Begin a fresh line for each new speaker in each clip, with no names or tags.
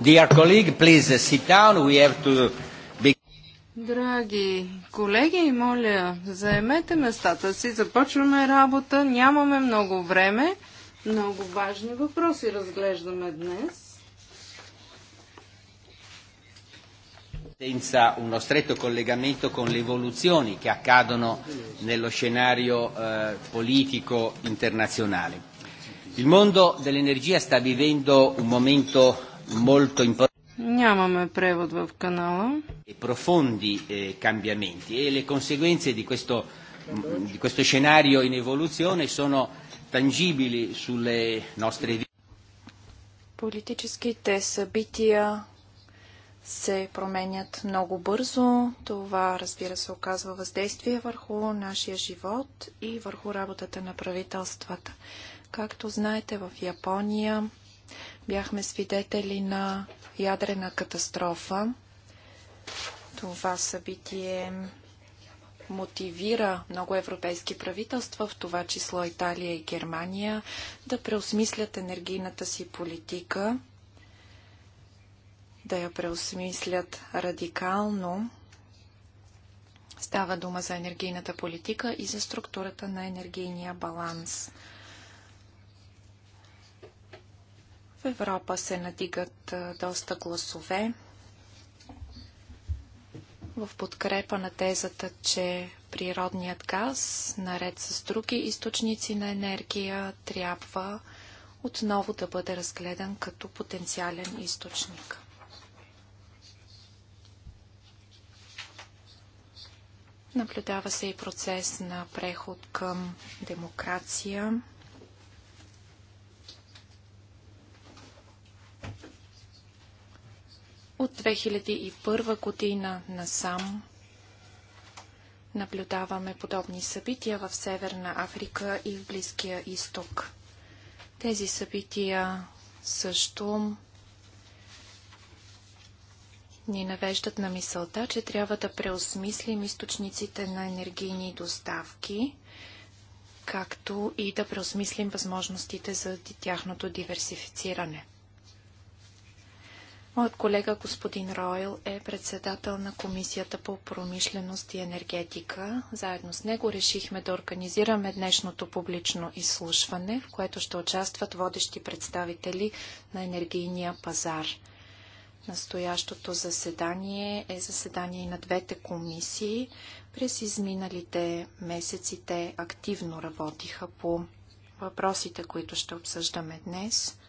Dear colleague, please sit down. We have to
Драги колеги, моля, заемете местата си, започваме работа, нямаме много време, много важни въпроси разглеждаме днес.
Senza uno stretto collegamento con le evoluzioni che accadono nello scenario eh, politico internazionale. Il mondo dell'energia sta vivendo un momento molto
Нямаме превод в канала.
Profondi е, eh, е, cambiamenti e le conseguenze di questo, di questo scenario in evoluzione sono tangibili sulle nostre
Политическите събития се променят много бързо. Това, разбира се, оказва въздействие върху нашия живот и върху работата на правителствата. Както знаете, в Япония Бяхме свидетели на ядрена катастрофа. Това събитие мотивира много европейски правителства, в това число Италия и Германия, да преосмислят енергийната си политика, да я преосмислят радикално. Става дума за енергийната политика и за структурата на енергийния баланс – В Европа се надигат доста гласове в подкрепа на тезата, че природният газ, наред с други източници на енергия, трябва отново да бъде разгледан като потенциален източник. Наблюдава се и процес на преход към демокрация. От 2001 година насам наблюдаваме подобни събития в Северна Африка и в Близкия изток. Тези събития също ни навеждат на мисълта, че трябва да преосмислим източниците на енергийни доставки, както и да преосмислим възможностите за тяхното диверсифициране. Моят колега господин Ройл е председател на Комисията по промишленост и енергетика. Заедно с него решихме да организираме днешното публично изслушване, в което ще участват водещи представители на енергийния пазар. Настоящото заседание е заседание и на двете комисии. През изминалите месеци те активно работиха по въпросите, които ще обсъждаме днес –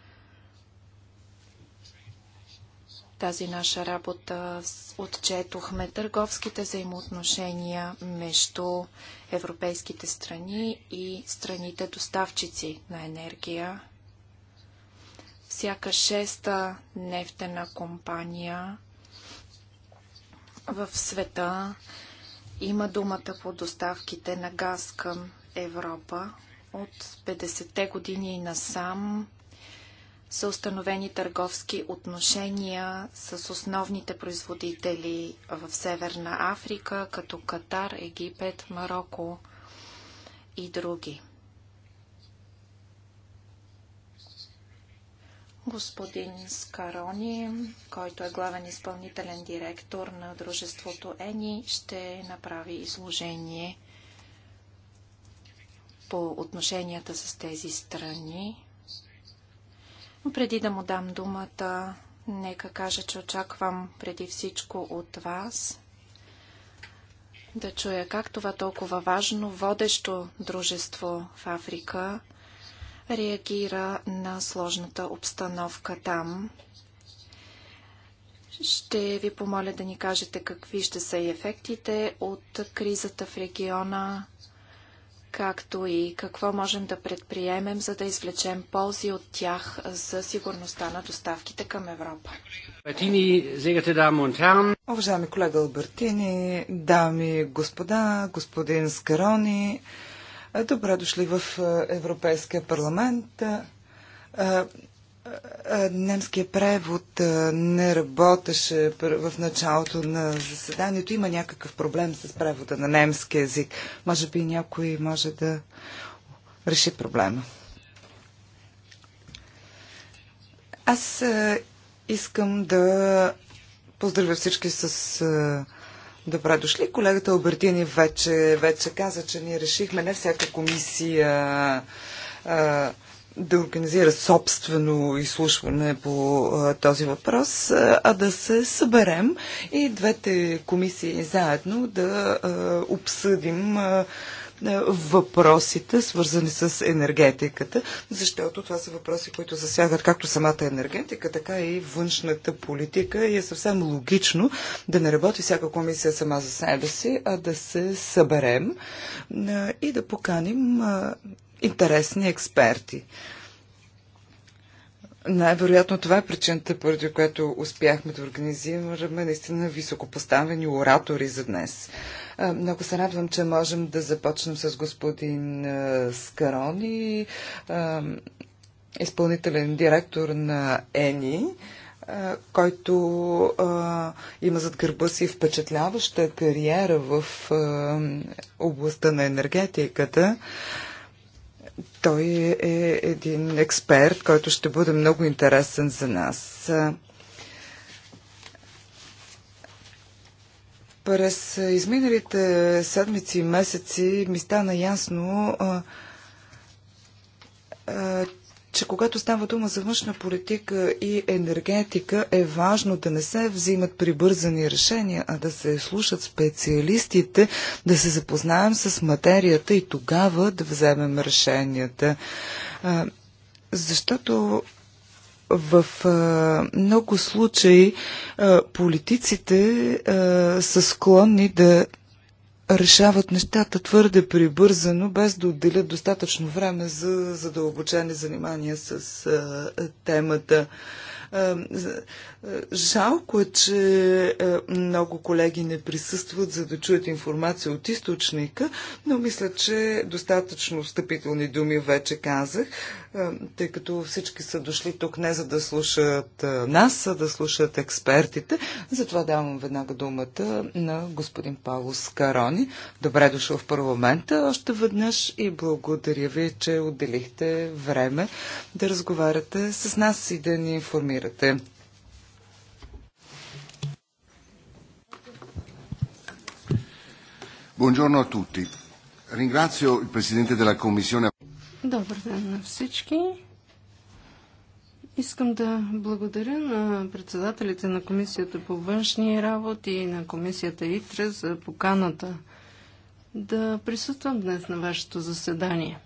тази наша работа отчетохме търговските взаимоотношения между европейските страни и страните доставчици на енергия. Всяка шеста нефтена компания в света има думата по доставките на газ към Европа. От 50-те години насам са установени търговски отношения с основните производители в Северна Африка, като Катар, Египет, Марокко и други. господин Скарони, който е главен изпълнителен директор на дружеството ЕНИ, ще направи изложение по отношенията с тези страни. Преди да му дам думата, нека кажа, че очаквам преди всичко от вас да чуя как това толкова важно водещо дружество в Африка реагира на сложната обстановка там. Ще ви помоля да ни кажете какви ще са и ефектите от кризата в региона, както и какво можем да предприемем, за да извлечем ползи от тях за сигурността на доставките към Европа.
Уважаеми колега Албертини, дами и господа, господин Скарони, добре дошли в е, Европейския парламент. Е, немския превод не работеше в началото на заседанието. Има някакъв проблем с превода на немски язик. Може би някой може да реши проблема. Аз искам да поздравя всички с Добре дошли. Колегата Обертини вече, вече каза, че ние решихме не всяка комисия да организира собствено изслушване по този въпрос, а да се съберем и двете комисии заедно да обсъдим въпросите, свързани с енергетиката, защото това са въпроси, които засягат както самата енергетика, така и външната политика и е съвсем логично да не работи всяка комисия сама за себе си, а да се съберем и да поканим интересни експерти. Най-вероятно това е причината, поради която успяхме да организираме наистина високопоставени оратори за днес. Много се радвам, че можем да започнем с господин Скарони, изпълнителен директор на ЕНИ който има зад гърба си впечатляваща кариера в областта на енергетиката. Той е един експерт, който ще бъде много интересен за нас. През изминалите седмици и месеци ми стана ясно, че когато става дума за външна политика и енергетика, е важно да не се взимат прибързани решения, а да се слушат специалистите, да се запознаем с материята и тогава да вземем решенията. Защото в а, много случаи а, политиците а, са склонни да решават нещата твърде прибързано, без да отделят достатъчно време за задълбочени занимания с темата. Е, е, жалко е, че е, много колеги не присъстват, за да чуят информация от източника, но мисля, че достатъчно встъпителни думи вече казах, тъй като всички са дошли тук не за да слушат нас, а да слушат експертите. Затова давам веднага думата на господин Павло Скарони. Добре дошъл в парламента още веднъж и благодаря ви, че отделихте време да разговаряте с нас и да ни информирате намирате.
Buongiorno a tutti. Ringrazio il Presidente della Commissione.
Добър ден на всички. Искам да благодаря на председателите на Комисията по външни работи и на Комисията ИТРЕ за поканата да присъствам днес на вашето заседание.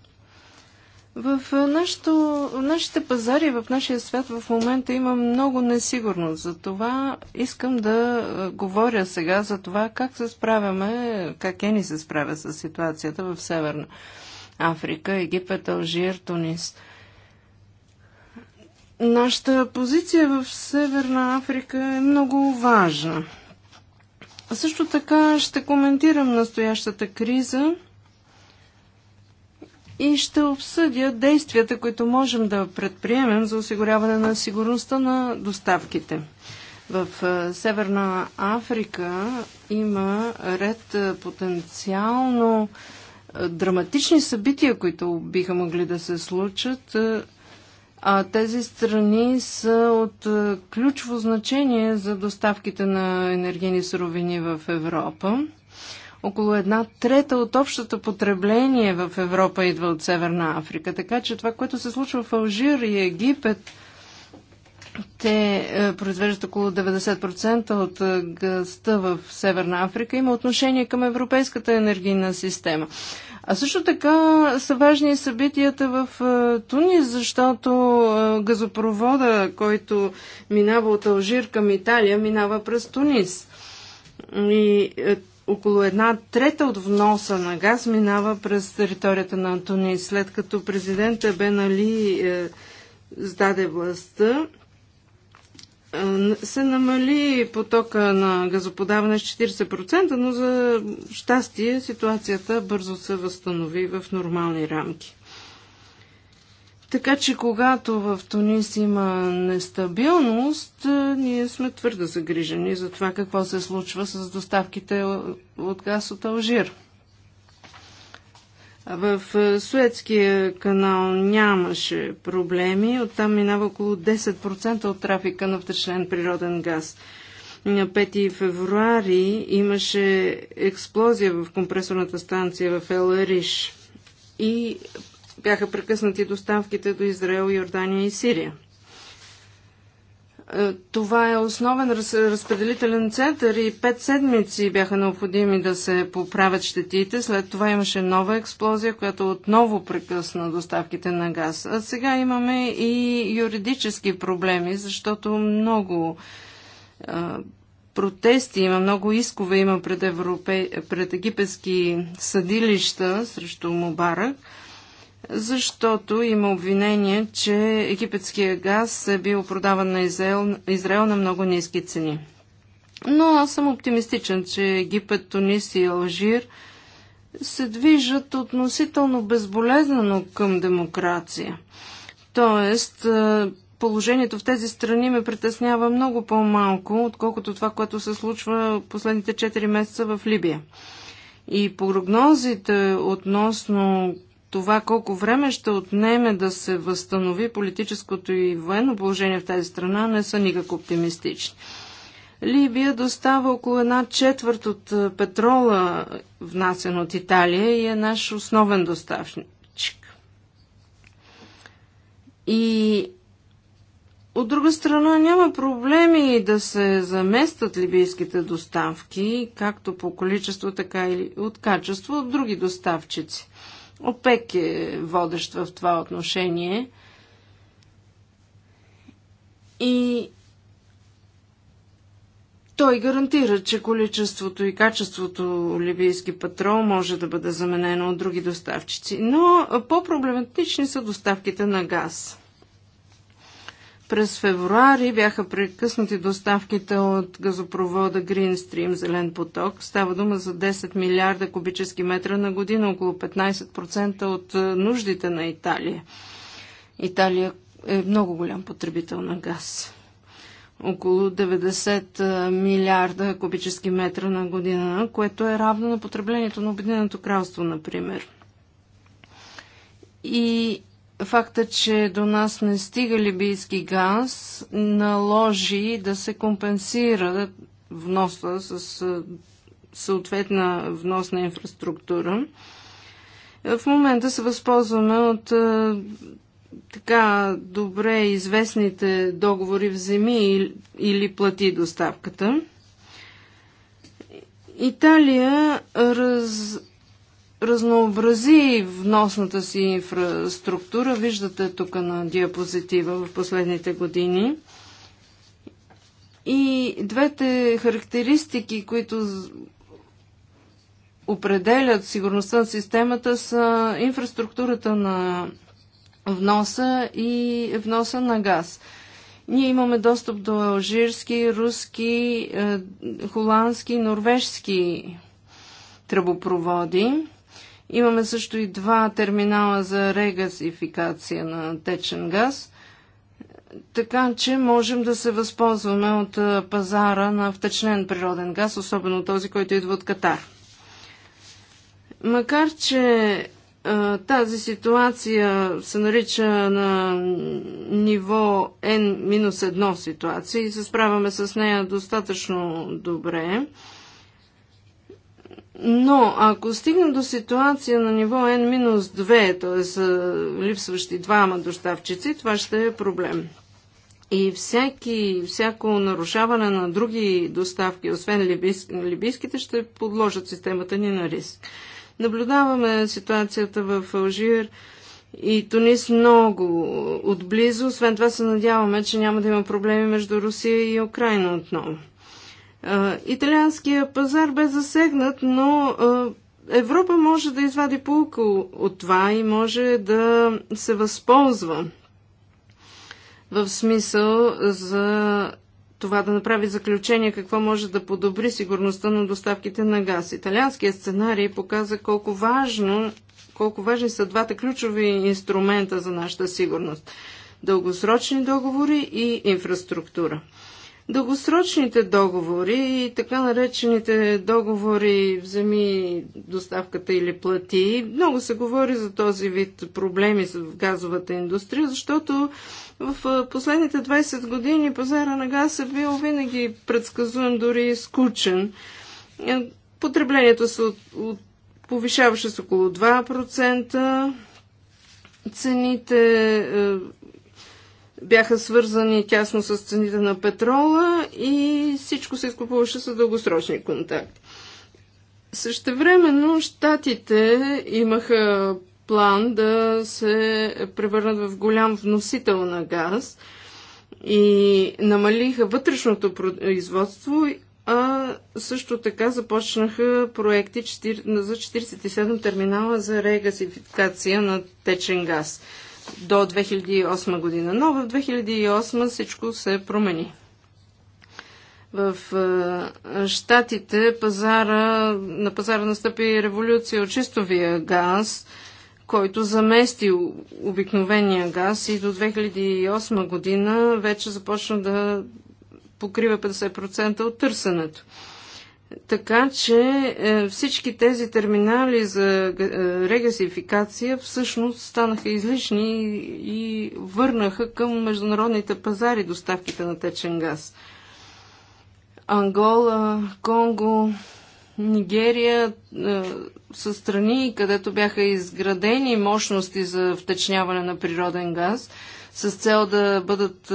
В нашото, нашите пазари, в нашия свят в момента има много несигурност. Затова искам да говоря сега за това как се справяме, как е ни се справя с ситуацията в Северна Африка, Египет, Алжир, Тунис. Нашата позиция в Северна Африка е много важна. Също така ще коментирам настоящата криза – и ще обсъдя действията, които можем да предприемем за осигуряване на сигурността на доставките. В Северна Африка има ред потенциално драматични събития, които биха могли да се случат. А тези страни са от ключово значение за доставките на енергийни суровини в Европа около една трета от общото потребление в Европа идва от Северна Африка. Така че това, което се случва в Алжир и Египет, те е, произвеждат около 90% от е, гъста в Северна Африка, има отношение към европейската енергийна система. А също така са важни и събитията в е, Тунис, защото газопровода, който минава от Алжир към Италия, минава през Тунис. И около една трета от вноса на газ минава през територията на Тунис. След като президента Бен Али е, сдаде властта, е, се намали потока на газоподаване с 40%, но за щастие ситуацията бързо се възстанови в нормални рамки. Така че когато в Тунис има нестабилност, е, ние сме твърдо загрижени за това какво се случва с доставките от газ от Алжир. В е, Суетския канал нямаше проблеми. Оттам минава около 10% от трафика на втечлен природен газ. На 5 февруари имаше експлозия в компресорната станция в Елариш и бяха прекъснати доставките до Израел, Йордания и Сирия. Е, това е основен разпределителен център и пет седмици бяха необходими да се поправят щетите. След това имаше нова експлозия, която отново прекъсна доставките на газ. А сега имаме и юридически проблеми, защото много а, е, протести, има много искове, има пред, европе... пред египетски съдилища срещу Мубарак защото има обвинение, че египетския газ е бил продаван на Израел, Израел на много ниски цени. Но аз съм оптимистичен, че Египет, Тунис и Алжир се движат относително безболезнено към демокрация. Тоест, е, положението в тези страни ме притеснява много по-малко, отколкото това, което се случва последните 4 месеца в Либия. И прогнозите относно това колко време ще отнеме да се възстанови политическото и военно положение в тази страна, не са никак оптимистични. Либия достава около една четвърт от е, петрола, е, внасен от Италия и е наш основен доставчик. И от друга страна няма проблеми да се заместят либийските доставки, както по количество, така и от качество от други доставчици. ОПЕК е водещ в това отношение. И той гарантира, че количеството и качеството либийски патрол може да бъде заменено от други доставчици. Но по-проблематични са доставките на газ. През февруари бяха прекъснати доставките от газопровода Green Stream Зелен поток. Става дума за 10 милиарда кубически метра на година, около 15% от е, нуждите на Италия. Италия е много голям потребител на газ. Около 90 е, милиарда кубически метра на година, което е равно на потреблението на Обединеното кралство, например. И Факта, че до нас не стига либийски газ, наложи да се компенсира вноса с съответна вносна инфраструктура. В момента се възползваме от така добре известните договори в земи или плати доставката. Италия раз, разнообрази вносната си инфраструктура. Виждате тук на диапозитива в последните години. И двете характеристики, които определят сигурността на системата са инфраструктурата на вноса и вноса на газ. Ние имаме достъп до алжирски, руски, е, холандски, норвежски тръбопроводи. Имаме също и два терминала за регазификация на течен газ, така че можем да се възползваме от пазара на втечнен природен газ, особено този, който идва от Катар. Макар, че тази ситуация се нарича на ниво N-1 ситуация и се справяме с нея достатъчно добре. Но ако стигнем до ситуация на ниво N-2, т.е. липсващи двама доставчици, това ще е проблем. И всяки, всяко нарушаване на други доставки, освен либийските, ще подложат системата ни на риск. Наблюдаваме ситуацията в Алжир и Тунис много отблизо. Освен това се надяваме, че няма да има проблеми между Русия и Украина отново. Италианския пазар бе засегнат, но Европа може да извади полука от това и може да се възползва в смисъл за това да направи заключение какво може да подобри сигурността на доставките на газ. Италианският сценарий показа колко важно колко важни са двата ключови инструмента за нашата сигурност – дългосрочни договори и инфраструктура – Дългосрочните договори и така наречените договори вземи доставката или плати, много се говори за този вид проблеми в газовата индустрия, защото в последните 20 години пазара на газ е бил винаги предсказуем, дори скучен. Потреблението се от, от, повишаваше с около 2%, цените бяха свързани тясно с цените на петрола и всичко се изкупуваше с дългосрочни контакти. Същевременно щатите имаха план да се превърнат в голям вносител на газ и намалиха вътрешното производство, а също така започнаха проекти за 47 терминала за регазификация на течен газ до 2008 година. Но в 2008 всичко се промени. В е, Штатите пазара, на пазара настъпи революция от чистовия газ, който замести обикновения газ и до 2008 година вече започна да покрива 50% от търсенето. Така че е, всички тези терминали за е, регасификация всъщност станаха излишни и върнаха към международните пазари доставките на течен газ. Ангола, Конго, Нигерия е, са страни, където бяха изградени мощности за втечняване на природен газ с цел да бъдат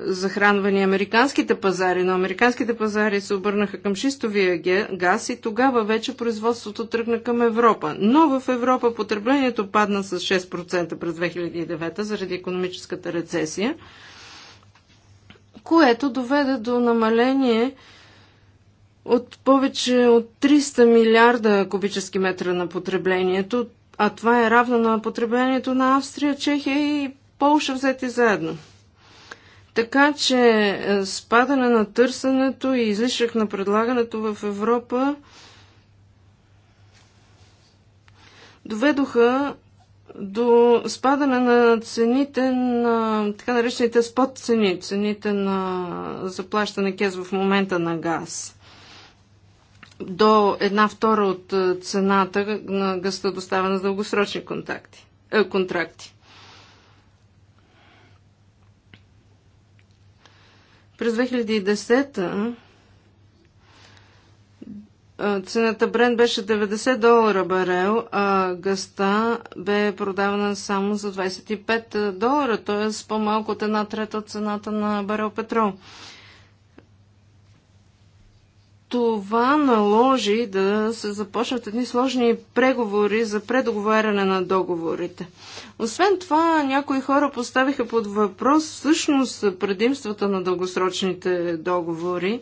захранвани американските пазари, но американските пазари се обърнаха към шистовия газ и тогава вече производството тръгна към Европа. Но в Европа потреблението падна с 6% през 2009 заради економическата рецесия, което доведе до намаление от повече от 300 милиарда кубически метра на потреблението, а това е равно на потреблението на Австрия, Чехия и Полша взети заедно. Така че е, спадане на търсенето и излишък на предлагането в Европа доведоха до спадане на цените на така наречените спот цени, цените на заплащане кез в момента на газ. До една втора от е, цената на гъста доставена с дългосрочни контакти, е, контракти. През 2010 цената Брент беше 90 долара барел, а гъста бе продавана само за 25 долара, т.е. по-малко от една трета от цената на барел петрол. Това наложи да се започнат едни сложни преговори за предоговаряне на договорите. Освен това, някои хора поставиха под въпрос всъщност предимствата на дългосрочните договори.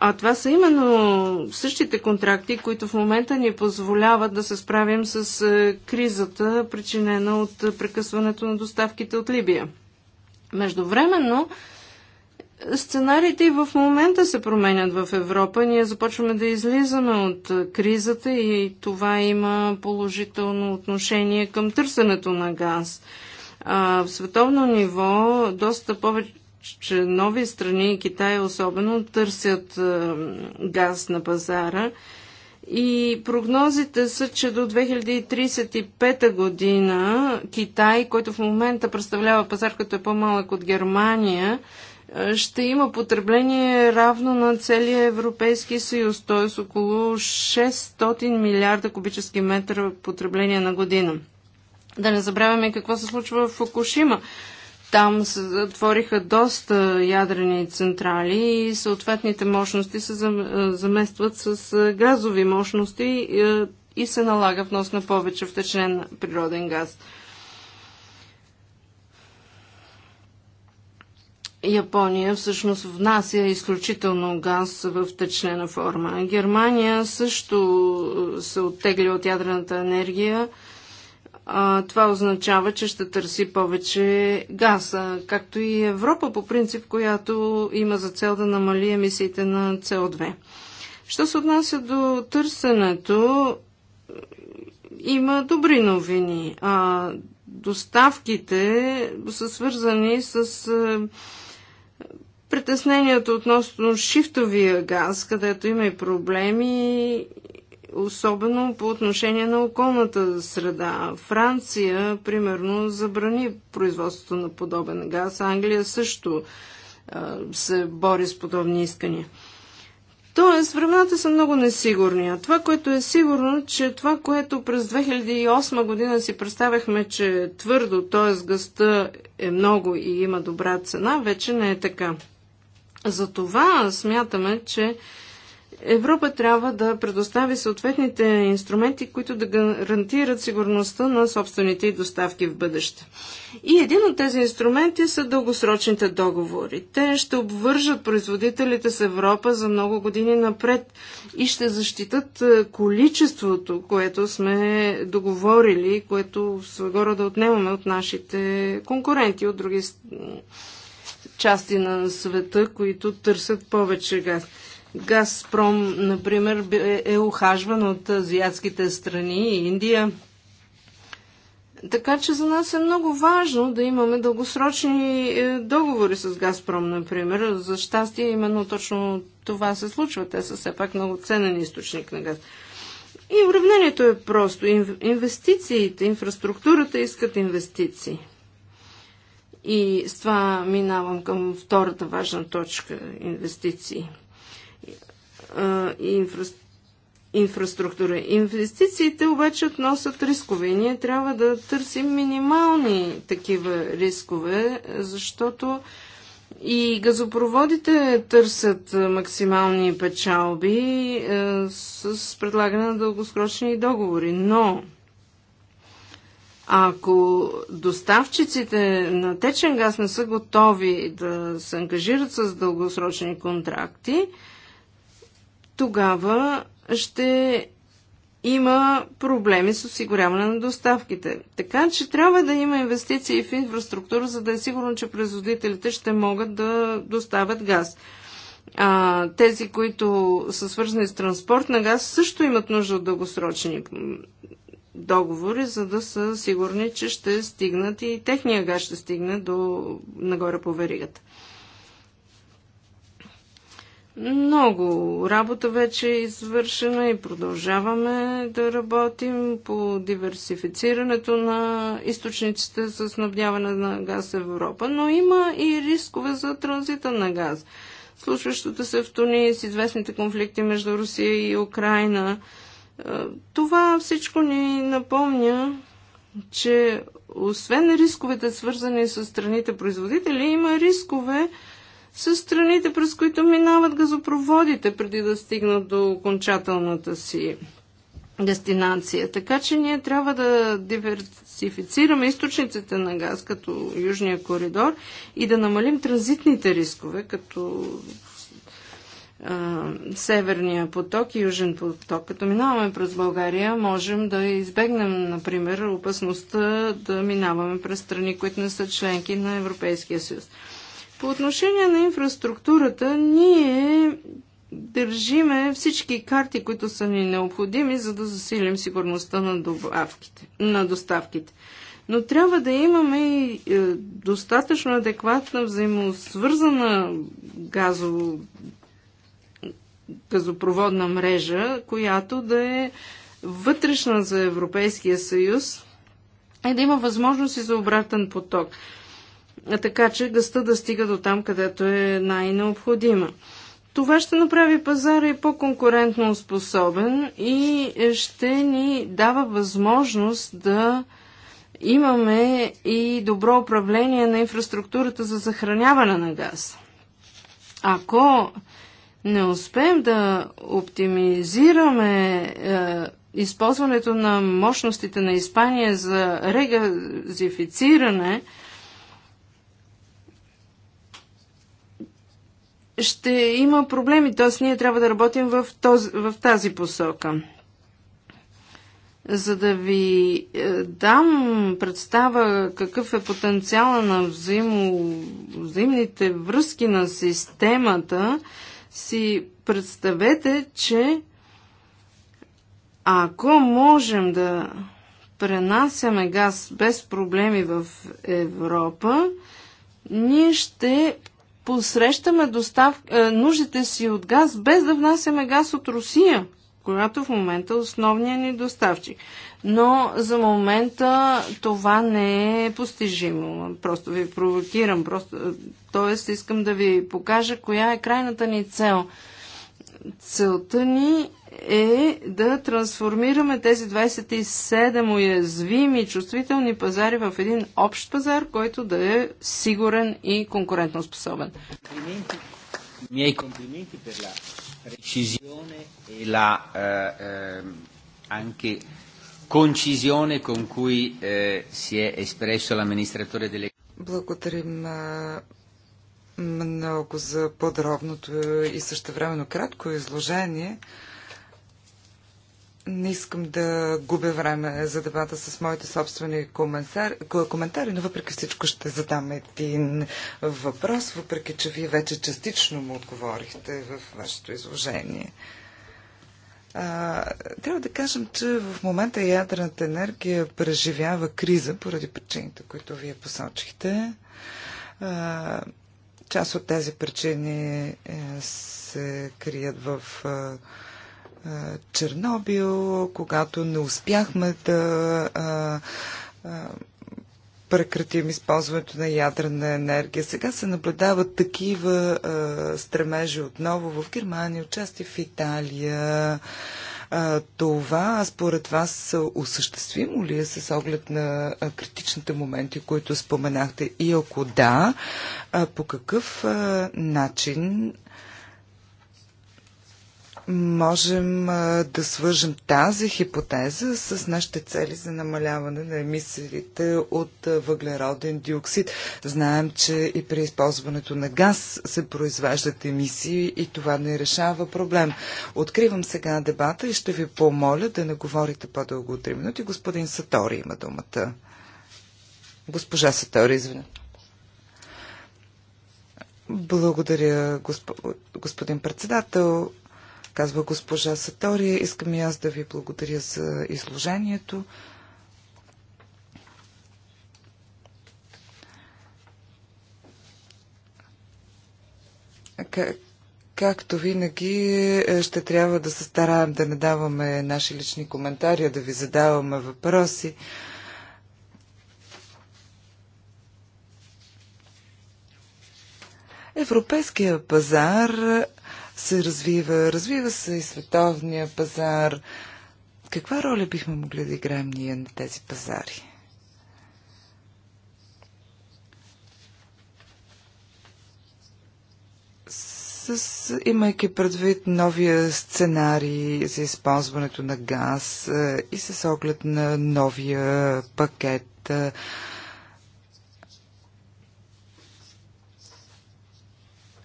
А това са именно същите контракти, които в момента ни позволяват да се справим с е, кризата, причинена от прекъсването на доставките от Либия. Междувременно, Сценариите и в момента се променят в Европа. Ние започваме да излизаме от кризата и това има положително отношение към търсенето на газ. А, в световно ниво доста повече нови страни, Китай особено, търсят газ на пазара. И прогнозите са, че до 2035 година Китай, който в момента представлява пазар като е по-малък от Германия, ще има потребление равно на целия Европейски съюз, т.е. около 600 милиарда кубически метра потребление на година. Да не забравяме какво се случва в Фукушима. Там се затвориха доста ядрени централи и съответните мощности се заместват с газови мощности и се налага внос на повече втечнен природен газ. Япония всъщност внася изключително газ в течлена форма. Германия също е, се оттегли от ядрената енергия. А, това означава, че ще търси повече газ, както и Европа по принцип, която има за цел да намали емисиите на СО2. Що се отнася до търсенето, има добри новини. А, доставките са свързани с е, Притеснението относно шифтовия газ, където има и проблеми, особено по отношение на околната среда. Франция, примерно, забрани производството на подобен газ. Англия също се бори с подобни искания. Тоест, времената са много несигурни. А това, което е сигурно, че това, което през 2008 година си представяхме, че е твърдо, т.е. гъста е много и има добра цена, вече не е така. Затова смятаме, че Европа трябва да предостави съответните инструменти, които да гарантират сигурността на собствените и доставки в бъдеще. И един от тези инструменти са дългосрочните договори. Те ще обвържат производителите с Европа за много години напред и ще защитат е, количеството, което сме договорили, което горе да отнемаме от нашите конкуренти, от други части на света, които търсят повече газ. Газпром, например, е ухажван от азиатските страни и Индия. Така че за нас е много важно да имаме дългосрочни е, договори с Газпром, например. За щастие именно точно това се случва. Те са все пак много ценен източник на газ. И уравнението е просто. Инвестициите, инфраструктурата искат инвестиции. И с това минавам към втората важна точка – инвестиции. Инфра... Инфраструктура. Инвестициите обаче относят рискове ние трябва да търсим минимални такива рискове, защото и газопроводите търсят максимални печалби с предлагане на дългосрочни договори, но ако доставчиците на течен газ не са готови да се ангажират с дългосрочни контракти, тогава ще има проблеми с осигуряване на доставките. Така че трябва да има инвестиции в инфраструктура, за да е сигурно, че производителите ще могат да доставят газ. А, тези, които са свързани с транспорт на газ, също имат нужда от дългосрочни договори, за да са сигурни, че ще стигнат и техния газ ще стигне до нагоре по веригата. Много работа вече е извършена и продължаваме да работим по диверсифицирането на източниците за снабдяване на газ в Европа, но има и рискове за транзита на газ. Случващото се в Тунис, известните конфликти между Русия и Украина – е, това всичко ни напомня, че освен рисковете свързани с страните производители, има рискове с страните, през които минават газопроводите, преди да стигнат до окончателната си дестинация. Така че ние трябва да диверсифицираме източниците на газ, като Южния коридор, и да намалим транзитните рискове, като Северния поток и Южен поток. Като минаваме през България, можем да избегнем, например, опасността да минаваме през страни, които не са членки на Европейския съюз. По отношение на инфраструктурата, ние държиме всички карти, които са ни необходими, за да засилим сигурността на, добавките, на доставките. Но трябва да имаме и е, достатъчно адекватна взаимосвързана газово газопроводна мрежа, която да е вътрешна за Европейския съюз и да има възможности за обратен поток. Така че гъста да стига до там, където е най-необходима. Това ще направи пазара и по-конкурентно способен и ще ни дава възможност да имаме и добро управление на инфраструктурата за съхраняване на газ. Ако не успеем да оптимизираме е, използването на мощностите на Испания за регазифициране, ще има проблеми, т.е. ние трябва да работим в, този, в тази посока. За да ви е, дам представа какъв е потенциала на взаимо, взаимните връзки на системата, си представете, че ако можем да пренасяме газ без проблеми в Европа, ние ще посрещаме достав... Е, нуждите си от газ без да внасяме газ от Русия, която в момента е основният ни доставчик но за момента това не е постижимо. Просто ви провокирам, просто, т.е. искам да ви покажа коя е крайната ни цел. Целта ни е да трансформираме тези 27 уязвими чувствителни пазари в един общ пазар, който да е сигурен и конкурентоспособен. способен. Е
anche concisione con cui eh, si è espresso l'amministratore delle...
Благодарим много за подробното и същевременно кратко изложение. Не искам да губя време за дебата с моите собствени коментари, но въпреки всичко ще задам един въпрос, въпреки че вие вече частично му отговорихте в вашето изложение. А, трябва да кажем, че в момента ядрената енергия преживява криза поради причините, които вие посочихте. А, част от тези причини е, се крият в Чернобил, когато не успяхме да прекратим използването на ядрена енергия. Сега се наблюдават такива а, стремежи отново в Германия, отчасти в Италия. А, това според вас осъществимо ли е с оглед на а, критичните моменти, които споменахте? И ако да, а, по какъв а, начин можем да свържем тази хипотеза с нашите цели за намаляване на емисиите от въглероден диоксид. Знаем, че и при използването на газ се произвеждат емисии и това не решава проблем. Откривам сега дебата и ще ви помоля да не говорите по-дълго от 3 минути. Господин Сатори има думата. Госпожа Сатори, извинете. Благодаря, господин председател казва госпожа Сатория. Искам и аз да ви благодаря за изложението. Както винаги, е, ще трябва да се стараем да не даваме наши лични коментари, да ви задаваме въпроси. Европейския пазар се развива, развива се и световния пазар. Каква роля бихме могли да играем ние на тези пазари? с, имайки предвид новия сценарий за използването на газ е, и с оглед на новия пакет е,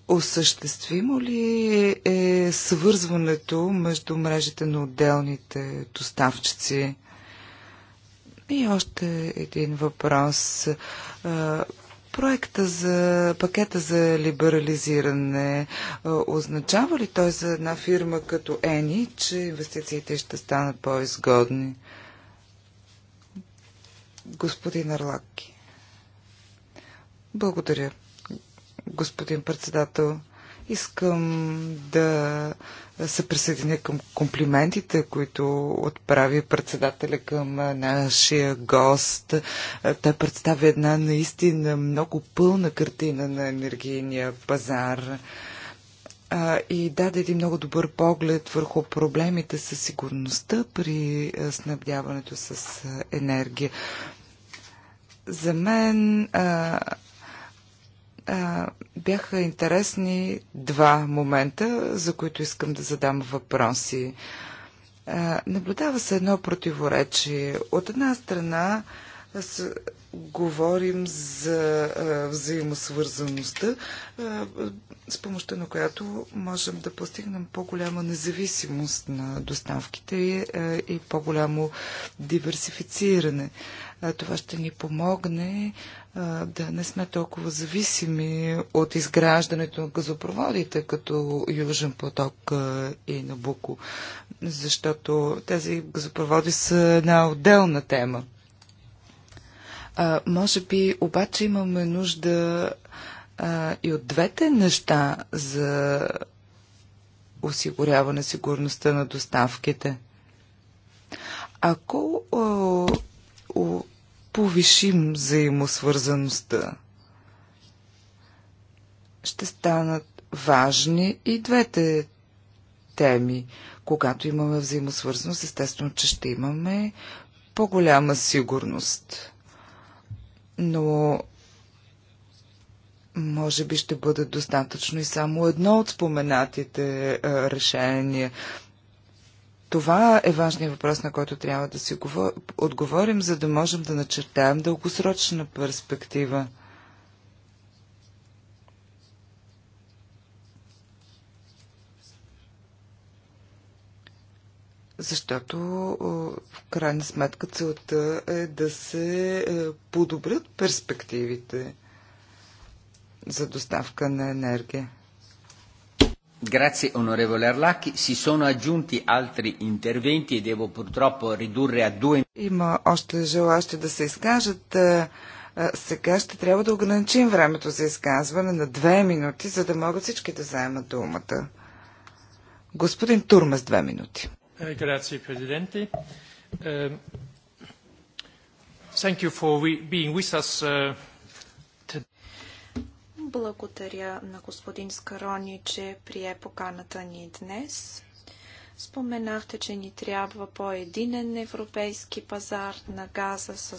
Осъществимо ли е свързването между мрежите на отделните доставчици? И още един въпрос. Проекта за пакета за либерализиране означава ли той за една фирма като Ени, че инвестициите ще станат по-изгодни? Господин Арлаки. Благодаря господин председател. Искам да се присъединя към комплиментите, които отправи председателя към нашия гост. Той представи една наистина много пълна картина на енергийния пазар и даде един много добър поглед върху проблемите със сигурността при снабдяването с енергия. За мен а, бяха интересни два момента, за които искам да задам въпроси. А, наблюдава се едно противоречие. От една страна говорим за а, взаимосвързаността, а, с помощта на която можем да постигнем по-голяма независимост на доставките и, а, и по-голямо диверсифициране. А, това ще ни помогне да не сме толкова зависими от изграждането на газопроводите, като Южен поток и Набуко, защото тези газопроводи са една отделна тема. А, може би обаче имаме нужда а, и от двете неща за осигуряване сигурността на доставките. Ако а, повишим взаимосвързаността. Ще станат важни и двете теми. Когато имаме взаимосвързаност, естествено, че ще имаме по-голяма сигурност. Но може би ще бъде достатъчно и само едно от споменатите а, решения. Това е важният въпрос, на който трябва да си отговорим, за да можем да начертаем дългосрочна перспектива. защото в крайна сметка целта е да се е, подобрят перспективите за доставка на енергия.
Grazie onorevole Arlacchi. Si sono aggiunti altri interventi e devo purtroppo ridurre a due.
Има още желащи да се изкажат. Е, е, сега ще трябва да ограничим времето за изказване на две минути, за да могат всички да заемат думата. Господин Турмес, две минути.
Е, грация, президенти.
Thank you for being with us
благодаря на господин Скарони, че прие поканата ни днес. Споменахте, че ни трябва по-единен европейски пазар на газа с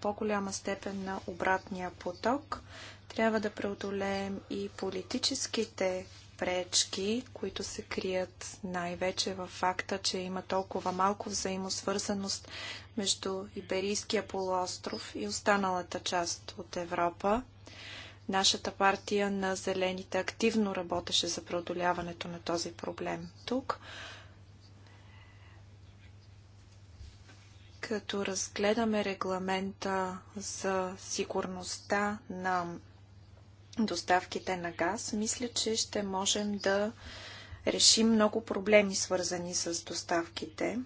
по-голяма степен на обратния поток. Трябва да преодолеем и политическите пречки, които се крият най-вече в факта, че има толкова малко взаимосвързаност между Иберийския полуостров и останалата част от Европа. Нашата партия на зелените активно работеше за преодоляването на този проблем тук. Като разгледаме регламента за сигурността на доставките на газ, мисля, че ще можем да решим много проблеми, свързани с доставките.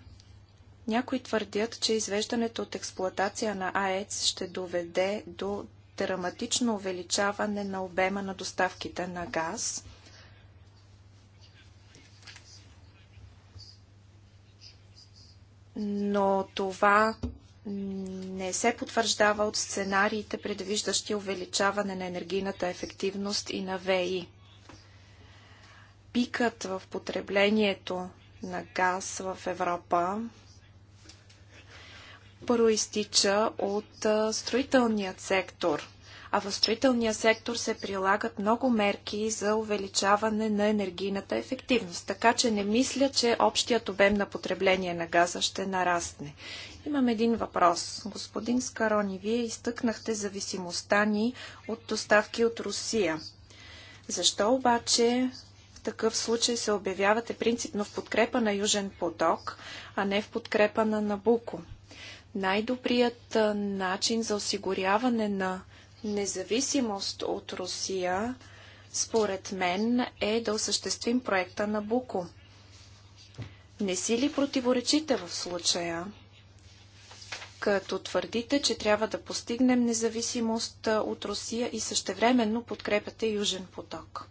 Някои твърдят, че извеждането от експлоатация на АЕЦ ще доведе до драматично увеличаване на обема на доставките на газ. Но това не се потвърждава от сценариите, предвиждащи увеличаване на енергийната ефективност и на ВИ. Пикът в потреблението на газ в Европа проистича от строителният сектор. А в строителния сектор се прилагат много мерки за увеличаване на енергийната ефективност, така че не мисля, че общият обем на потребление на газа ще нарасне. Имам един въпрос. Господин Скарони, вие изтъкнахте зависимостта ни от доставки от Русия. Защо обаче в такъв случай се обявявате принципно в подкрепа на Южен поток, а не в подкрепа на Набуко? Най-добрият начин за осигуряване на независимост от Русия, според мен, е да осъществим проекта на Буко. Не си ли противоречите в случая? като твърдите, че трябва да постигнем независимост от Русия и същевременно подкрепяте Южен поток.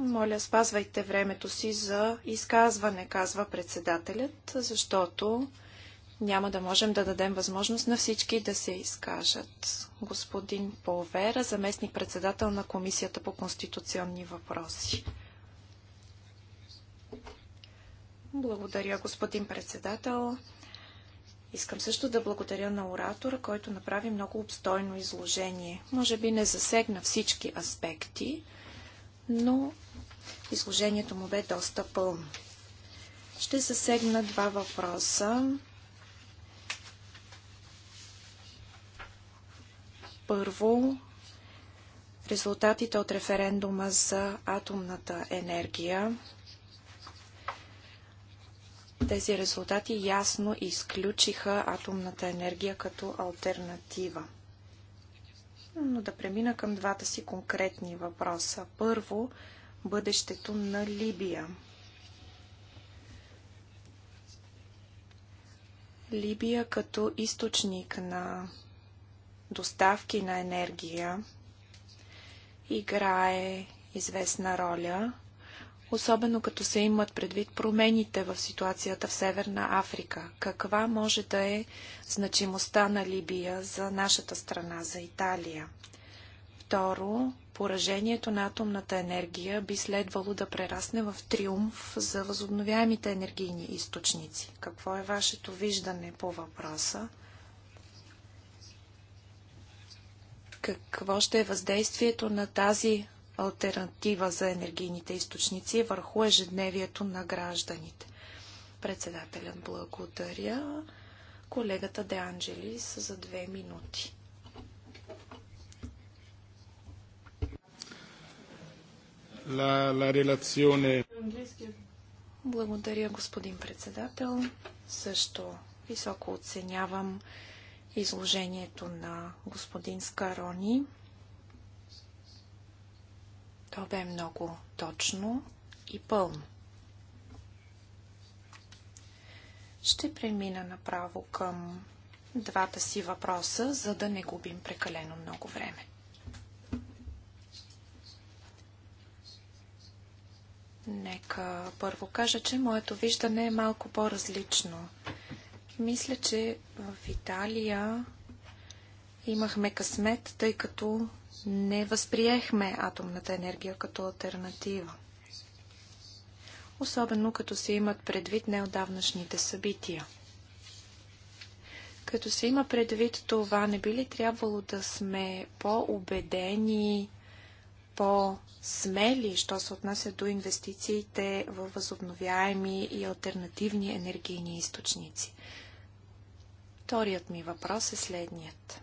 Моля, спазвайте времето си за изказване, казва председателят, защото няма да можем да дадем възможност на всички да се изкажат. Господин Повера, заместник председател на Комисията по конституционни въпроси. Благодаря, господин председател. Искам също да благодаря на оратора, който направи много обстойно изложение. Може би не засегна всички аспекти, но служението му бе доста пълно. Ще засегна два въпроса. Първо, резултатите от референдума за атомната енергия. Тези резултати ясно изключиха атомната енергия като альтернатива. Но да премина към двата си конкретни въпроса. Първо, бъдещето на Либия. Либия като източник на доставки на енергия играе известна роля, особено като се имат предвид промените в ситуацията в Северна Африка. Каква може да е значимостта на Либия за нашата страна, за Италия? Второ, поражението на атомната енергия би следвало да прерасне в триумф за възобновяемите енергийни източници. Какво е вашето виждане по въпроса? Какво ще е въздействието на тази альтернатива за енергийните източници върху ежедневието на гражданите? Председателят благодаря. Колегата Де Анджелис за две минути.
la, la relazione.
Благодаря, господин председател. Също високо оценявам изложението на господин Скарони. То бе много точно и пълно. Ще премина направо към двата си въпроса, за да не губим прекалено много време. Нека първо кажа, че моето виждане е малко по-различно. Мисля, че в Италия имахме късмет, тъй като не възприехме атомната енергия като альтернатива. Особено като се имат предвид неодавнашните събития. Като се има предвид това, не би ли трябвало да сме по-убедени по-смели, що се отнася до инвестициите в възобновяеми и альтернативни енергийни източници. Вторият ми въпрос е следният.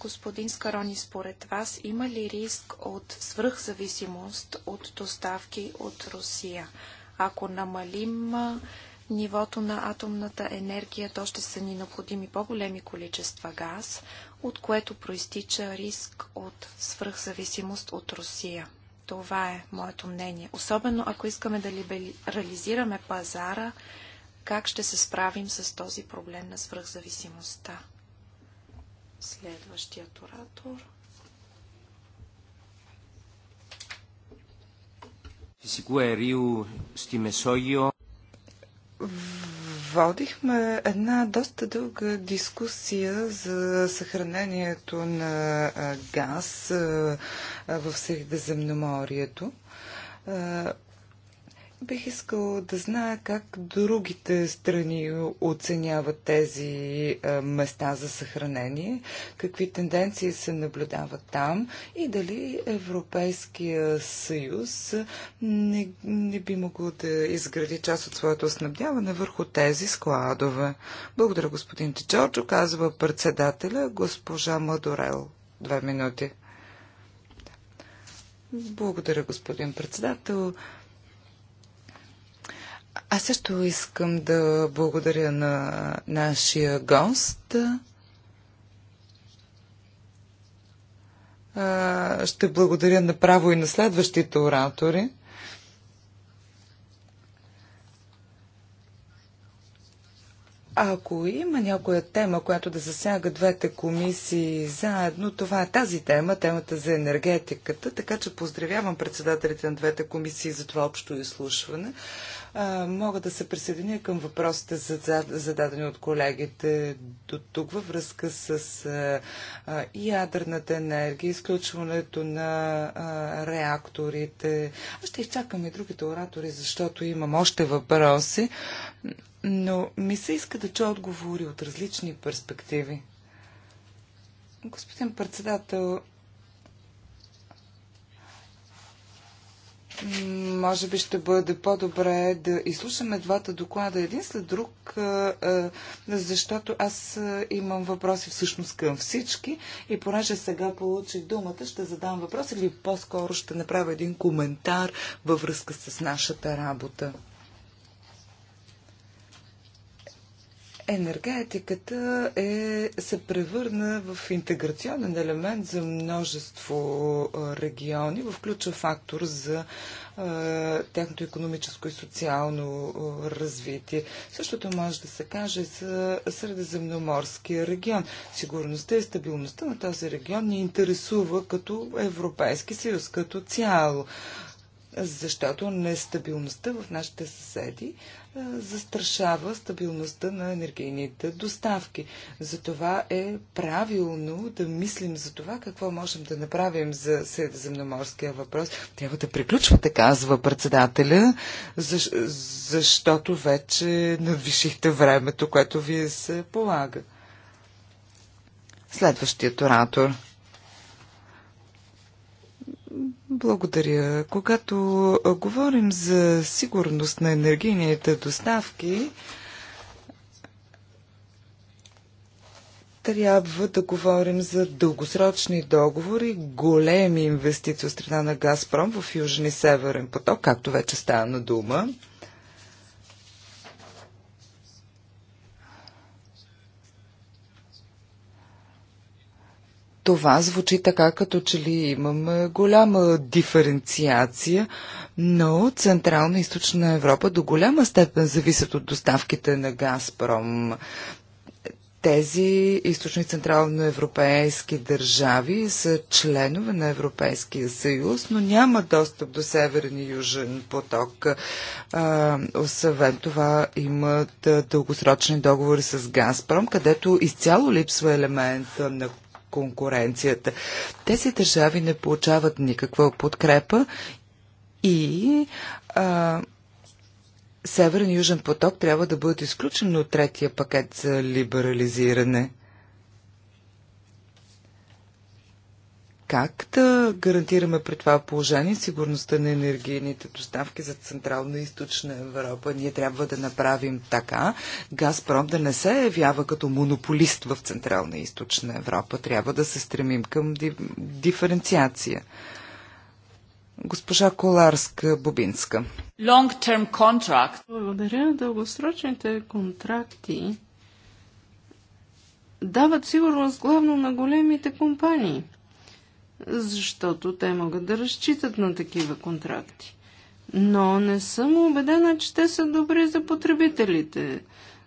Господин Скарони, според вас има ли риск от свръхзависимост от доставки от Русия? Ако намалим нивото на атомната енергия, то ще са ни необходими по-големи количества газ, от което проистича риск от свръхзависимост от Русия. Това е моето мнение. Особено ако искаме да либерализираме пазара, как ще се справим с този проблем на свръхзависимостта? Следващият оратор.
Физику αερίου στη Μεσόγειο Водихме една доста дълга дискусия за съхранението на газ в Средиземноморието. Бих искал да знае как другите страни оценяват тези е, места за съхранение, какви тенденции се наблюдават там и дали Европейския съюз не, не би могъл да изгради част от своето снабдяване върху тези складове. Благодаря, господин Чичорчо, казва председателя госпожа Мадорел. Две минути. Благодаря, господин председател. Аз също искам да благодаря на нашия гост. Ще благодаря направо и на следващите оратори. ако има някоя тема, която да засяга двете комисии заедно, това е тази тема, темата за енергетиката, така че поздравявам председателите на двете комисии за това общо изслушване мога да се присъединя към въпросите, зададени от колегите до тук във връзка с ядрената енергия, изключването на реакторите. Аз ще изчакам и другите оратори, защото имам още въпроси, но ми се иска да чуя отговори от различни перспективи. Господин председател, може би ще бъде по-добре да изслушаме двата доклада един след друг, защото аз имам въпроси всъщност към всички и понеже сега получих думата, ще задам въпрос или по-скоро ще направя един коментар във връзка с нашата работа. енергетиката е, се превърна в интеграционен елемент за множество региони, в ключов фактор за е, тяхното економическо и социално развитие. Същото може да се каже за Средиземноморския регион. Сигурността и стабилността на този регион ни интересува като Европейски съюз, като цяло защото нестабилността в нашите съседи застрашава стабилността на енергийните доставки. Затова е правилно да мислим за това какво можем да направим за средиземноморския въпрос. Трябва да приключвате, казва председателя, защото вече надвишихте времето, което вие се полага. Следващият оратор – благодаря. Когато говорим за сигурност на енергийните доставки, трябва да говорим за дългосрочни договори, големи инвестиции от страна на Газпром в Южен и Северен поток, както вече стана дума. Това звучи така, като че ли имаме голяма диференциация, но Централна и Източна Европа до голяма степен зависят от доставките на Газпром тези източно и централноевропейски държави са членове на Европейския съюз, но няма достъп до Северен и Южен поток. освен това имат дългосрочни договори с Газпром, където изцяло липсва елемент на конкуренцията. Тези държави не получават никаква подкрепа и а, Северен и Южен поток трябва да бъдат изключени от третия пакет за либерализиране. Как да гарантираме при това положение сигурността на енергийните доставки за Централна и Източна Европа? Ние трябва да направим така. Газпром да не се явява като монополист в Централна и Източна Европа. Трябва да се стремим към диференциация. Госпожа Коларска-Бобинска.
Long-term contract. Благодаря. Дългосрочните контракти дават сигурност главно на големите компании – защото те могат да разчитат на такива контракти. Но не съм убедена, че те са добри за потребителите.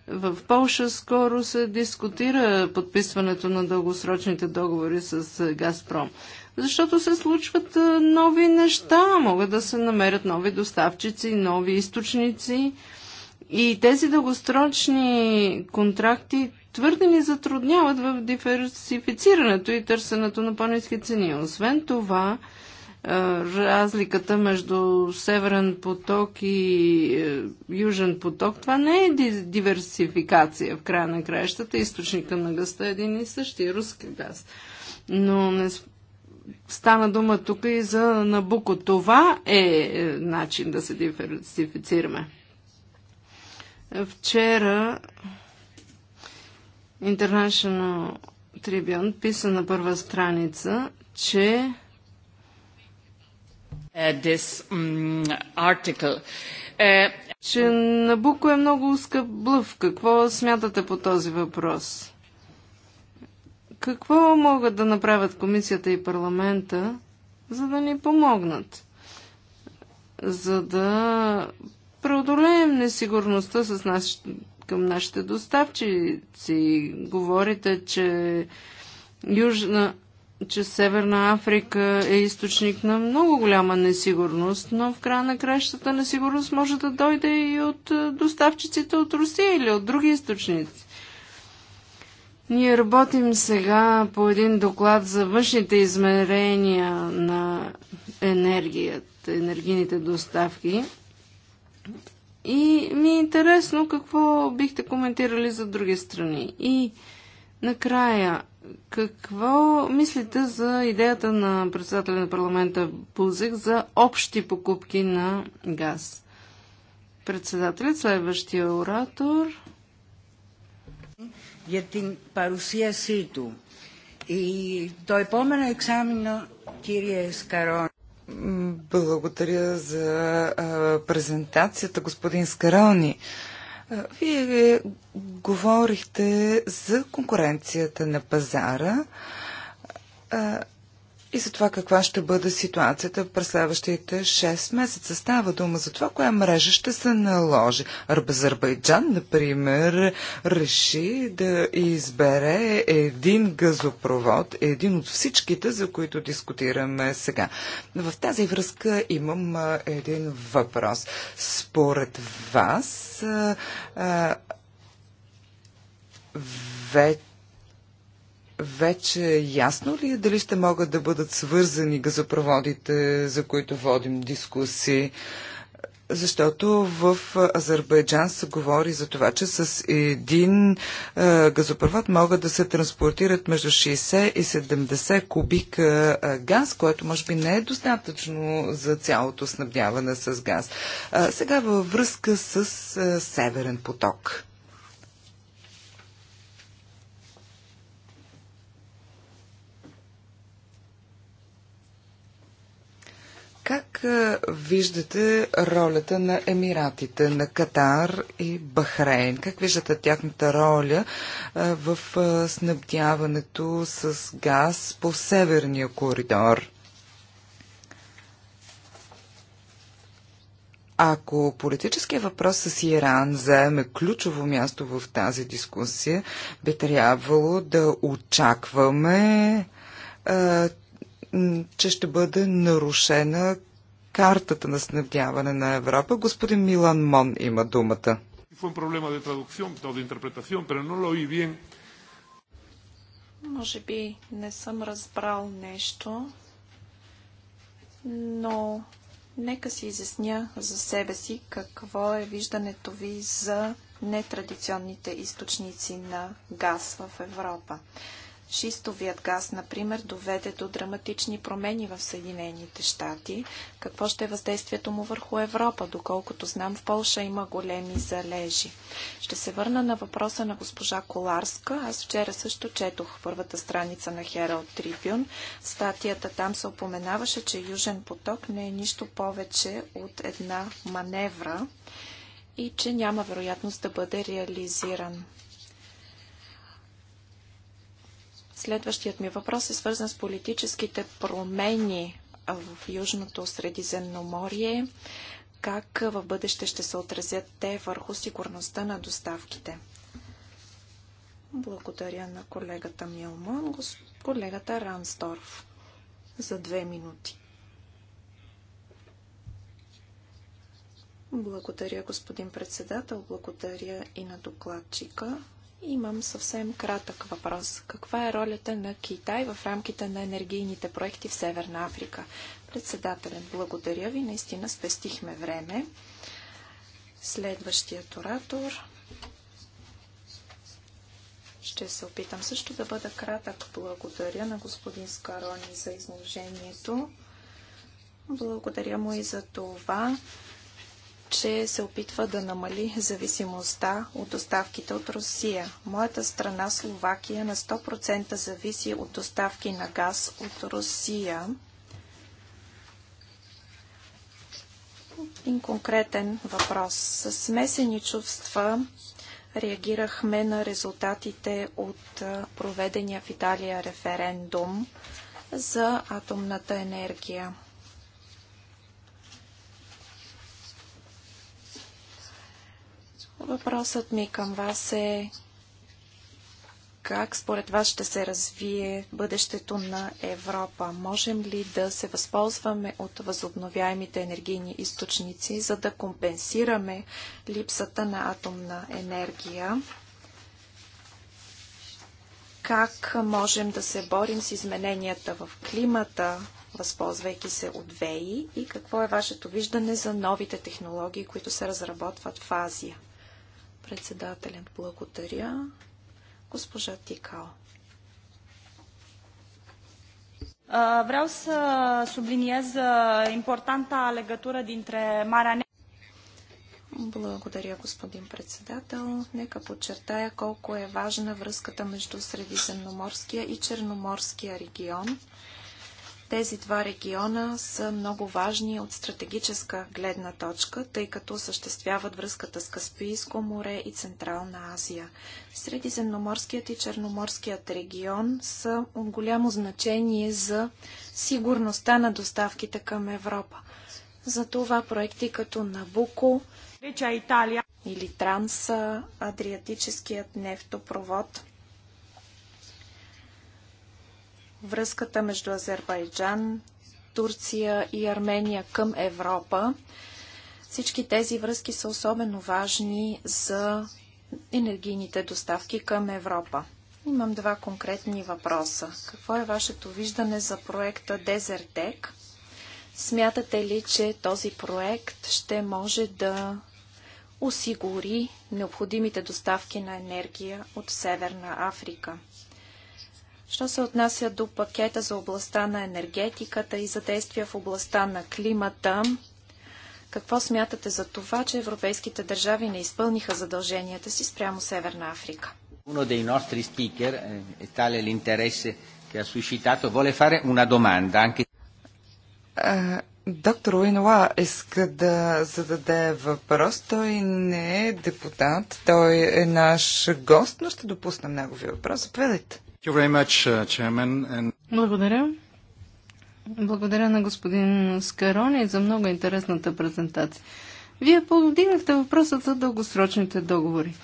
В Польша скоро се дискутира подписването на дългосрочните договори с е, Газпром, защото се случват е, нови неща, могат да се намерят нови доставчици, нови източници. И тези дългосрочни контракти твърде ни затрудняват в диверсифицирането и търсенето на по-низки цени. Освен това, е, разликата между Северен поток и е, Южен поток, това не е диверсификация в края на краищата. Източника на гъста е един и същи, руски газ. Но не стана дума тук и за Набуко. Това е, е начин да се диверсифицираме. Вчера International Tribune писа на първа страница, че
uh, this
um, article. Uh, че Набуко е много скъп блъв. Какво смятате по този въпрос? Какво могат да направят комисията и парламента, за да ни помогнат? За да преодолеем несигурността с нашите към нашите доставчици. Говорите, че Южна, че Северна Африка е източник на много голяма несигурност, но в края на кращата несигурност може да дойде и от е, доставчиците от Русия или от други източници. Ние работим сега по един доклад за външните измерения на енергията, енергийните доставки. И ми е интересно какво бихте коментирали за други страни. И накрая, какво мислите за идеята на председателя на парламента Бузик за общи покупки на газ? Председателят, следващия оратор. Για την παρουσίασή του. Το επόμενο εξάμεινο,
κύριε Σκαρόν, благодаря за презентацията, господин Скарални. Вие говорихте за конкуренцията на пазара и за това каква ще бъде ситуацията в преследващите 6 месеца. Става дума за това, коя мрежа ще се наложи. Азербайджан, например, реши да избере един газопровод, един от всичките, за които дискутираме сега. В тази връзка имам един въпрос. Според вас, вече вече ясно ли е дали ще могат да бъдат свързани газопроводите, за които водим дискусии? Защото в Азербайджан се говори за това, че с един е, газопровод могат да се транспортират между 60 и 70 кубик е, газ, което може би не е достатъчно за цялото снабдяване с газ. Е, сега във връзка с Северен поток. Как виждате ролята на Емиратите, на Катар и Бахрейн? Как виждате тяхната роля в снабдяването с газ по северния коридор? Ако политическия въпрос с Иран заеме ключово място в тази дискусия, би трябвало да очакваме че ще бъде нарушена картата на снабдяване на Европа. Господин Милан Мон има думата.
Може би не съм разбрал нещо, но нека си изясня за себе си какво е виждането ви за нетрадиционните източници на газ в Европа. Шистовият газ, например, доведе до драматични промени в Съединените щати. Какво ще е въздействието му върху Европа? Доколкото знам, в Полша има големи залежи. Ще се върна на въпроса на госпожа Коларска. Аз вчера също четох първата страница на Herald Tribune. Статията там се упоменаваше, че Южен поток не е нищо повече от една маневра и че няма вероятност да бъде реализиран. Следващият ми въпрос е свързан с политическите промени в Южното Средиземноморие. Как в бъдеще ще се отразят те върху сигурността на доставките? Благодаря на колегата Милман, колегата Рансторф за две минути. Благодаря, господин председател. Благодаря и на докладчика Имам съвсем кратък въпрос. Каква е ролята на Китай в рамките на енергийните проекти в Северна Африка? Председателят, благодаря ви. Наистина спестихме време. Следващият оратор. Ще се опитам също да бъда кратък. Благодаря на господин Скарони за изложението. Благодаря му и за това, че се опитва да намали зависимостта от доставките от Русия. Моята страна Словакия на 100% зависи от доставки на газ от Русия. Един конкретен въпрос. С смесени чувства реагирахме на резултатите от проведения в Италия референдум за атомната енергия. Въпросът ми към вас е как според вас ще се развие бъдещето на Европа? Можем ли да се възползваме от възобновяемите енергийни източници, за да компенсираме липсата на атомна енергия? Как можем да се борим с измененията в климата, възползвайки се от ВЕИ? И какво е вашето виждане за новите технологии, които се разработват в Азия? Председателят благодаря. Госпожа Тикао. Vreau să subliniez importanta legătură dintre Marea Neagră. Благодаря, господин председател. Нека подчертая колко е важна връзката между Средиземноморския и Черноморския регион. Тези два региона са много важни от стратегическа гледна точка, тъй като съществяват връзката с Каспийско море и Централна Азия. Средиземноморският и Черноморският регион са от голямо значение за сигурността на доставките към Европа. Затова проекти като Набуко или Транса, Адриатическият нефтопровод връзката между Азербайджан, Турция и Армения към Европа. Всички тези връзки са особено важни за енергийните доставки към Европа. Имам два конкретни въпроса. Какво е вашето виждане за проекта Дезертек? Смятате ли, че този проект ще може да осигури необходимите доставки на енергия от Северна Африка? Що се отнася до пакета за областта на енергетиката и за действия в областта на климата, какво смятате за това, че европейските държави не изпълниха задълженията си спрямо Северна Африка?
Uno dei nostri speaker, eh, e tale l'interesse che ha suscitato, vuole fare una domanda
anche... Е, доктор Уинла иска да зададе въпрос. Той не е депутат, той е наш гост, но ще допуснем неговия въпрос. Заповядайте. Uh,
Благодаря. Благодаря на господин Скарони за много интересната презентация. Вие повдигнахте въпросът за дългосрочните договори.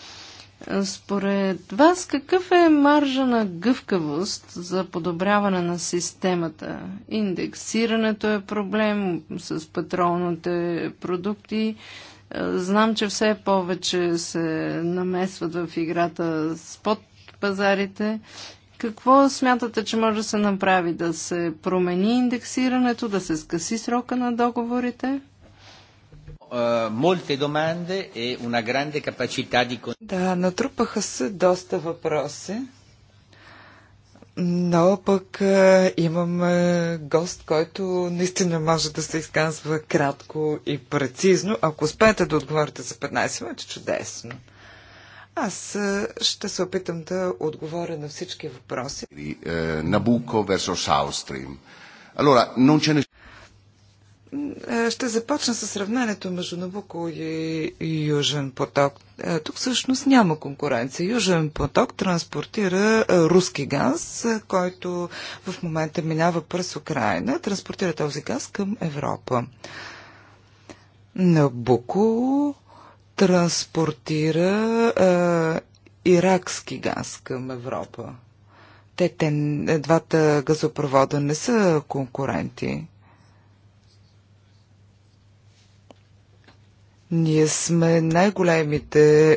Според вас какъв е маржа на гъвкавост за подобряване на системата? Индексирането е проблем с петролните продукти. Е, знам, че все повече се намесват в играта под пазарите. Какво смятате, че може да се направи? Да се промени индексирането, да се скъси срока на договорите?
Е, Молте доманде е una grande capacità di... Да,
натрупаха
се доста
въпроси. Но пък е, имам гост, който наистина може да се изказва кратко и прецизно. Ако успеете да отговорите за 15 минути, чудесно. Аз е, ще се опитам да отговоря на всички
въпроси. Е, Набуко versus South Allora, non ce
е, ще започна с сравнението между Набуко и Южен поток. Тук всъщност няма конкуренция. Южен поток транспортира руски газ, който в момента минава през Украина, транспортира този газ към Европа. Набуко транспортира а, иракски газ към Европа. Те, те, двата газопровода не са конкуренти. Ние сме най-големите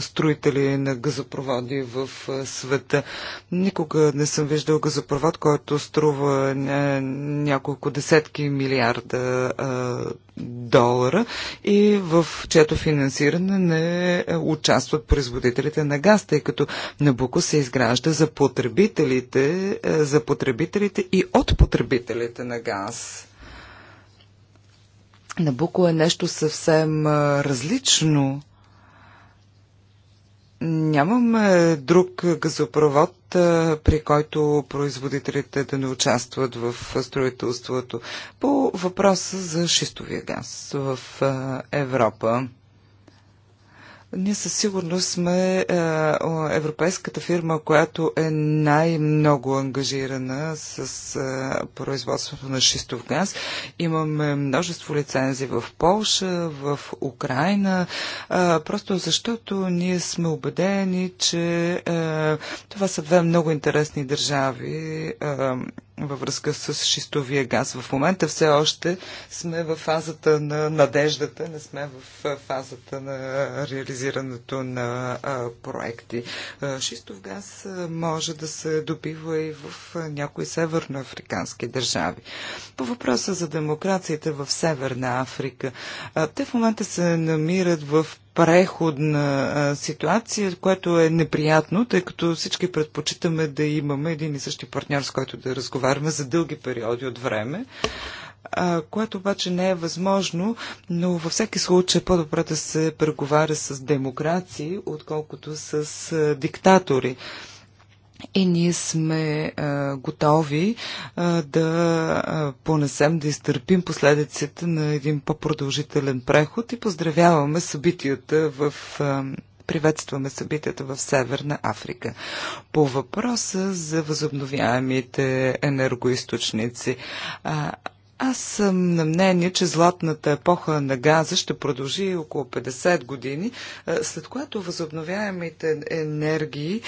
строители на газопроводи в а, света. Никога не съм виждал газопровод, който струва няколко десетки милиарда а, долара и в чето финансиране не участват производителите на газ, тъй като Набуко се изгражда за потребителите, а, за потребителите и от потребителите на газ. Набуко е нещо съвсем различно. Нямаме друг газопровод, при който производителите да не участват в строителството. По въпроса за шистовия газ в Европа. Ние със сигурност сме е, европейската фирма, която е най-много ангажирана с е, производството на шистов газ. Имаме множество лицензи в Полша, в Украина, е, просто защото ние сме убедени, че това са две много интересни държави във връзка с шистовия газ. В момента все още сме в фазата на надеждата, не сме в фазата на реализирането на проекти. Шистов газ може да се добива и в някои северноафрикански държави. По въпроса за демокрацията в Северна Африка, те в момента се намират в преходна ситуация, което е неприятно, тъй като всички предпочитаме да имаме един и същи партньор, с който да разговаряме за дълги периоди от време което обаче не е възможно, но във всеки случай е по-добре да се преговаря с демокрации, отколкото с диктатори и ние сме а, готови а, да а, понесем, да изтърпим последиците на един по-продължителен преход и поздравяваме събитията в. А, приветстваме събитията в Северна Африка. По въпроса за възобновяемите енергоисточници. А, аз съм на мнение, че златната епоха на газа ще продължи около 50 години, след което възобновяемите енергии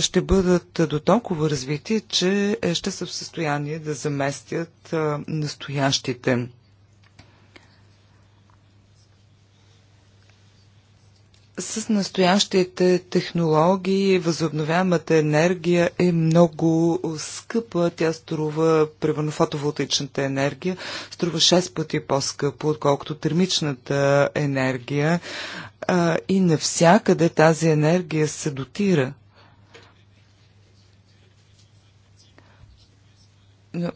ще бъдат до толкова развити, че е, ще са в състояние да заместят настоящите. с настоящите технологии възобновяемата енергия е много скъпа. Тя струва, примерно фотоволтичната енергия, струва 6 пъти по-скъпо, отколкото термичната енергия. А, и навсякъде тази енергия се дотира. Но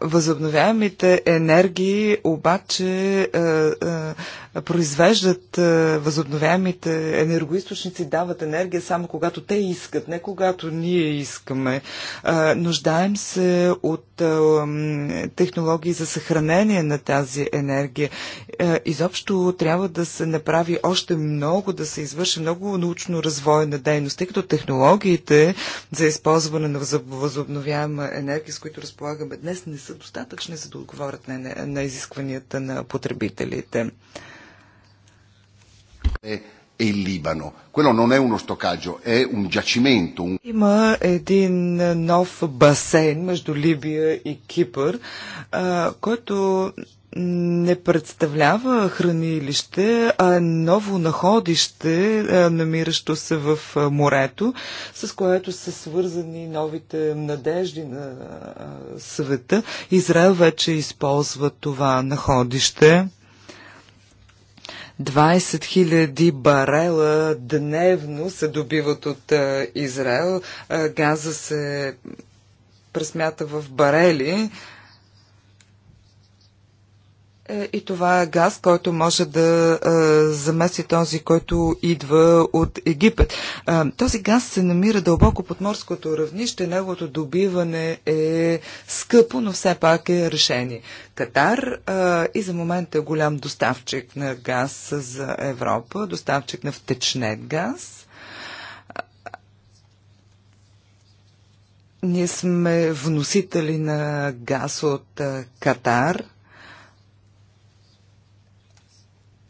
Възобновяемите енергии обаче а, а, произвеждат е, възобновяемите енергоисточници, дават енергия само когато те искат, не когато ние искаме. Е, нуждаем се от е, технологии за съхранение на тази енергия. Изобщо трябва да се направи още много, да се извърши много научно развой на дейност, тъй като технологиите за използване на възобновяема енергия, с които разполагаме днес, не са достатъчни, за да отговорят на изискванията на потребителите е Либано.
E Quello non è uno stoccaggio, è un giacimento. Un...
Има един нов басейн между Либия и Кипър, а, който не представлява хранилище, а ново находище, намиращо се в морето, с което са свързани новите надежди на света. Израел вече използва това находище. 20 000 барела дневно се добиват от е, Израел. Е, Газа се пресмята в барели. Е, и това е газ, който може да а, е, замеси този, който идва от Египет. А, е, този газ се намира дълбоко под морското равнище. Неговото добиване е скъпо, но все пак е решение. Катар а, и за момента е голям доставчик на газ за Европа, доставчик на втечнет газ. Ние сме вносители на газ от Катар –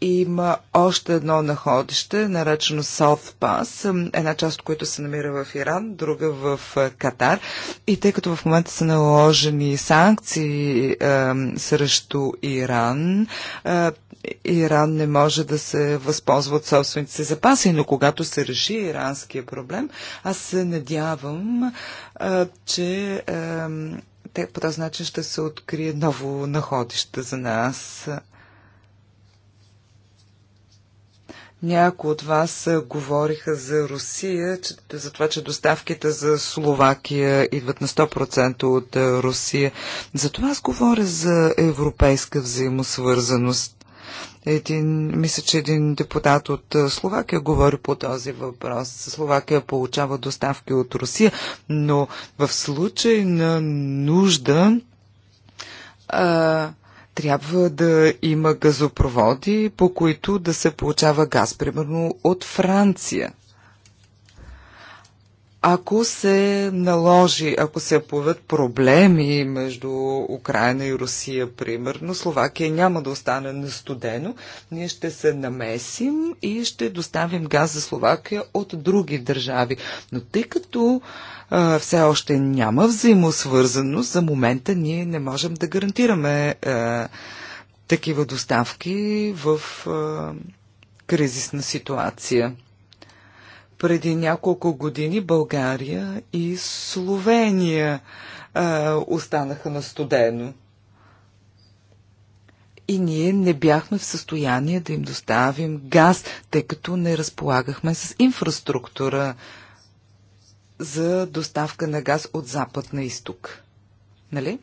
има още едно находище, наречено South Pass, една част от което се намира в Иран, друга в е, Катар. И тъй като в момента са наложени санкции е, срещу Иран, е, Иран не може да се възползва от собствените си запаси, но когато се реши иранския проблем, аз се надявам, е, че е, по този начин ще се открие ново находище за нас. Някои от вас говориха за Русия, че, за това, че доставките за Словакия идват на 100% от Русия. Затова аз говоря за европейска взаимосвързаност. Един, мисля, че един депутат от Словакия говори по този въпрос. Словакия получава доставки от Русия, но в случай на нужда а, трябва да има газопроводи, по които да се получава газ, примерно от Франция. Ако се наложи, ако се появят проблеми между Украина и Русия, примерно, Словакия няма да остане на студено, ние ще се намесим и ще доставим газ за Словакия от други държави. Но тъй като а, все още няма взаимосвързаност. За момента ние не можем да гарантираме а, е, такива доставки в а, е, кризисна ситуация. Преди няколко години България и Словения а, е, останаха на студено и ние не бяхме в състояние да им доставим газ, тъй като не разполагахме с инфраструктура за доставка на газ от запад на изток. Нали?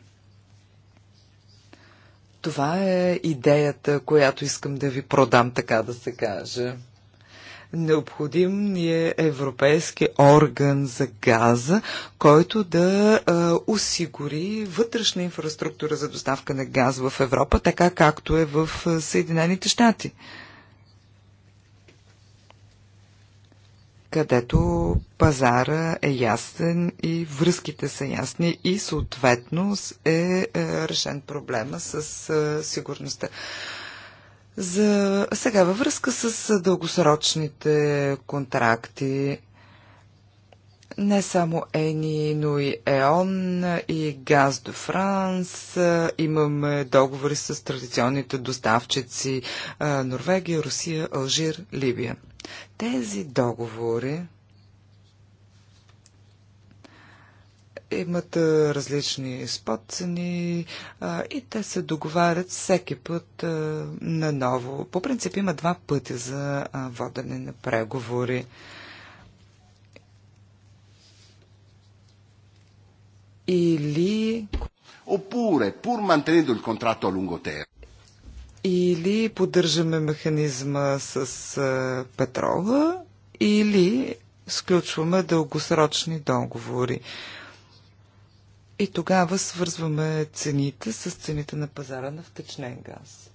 Това е идеята, която искам да ви продам, така да се каже. Необходим ни е европейски орган за газа, който да а, осигури вътрешна инфраструктура за доставка на газ в Европа, така както е в Съединените щати. където пазара е ясен и връзките са ясни и съответно е, е решен проблема с е, сигурността. За сега във връзка с е, дългосрочните контракти, не само ЕНИ, но и ЕОН и Газ до Франс. Имаме договори с традиционните доставчици Норвегия, Русия, Алжир, Либия. Тези договори имат различни спотцени и те се договарят всеки път наново. По принцип има два пъти за водене на преговори.
Или... Опуре, пур mantenendo il contratto a lungo termine.
Или поддържаме механизма с петрола, или сключваме дългосрочни договори. И тогава свързваме цените с цените на пазара на втечнен газ.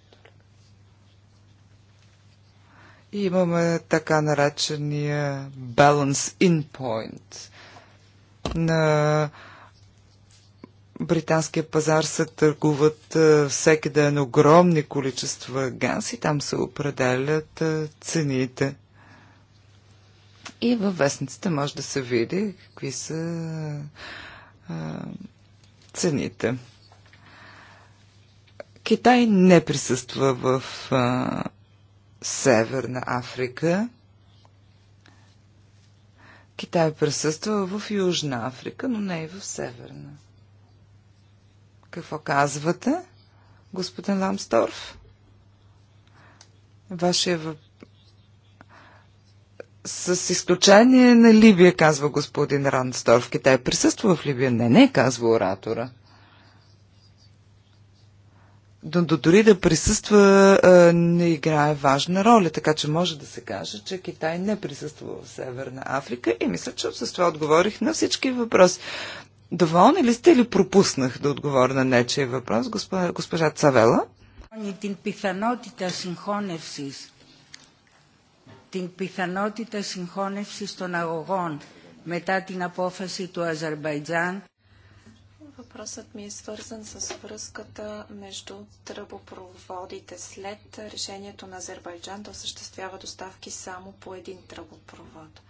И имаме така наречения balance in point на британския пазар се търгуват е, всеки ден огромни количества газ и там се определят е, цените. И във вестниците може да се види какви са е, цените. Китай не присъства в а, Северна Африка. Китай присъства в Южна Африка, но не и в Северна. Какво казвате, господин Ламсторф? Вашия въпрос с изключение на Либия, казва господин Рандсторф. Китай присъства в Либия. Не, не, казва оратора. Но дори да присъства, не играе важна роля, така че може да се каже, че Китай не присъства в Северна Африка и мисля, че с това отговорих на всички въпроси. Доволни ли сте или пропуснах да отговоря на нечия въпрос, госпожа, госпожа Цавела? Την
πιθανότητα συγχώνευσης, την πιθανότητα συγχώνευσης των αγωγών μετά την απόφαση του Αζερβαϊτζάν.
Въпросът ми е свързан с връзката между тръбопроводите. След решението на Азербайджан да осъществява доставки само по един тръбопровод.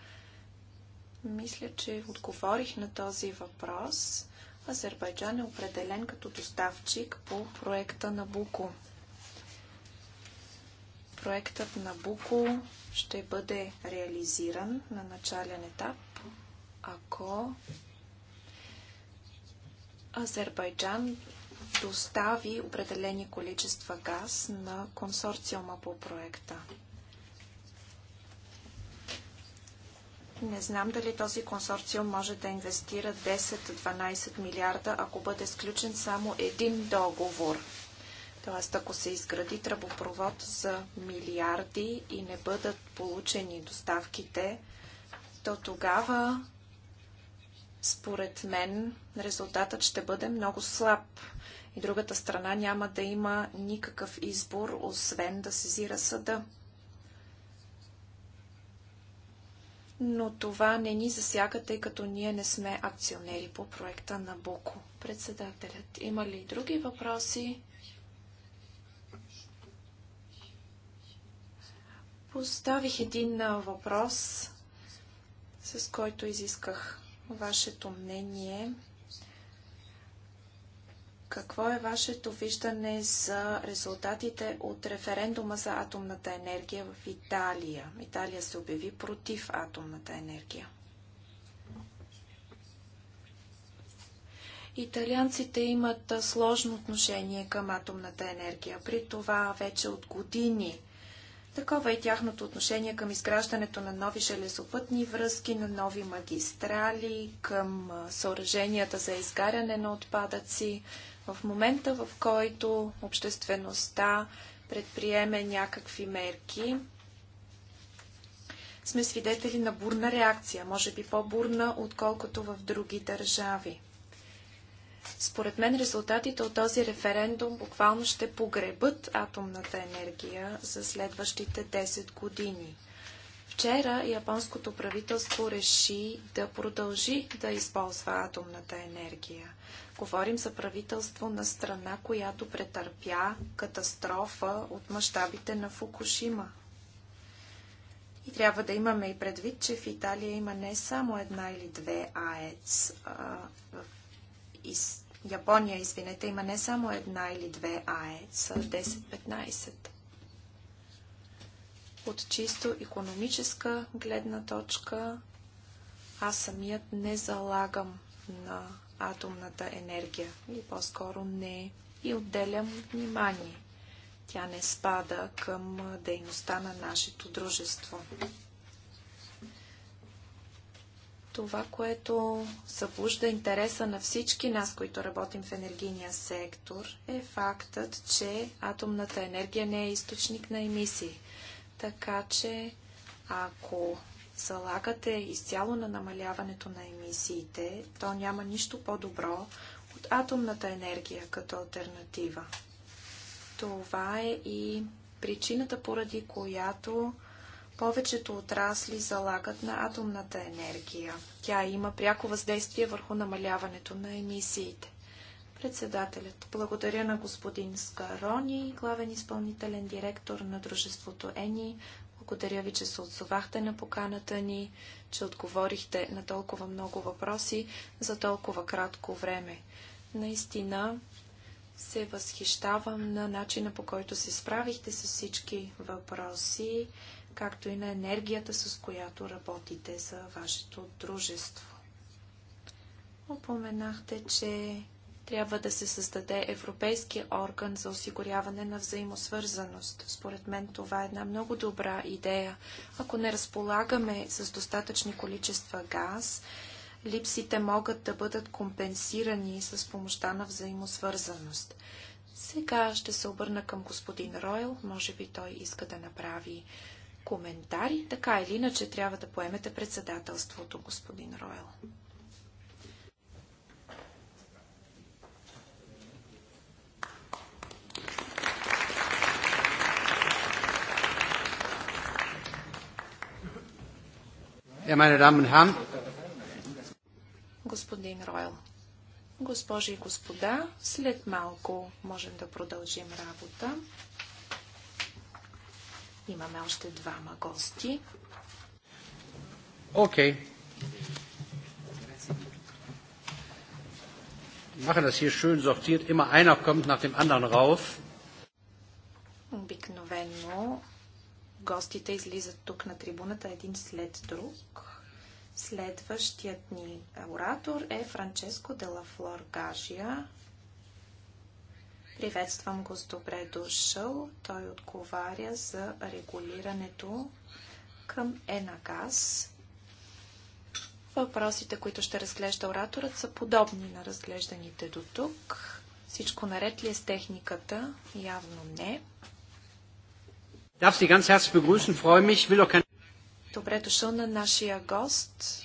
Мисля, че отговорих на този въпрос. Азербайджан е определен като доставчик по проекта на Буко. Проектът на Буко ще бъде реализиран на начален етап, ако Азербайджан достави определени количества газ на консорциума по проекта. Не знам дали този консорциум може да инвестира 10-12 милиарда, ако бъде сключен само един договор. Тоест, ако се изгради тръбопровод за милиарди и не бъдат получени доставките, то тогава, според мен, резултатът ще бъде много слаб. И другата страна няма да има никакъв избор, освен да сезира съда. но това не ни засяга, тъй като ние не сме акционери по проекта на Боко. Председателят, има ли други въпроси? Поставих един въпрос, с който изисках вашето мнение. Какво е вашето виждане за резултатите от референдума за атомната енергия в Италия? Италия се обяви против атомната енергия. Италианците имат сложно отношение към атомната енергия, при това вече от години. Такова е тяхното отношение към изграждането на нови железопътни връзки, на нови магистрали, към съоръженията за изгаряне на отпадъци, в момента, в който обществеността предприеме някакви мерки, сме свидетели на бурна реакция, може би по-бурна, отколкото в други държави. Според мен резултатите от този референдум буквално ще погребат атомната енергия за следващите 10 години. Вчера японското правителство реши да продължи да използва атомната енергия. Говорим за правителство на страна, която претърпя катастрофа от мащабите на Фукушима. И трябва да имаме и предвид, че в Италия има не само една или две АЕЦ. А, в из... Япония, извинете, има не само една или две АЕЦ, а 10-15. От чисто економическа гледна точка, аз самият не залагам на атомната енергия, или по-скоро не и отделям внимание. Тя не спада към дейността на нашето дружество. Това, което събужда интереса на всички нас, които работим в енергийния сектор, е фактът, че атомната енергия не е източник на емисии. Така че, ако залагате изцяло на намаляването на емисиите, то няма нищо по-добро от атомната енергия като альтернатива. Това е и причината, поради която повечето отрасли залагат на атомната енергия. Тя има пряко въздействие върху намаляването на емисиите. Председателят благодаря на господин Скарони, главен изпълнителен директор на дружеството ЕНИ, благодаря ви, че се отзовахте на поканата ни, че отговорихте на толкова много въпроси за толкова кратко време. Наистина се възхищавам на начина по който се справихте с всички въпроси, както и на енергията, с която работите за вашето дружество. Опоменахте, че трябва да се създаде европейски орган за осигуряване на взаимосвързаност. Според мен това е една много добра идея. Ако не разполагаме с достатъчни количества газ, липсите могат да бъдат компенсирани с помощта на взаимосвързаност. Сега ще се обърна към господин Ройл, може би той иска да направи коментари, така или иначе трябва да поемете председателството, господин Ройл.
Ja, meine Damen und Herren.
Господин Ройл, госпожи и господа, след малко можем да продължим работа. Имаме още двама гости.
Окей. Okay.
Machen das hier schön sortiert. Immer einer kommt nach dem anderen rauf.
Обикновено гостите излизат тук на трибуната един след друг. Следващият ни оратор е Франческо Делафлор Гажия. Приветствам го с добре дошъл. Той отговаря за регулирането към Енагаз. Въпросите, които ще разглежда ораторът, са подобни на разглежданите до тук. Всичко наред ли е с техниката? Явно не
darf Sie ganz herzlich begrüßen, freue mich, will auch kein...
Добре дошъл на нашия гост.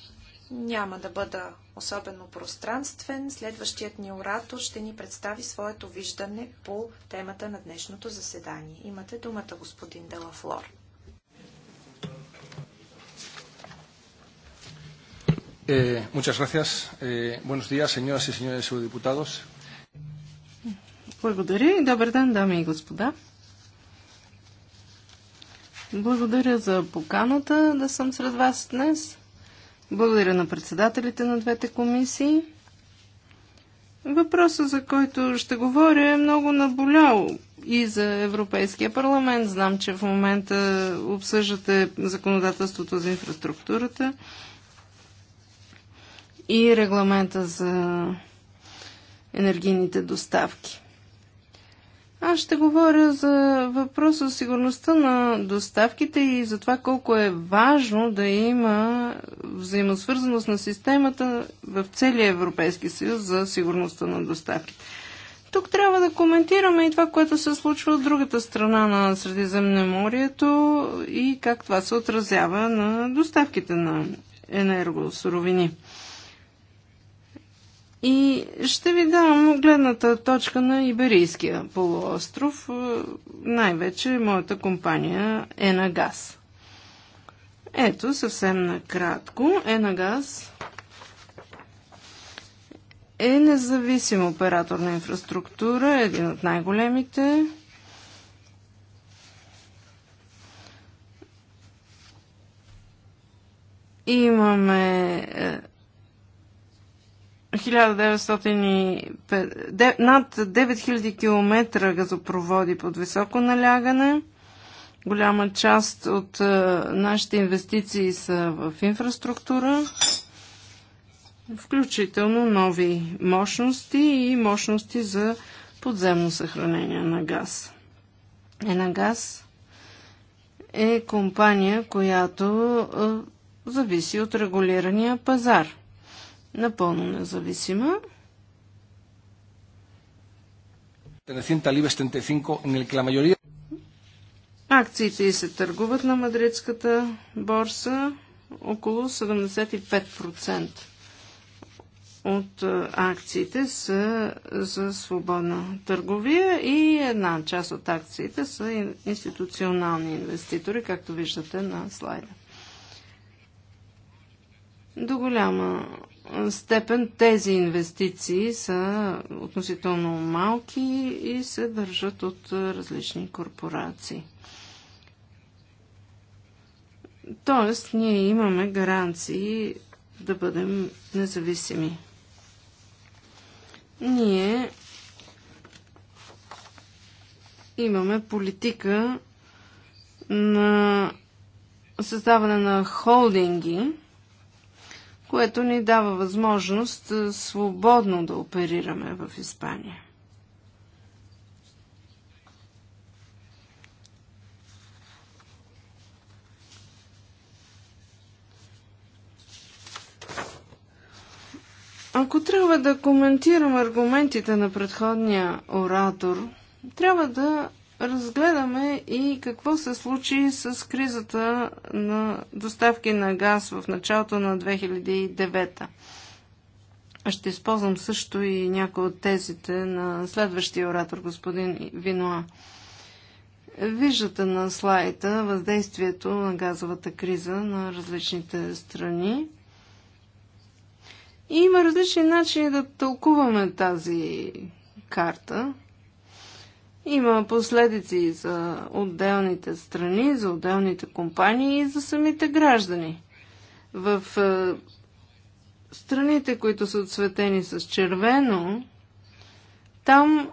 Няма да бъда особено пространствен. Следващият ни оратор ще ни представи своето виждане по темата на днешното заседание. Имате думата, господин Делафлор.
Eh, muchas gracias. Eh, buenos días, señoras y señores eurodiputados.
Благодаря и добър ден, дами и господа. Благодаря за поканата да съм сред вас днес. Благодаря на председателите на двете комисии. Въпросът, за който ще говоря, е много наболял и за Европейския парламент. Знам, че в момента обсъждате законодателството за инфраструктурата и регламента за енергийните доставки. Аз ще говоря за въпроса за сигурността на доставките и за това колко е важно да има взаимосвързаност на системата в целия Европейски съюз за сигурността на доставките. Тук трябва да коментираме и това, което се случва от другата страна на Средиземноморието и как това се отразява на доставките на енергосуровини. И ще ви дам гледната точка на Иберийския полуостров, е, най-вече моята компания Енагаз. Ето, съвсем накратко, Енагаз е независим оператор на инфраструктура, един от най-големите. Имаме е, 1900, над 9000 км газопроводи под високо налягане. Голяма част от е, нашите инвестиции са в инфраструктура, включително нови мощности и мощности за подземно съхранение на газ. Енагаз е компания, която е, зависи от регулирания пазар – напълно независима. Е акциите се търгуват на мадридската борса около 75% от е, акциите са за свободна търговия и една част от акциите са институционални инвеститори, както виждате на слайда. До голяма степен тези инвестиции са относително малки и се държат от различни корпорации. Тоест, ние имаме гаранции да бъдем независими. Ние имаме политика на създаване на холдинги, което ни дава възможност е, свободно да оперираме в Испания. Ако трябва да коментирам аргументите на предходния оратор, трябва да разгледаме и какво се случи с кризата на доставки на газ в началото на 2009. Ще използвам също и някои от тезите на следващия оратор, господин Винуа. Виждате на слайда въздействието на газовата криза на различните страни. И има различни начини да тълкуваме тази карта. Има последици за отделните страни, за отделните компании и за самите граждани. В е, страните, които са отсветени с червено, там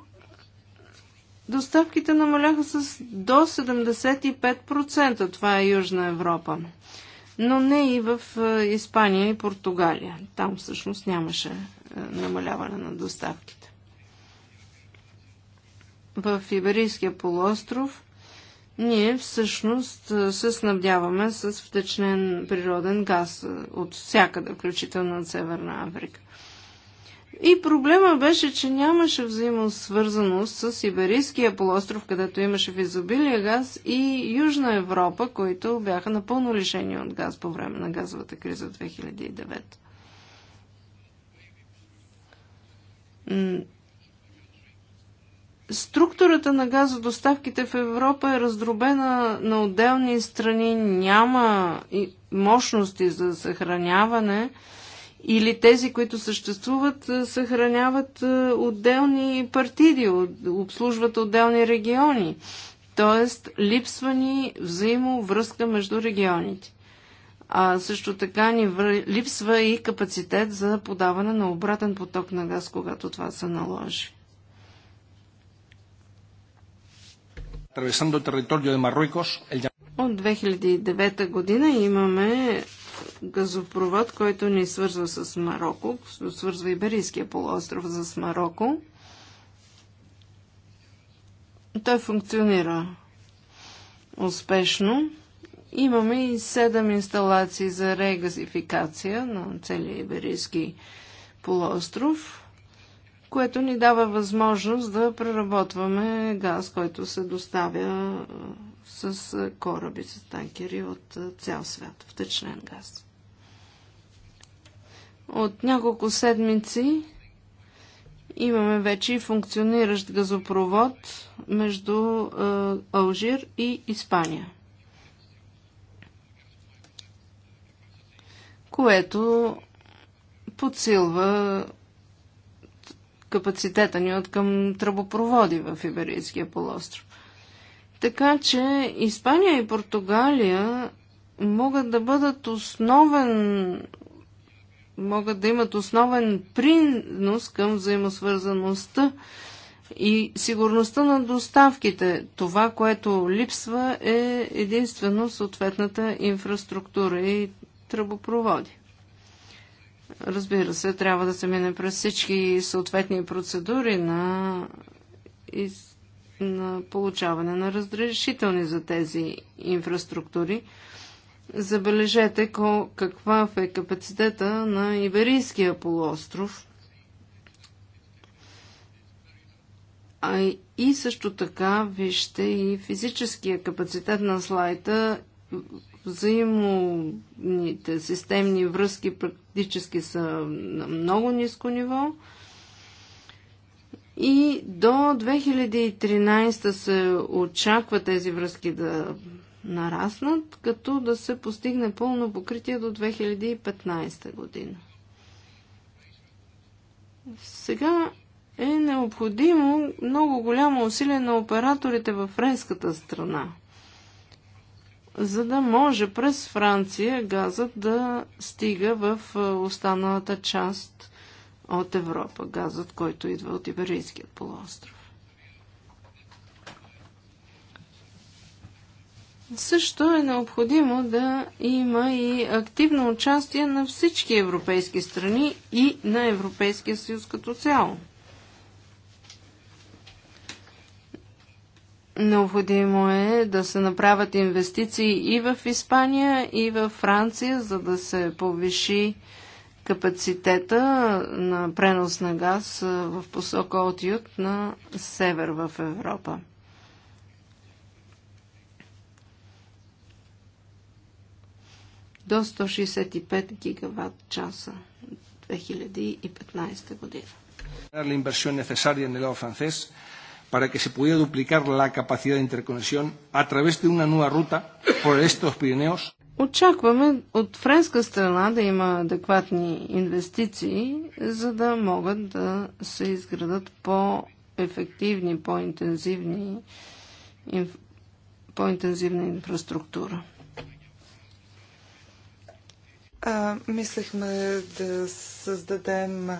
доставките намаляха с до 75%. Това е Южна Европа. Но не и в е, Испания и Португалия. Там всъщност нямаше е, намаляване на доставките в Иберийския полуостров ние всъщност се снабдяваме с втечнен природен газ от всякъде, включително от Северна Африка. И проблема беше, че нямаше взаимосвързаност с Иберийския полуостров, където имаше в изобилие газ, и Южна Европа, които бяха напълно лишени от газ по време на газовата криза 2009. Структурата на газодоставките в Европа е раздробена на отделни страни, няма мощности за съхраняване или тези, които съществуват, е, съхраняват е, отделни партиди, обслужват отделни региони. Тоест, липсва ни взаимовръзка между регионите. А също така ни липсва и капацитет за подаване на обратен поток на газ, когато това се наложи. От 2009 година имаме газопровод, който ни свързва с Марокко, свързва Иберийския полуостров с Марокко. Той функционира успешно. Имаме и 7 инсталации за регазификация на целия Иберийски полуостров което ни дава възможност да преработваме газ, който се доставя с кораби, с танкери от цял свят, втечнен газ. От няколко седмици имаме вече и функциониращ газопровод между Алжир и Испания. което подсилва капацитета ни от към тръбопроводи в Иберийския полуостров. Така че Испания и Португалия могат да бъдат основен могат да имат основен принос към взаимосвързаността и сигурността на доставките. Това, което липсва е единствено съответната инфраструктура и тръбопроводи. Разбира се, трябва да се мине през всички съответни процедури на, из, на получаване на разрешителни за тези инфраструктури. Забележете каква е капацитета на Иберийския полуостров. А и също така вижте и физическия капацитет на слайда, взаимните системни връзки, практически са на много ниско ниво. И до 2013 се очаква тези връзки да нараснат, като да се постигне пълно покритие до 2015 година. Сега е необходимо много голямо усилие на операторите във френската страна за да може през Франция газът да стига в е, останалата част от Европа, газът, който идва от Иберийският полуостров. Също е необходимо да има и активно участие на всички европейски страни и на Европейския съюз като цяло. Необходимо е да се направят инвестиции и в Испания, и в Франция, за да се повиши капацитета на пренос на газ в посока от юг на север в Европа. До 165 гигаватт часа 2015 година
para que se pudiera duplicar la capacidad de interconexión a través de una nueva ruta por el este de los Pirineos.
Очакваме от френска страна да има адекватни инвестиции, за да могат да се изградат по-ефективни, по-интензивни, по-интензивна инфраструктура.
А, мислехме да създадем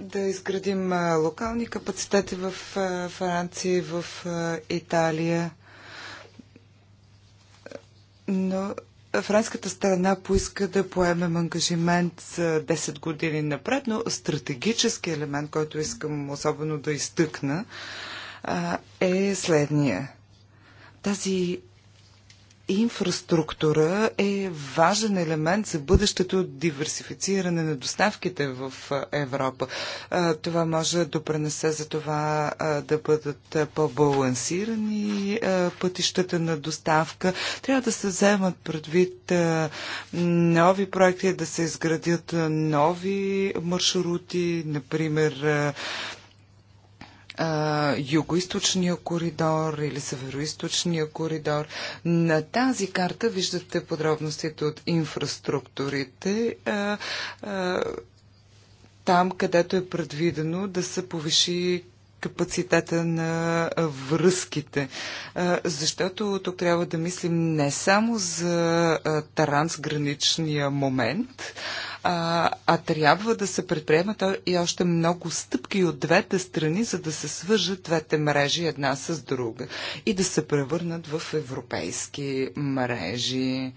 да изградим локални капацитети в Франция, в Италия. Но френската страна поиска да поемем ангажимент за 10 години напред, но стратегически елемент, който искам особено да изтъкна, е следния. Тази инфраструктура е важен елемент за бъдещето диверсифициране на доставките в Европа. Това може да допренесе за това да бъдат по-балансирани пътищата на доставка. Трябва да се вземат предвид нови проекти, да се изградят нови маршрути, например югоисточния коридор или североисточния коридор. На тази карта виждате подробностите от инфраструктурите. А, а, там, където е предвидено да се повиши капацитета на връзките. Защото тук трябва да мислим не само за трансграничния момент, а, а трябва да се предприемат и още много стъпки от двете страни, за да се свържат двете мрежи една с друга и да се превърнат в европейски мрежи.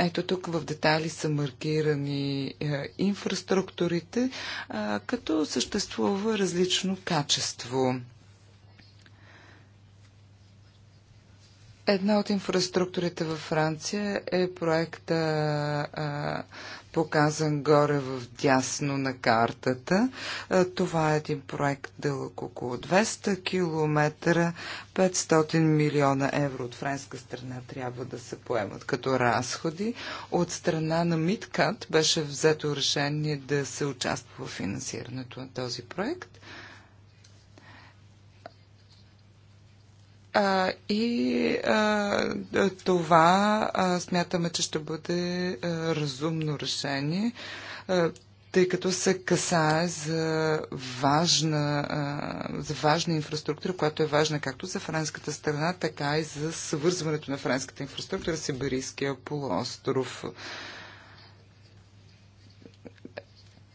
Ето тук в детали са маркирани е, инфраструктурите, като съществува различно качество. Една от инфраструктурите във Франция е проекта а, показан горе в дясно на картата. А, това е един проект дълъг около 200 км, 500 милиона евро от френска страна трябва да се поемат като разходи. От страна на Миткат беше взето решение да се участва в финансирането на този проект. А, и а, това а, смятаме, че ще бъде а, разумно решение, а, тъй като се касае за важна, а, за важна инфраструктура, която е важна както за френската страна, така и за свързването на френската инфраструктура с Сибирийския полуостров. А,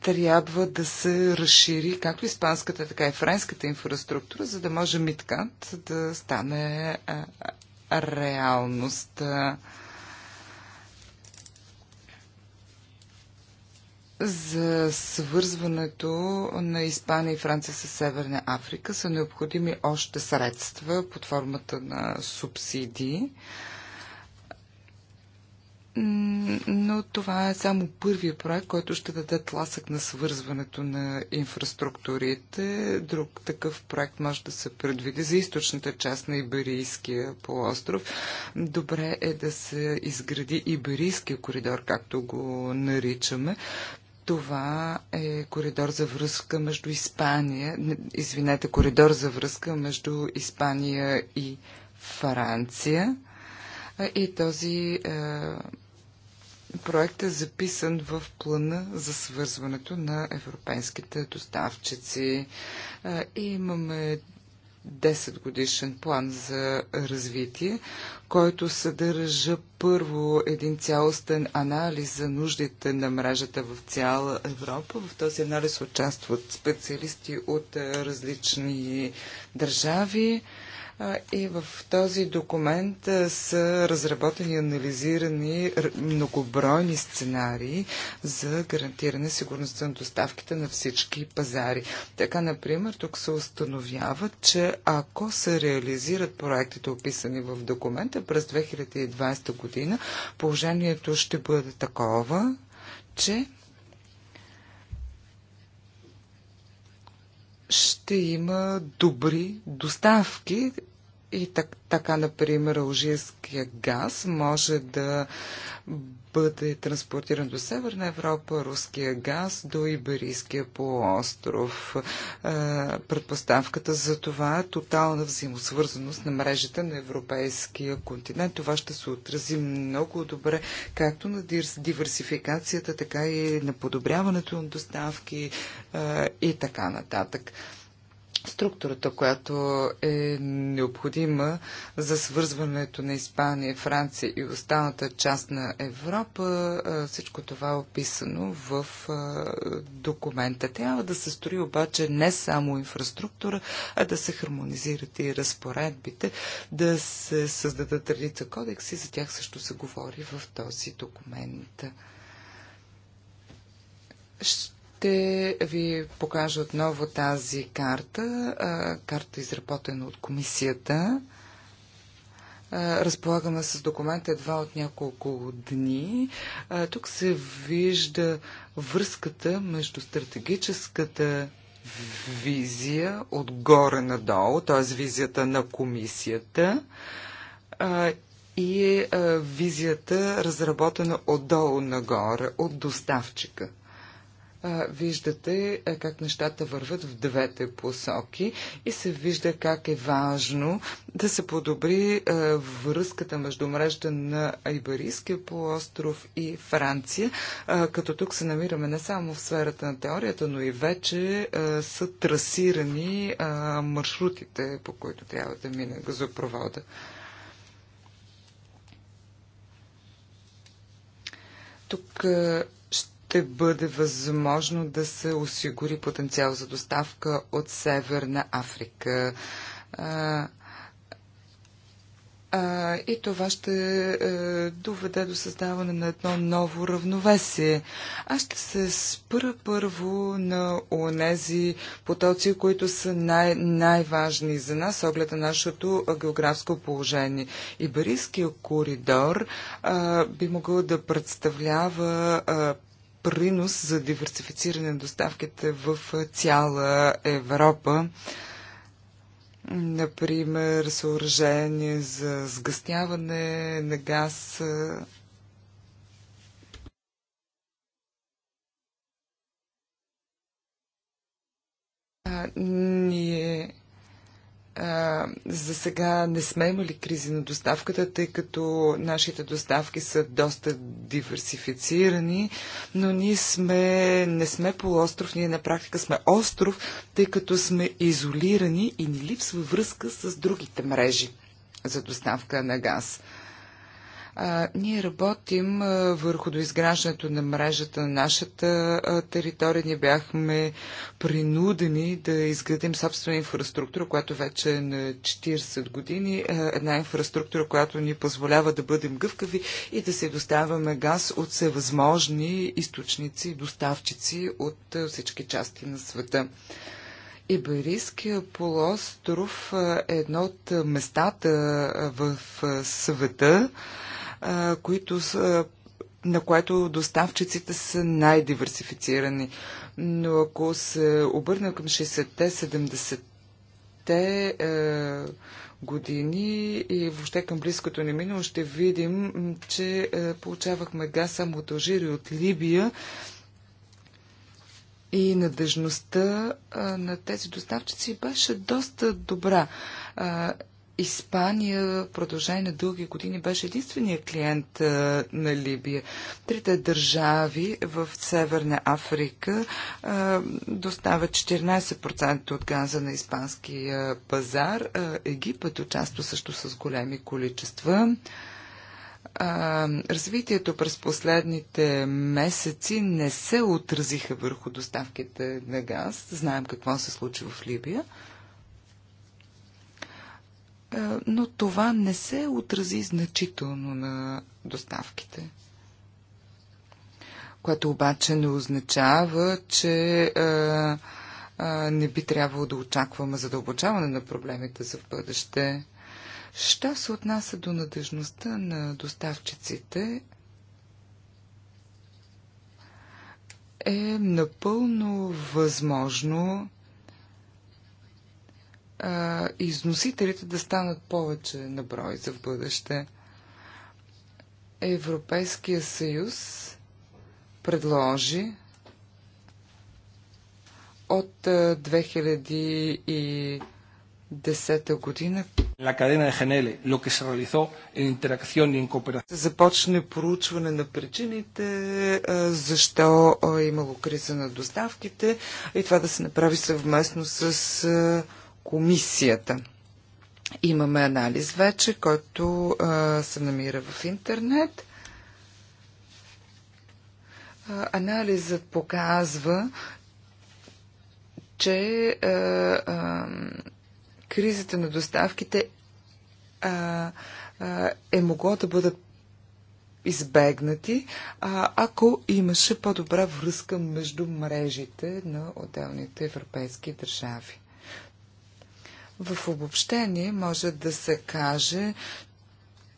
трябва да се разшири както испанската, така и френската инфраструктура, за да може Миткант да стане реалност. За свързването на Испания и Франция с Северна Африка са необходими още средства под формата на субсидии но това е само първия проект, който ще даде тласък на свързването на инфраструктурите. Друг такъв проект може да се предвиди за източната част на Иберийския полуостров. Добре е да се изгради Иберийския коридор, както го наричаме. Това е коридор за връзка между Испания, извинете, коридор за връзка между Испания и Франция. И този е, проект е записан в плана за свързването на европейските доставчици. И е, имаме 10 годишен план за развитие, който съдържа първо един цялостен анализ за нуждите на мрежата в цяла Европа. В този анализ участват специалисти от е, различни държави и в този документ са разработени и анализирани многобройни сценарии за гарантиране сигурността на доставките на всички пазари. Така, например, тук се установява, че ако се реализират проектите, описани в документа през 2020 година, положението ще бъде такова, че ще има добри доставки и так, така, например, алжирския газ може да бъде транспортиран до Северна Европа руския газ до Иберийския полуостров. Е, предпоставката за това е тотална взаимосвързаност на мрежата на европейския континент. Това ще се отрази много добре както на диверсификацията, така и на подобряването на доставки е, и така нататък структурата, която е необходима за свързването на Испания, Франция и останата част на Европа, всичко това е описано в документа. Трябва да се строи обаче не само инфраструктура, а да се хармонизират и разпоредбите, да се създадат редица кодекси, за тях също се говори в този документ. Ще ви покажа отново тази карта, карта изработена от комисията. Разполагаме с документа едва от няколко дни. Тук се вижда връзката между стратегическата визия отгоре надолу, т.е. визията на комисията и визията разработена отдолу нагоре от доставчика виждате как нещата върват в двете посоки и се вижда как е важно да се подобри връзката между мрежата на Айбарийския полуостров и Франция, като тук се намираме не само в сферата на теорията, но и вече са трасирани маршрутите, по които трябва да мине газопровода. Тук ще бъде възможно да се осигури потенциал за доставка от Северна Африка. А, а, и това ще а, е, доведе до създаване на едно ново равновесие. Аз ще се спра първо на онези потоци, които са най- най-важни за нас, оглед на нашето географско положение. Иберийския коридор а, би могъл да представлява а, принос за диверсифициране на доставките в цяла Европа. Например, съоръжение за сгъстяване на газ. Ние за сега не сме имали кризи на доставката, тъй като нашите доставки са доста диверсифицирани, но ние сме, не сме полуостров, ние на практика сме остров, тъй като сме изолирани и ни липсва връзка с другите мрежи за доставка на газ. А, ние работим а, върху доизграждането на мрежата на нашата а, територия. Ние бяхме принудени да изградим собствена инфраструктура, която вече е на 40 години. А, една инфраструктура, която ни позволява да бъдем гъвкави и да се доставяме газ от всевъзможни източници и доставчици от а, всички части на света. Иберийския полуостров е едно от местата в света, които са на което доставчиците са най-диверсифицирани. Но ако се обърна към 60-те, 70-те е, години и въобще към близкото ни минало, ще видим, че е, получавахме газ само от Алжири, от Либия и надежността е, на тези доставчици беше доста добра. Е, Испания в продължение на дълги години беше единствения клиент а, на Либия. Трите държави в Северна Африка а, доставят 14% от газа на испанския пазар. А, Египет участва също с големи количества. А, развитието през последните месеци не се отразиха върху доставките на газ. Знаем какво се случи в Либия. Е, но това не се отрази значително на доставките. Което обаче не означава, че а, е, а, е, не би трябвало да очакваме задълбочаване на проблемите за в бъдеще. Що се отнася до надежността на доставчиците, е напълно възможно а, износителите да станат повече на брой за в бъдеще. Европейския съюз предложи от 2010 година
la cadena de Genele, lo que se realizó en interacción y en cooperación. Започне проучване на причините,
защо е имало криза на доставките и това да се направи съвместно с комисията. Имаме анализ вече, който а, се намира в интернет. А, анализът показва, че а, а, кризата на доставките а, а, е могло да бъдат избегнати, а, ако имаше по-добра връзка между мрежите на отделните европейски държави. В обобщение може да се каже,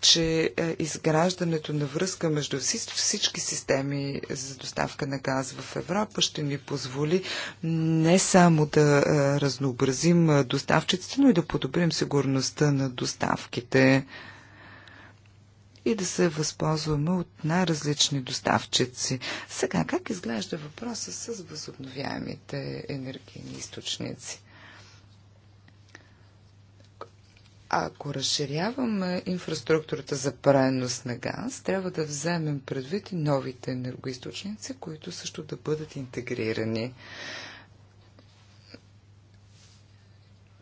че е, изграждането на връзка между всички системи за доставка на газ в Европа ще ни позволи не само да е, разнообразим е, доставчиците, но и да подобрим сигурността на доставките и да се възползваме от най-различни доставчици. Сега, как изглежда въпроса с възобновяемите енергийни източници? Ако разширяваме инфраструктурата за пренос на газ, трябва да вземем предвид и новите енергоисточници, които също да бъдат интегрирани.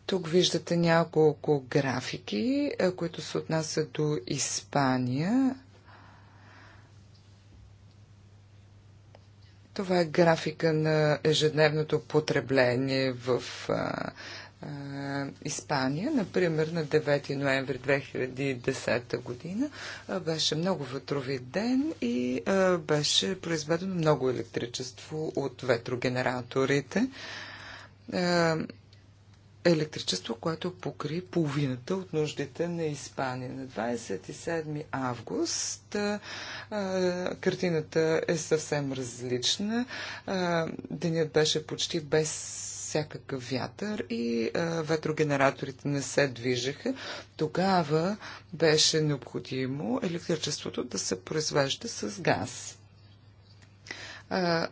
Тук виждате няколко графики, които се отнасят до Испания. Това е графика на ежедневното потребление в Испания, например на 9 ноември 2010 година, беше много ветрови ден и беше произведено много електричество от ветрогенераторите. Електричество, което покри половината от нуждите на Испания. На 27 август картината е съвсем различна. денят беше почти без всякакъв вятър и а, ветрогенераторите не се движеха, тогава беше необходимо електричеството да се произвежда с газ. А,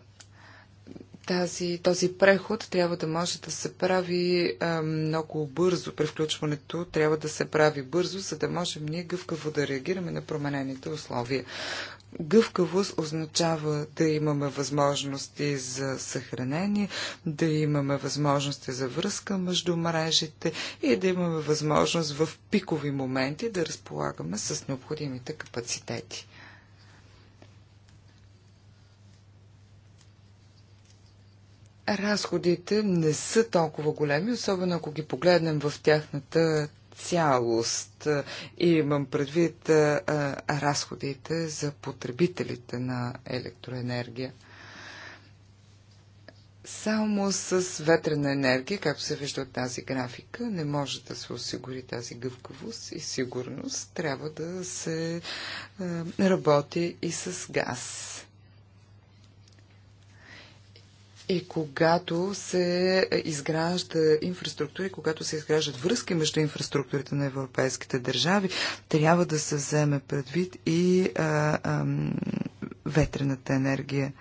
тази, този преход трябва да може да се прави а, много бързо. При включването трябва да се прави бързо, за да можем ние гъвкаво да реагираме на променените условия. Гъвкавост означава да имаме възможности за съхранение, да имаме възможности за връзка между мрежите и да имаме възможност в пикови моменти да разполагаме с необходимите капацитети. разходите не са толкова големи, особено ако ги погледнем в тяхната цялост. И имам предвид разходите за потребителите на електроенергия. Само с ветрена енергия, както се вижда от тази графика, не може да се осигури тази гъвкавост и сигурност. Трябва да се работи и с газ и когато се изгражда инфраструктура и когато се изграждат връзки между инфраструктурите на европейските държави, трябва да се вземе предвид и а, а, ветрената енергия.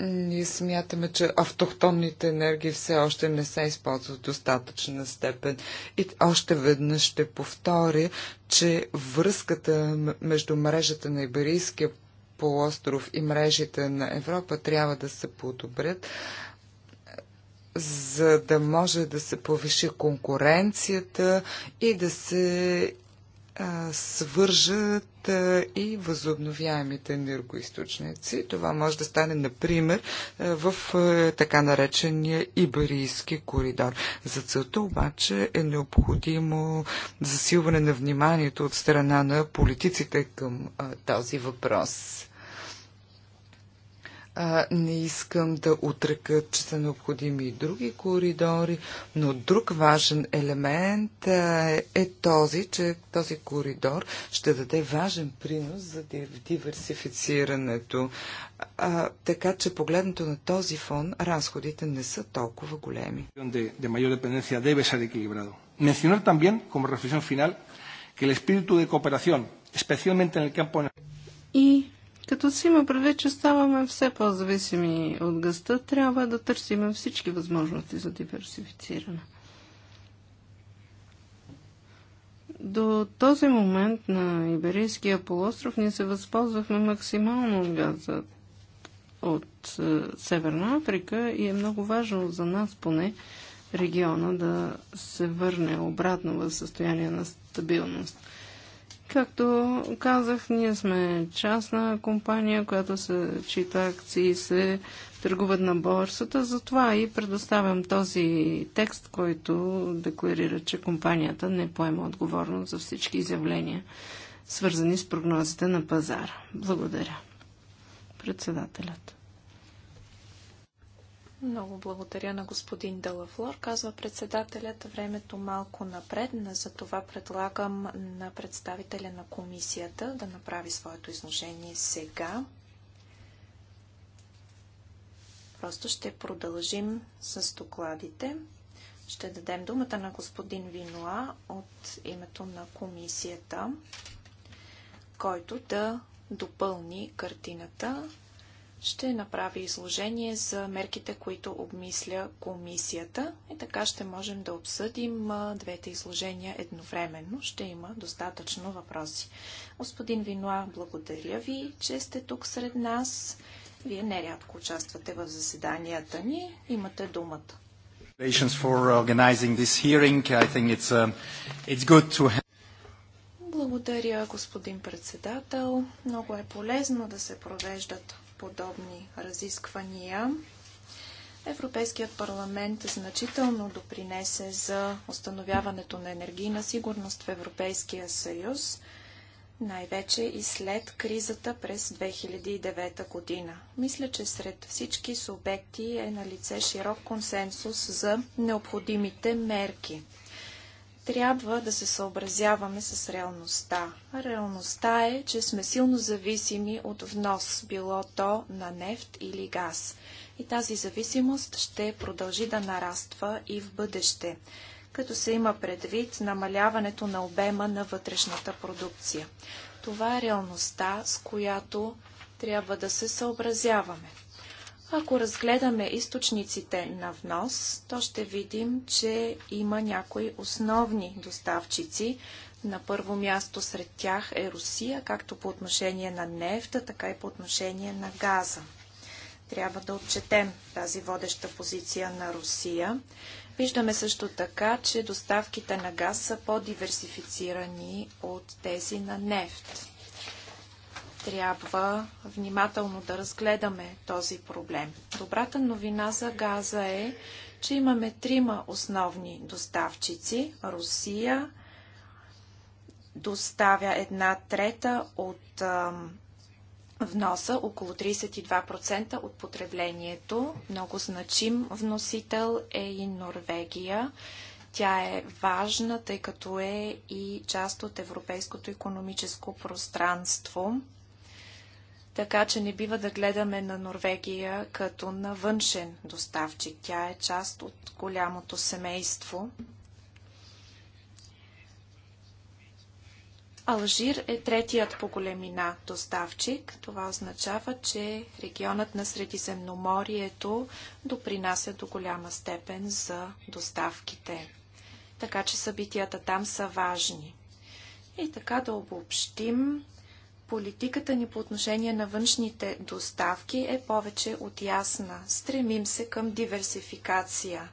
Ние смятаме, че автохтонните енергии все още не се използват в достатъчна степен. И още веднъж ще повторя, че връзката между мрежата на Иберийския полуостров и мрежите на Европа трябва да се подобрят, за да може да се повиши конкуренцията и да се свържат и възобновяемите енергоисточници. Това може да стане, например, в така наречения Иберийски коридор. За целта обаче е необходимо засилване на вниманието от страна на политиците към този въпрос. А, не искам да отрека, че са необходими и други коридори, но друг важен елемент а, е, е този, че този коридор ще даде важен принос за диверсифицирането. А, така че погледнато на този фон, разходите
не са толкова големи. Mencionar también, como reflexión final, que el espíritu de cooperación, especialmente en el campo...
Y като си има предвид, че ставаме все по-зависими от гъста, трябва да търсим всички възможности за диверсифициране. До този момент на Иберийския полуостров ние се възползвахме максимално от газа от е, Северна Африка и е много важно за нас поне региона да се върне обратно в състояние на стабилност. Както казах, ние сме частна компания, която се чита акции, се търгуват на борсата, затова и предоставям този текст, който декларира, че компанията не поема отговорност за всички изявления, свързани с прогнозите на пазара. Благодаря. Председателят.
Много благодаря на господин Далафлор, казва председателят. Времето малко напред. затова предлагам на представителя на комисията да направи своето изложение сега. Просто ще продължим с докладите. Ще дадем думата на господин Винуа от името на комисията, който да допълни картината ще направи изложение за мерките, които обмисля комисията и така ще можем да обсъдим двете изложения едновременно. Ще има достатъчно въпроси. Господин Винуа, благодаря ви, че сте тук сред нас. Вие нерядко участвате в заседанията ни. Имате думата.
Uh,
благодаря, господин председател. Много е полезно да се провеждат подобни разисквания. Европейският парламент значително допринесе за установяването на енергийна сигурност в Европейския съюз, най-вече и след кризата през 2009 година. Мисля, че сред всички субекти е на лице широк консенсус за необходимите мерки – трябва да се съобразяваме с реалността. А реалността е, че сме силно зависими от внос, било то на нефт или газ. И тази зависимост ще продължи да нараства и в бъдеще, като се има предвид намаляването на обема на вътрешната продукция. Това е реалността, с която трябва да се съобразяваме. Ако разгледаме източниците на внос, то ще видим, че има някои основни доставчици. На първо място сред тях е Русия, както по отношение на нефта, така и по отношение на газа. Трябва да отчетем тази водеща позиция на Русия. Виждаме също така, че доставките на газ са по-диверсифицирани от тези на нефт трябва внимателно да разгледаме този проблем. Добрата новина за газа е, че имаме трима основни доставчици. Русия доставя една трета от вноса, около 32% от потреблението. Много значим вносител е и Норвегия. Тя е важна, тъй като е и част от европейското економическо пространство. Така че не бива да гледаме на Норвегия като на външен доставчик. Тя е част от голямото семейство. Алжир е третият по големина доставчик. Това означава, че регионът на Средиземноморието допринася до голяма степен за доставките. Така че събитията там са важни. И така да обобщим, Политиката ни по отношение на външните доставки е повече от ясна. Стремим се към диверсификация.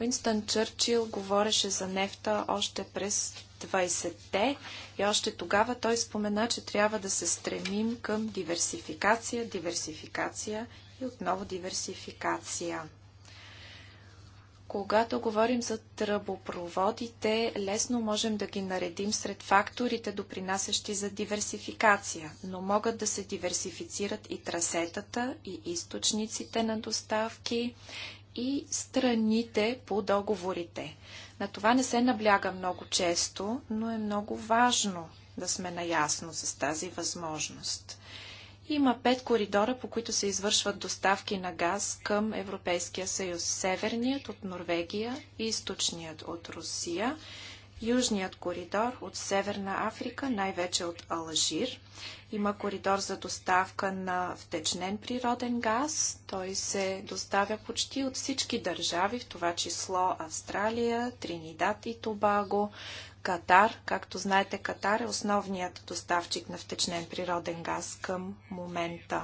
Уинстън Чърчил говореше за нефта още през 20-те и още тогава той спомена, че трябва да се стремим към диверсификация, диверсификация и отново диверсификация. Когато говорим за тръбопроводите, лесно можем да ги наредим сред факторите, допринасящи за диверсификация, но могат да се диверсифицират и трасетата, и източниците на доставки, и страните по договорите. На това не се набляга много често, но е много важно да сме наясно с тази възможност. Има пет коридора, по които се извършват доставки на газ към Европейския съюз. Северният от Норвегия, източният от Русия, южният коридор от Северна Африка, най-вече от Алжир. Има коридор за доставка на втечнен природен газ. Той се доставя почти от всички държави, в това число Австралия, Тринидад и Тобаго, Катар. Както знаете, Катар е основният доставчик на втечнен природен газ към момента.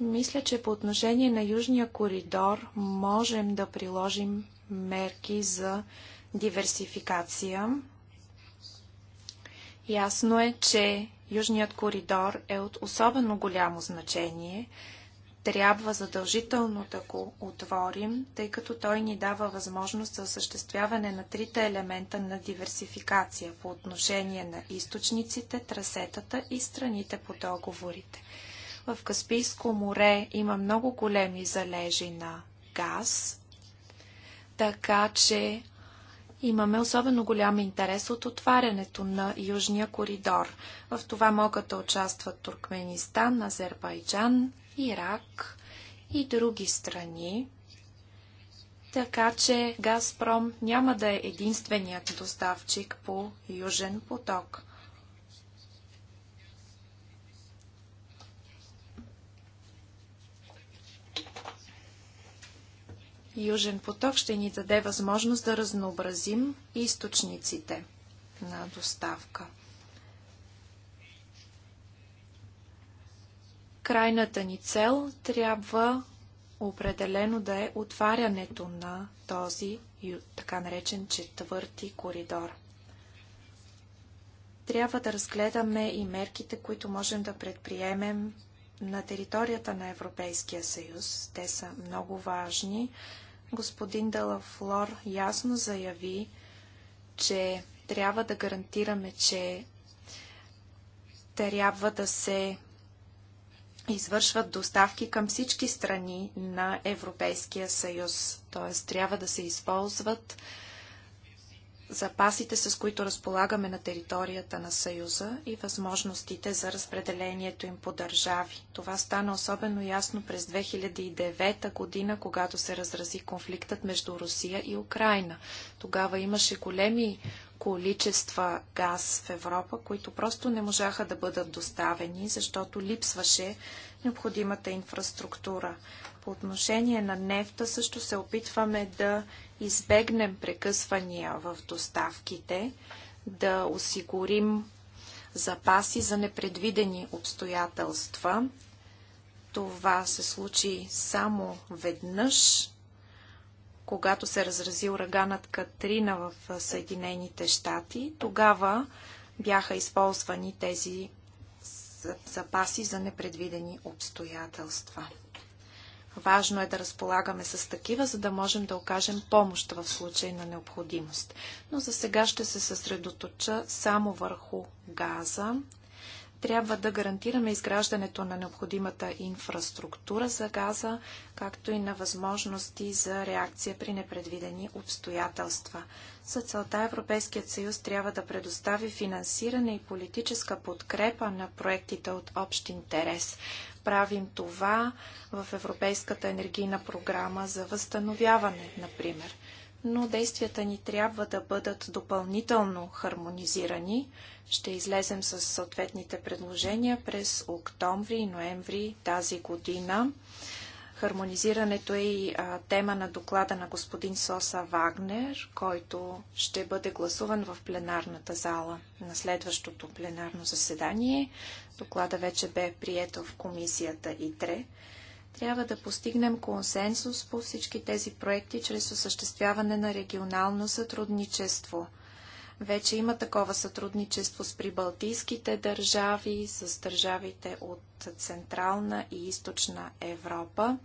Мисля, че по отношение на Южния коридор можем да приложим мерки за диверсификация. Ясно е, че Южният коридор е от особено голямо значение – трябва задължително да го отворим, тъй като той ни дава възможност за осъществяване на трите елемента на диверсификация по отношение на източниците, трасетата и страните по договорите. В Каспийско море има много големи залежи на газ, така че имаме особено голям интерес от отварянето на Южния коридор. В това могат да участват Туркменистан, Азербайджан, Ирак и други страни. Така че Газпром няма да е единственият доставчик по Южен поток. Южен поток ще ни даде възможност да разнообразим източниците на доставка. крайната ни цел трябва определено да е отварянето на този така наречен четвърти коридор. Трябва да разгледаме и мерките, които можем да предприемем на територията на Европейския съюз. Те са много важни. Господин Далафлор ясно заяви, че трябва да гарантираме, че трябва да се извършват доставки към всички страни на Европейския съюз. Т.е. трябва да се използват запасите, с които разполагаме на територията на Съюза и възможностите за разпределението им по държави. Това стана особено ясно през 2009 година, когато се разрази конфликтът между Русия и Украина. Тогава имаше големи количества газ в Европа, които просто не можаха да бъдат доставени, защото липсваше необходимата инфраструктура. По отношение на нефта също се опитваме да избегнем прекъсвания в доставките, да осигурим запаси за непредвидени обстоятелства. Това се случи само веднъж когато се разрази ураганът Катрина в Съединените щати, тогава бяха използвани тези запаси за непредвидени обстоятелства. Важно е да разполагаме с такива, за да можем да окажем помощ в случай на необходимост. Но за сега ще се съсредоточа само върху газа. Трябва да гарантираме изграждането на необходимата инфраструктура за газа, както и на възможности за реакция при непредвидени обстоятелства. За целта Европейският съюз трябва да предостави финансиране и политическа подкрепа на проектите от общ интерес. Правим това в Европейската енергийна програма за възстановяване, например но действията ни трябва да бъдат допълнително хармонизирани. Ще излезем с съответните предложения през октомври и ноември тази година. Хармонизирането е и а, тема на доклада на господин Соса Вагнер, който ще бъде гласуван в пленарната зала на следващото пленарно заседание. Доклада вече бе прието в комисията ИТРЕ. Трябва да постигнем консенсус по всички тези проекти чрез осъществяване на регионално сътрудничество. Вече има такова сътрудничество с прибалтийските държави, с държавите от Централна и Източна Европа.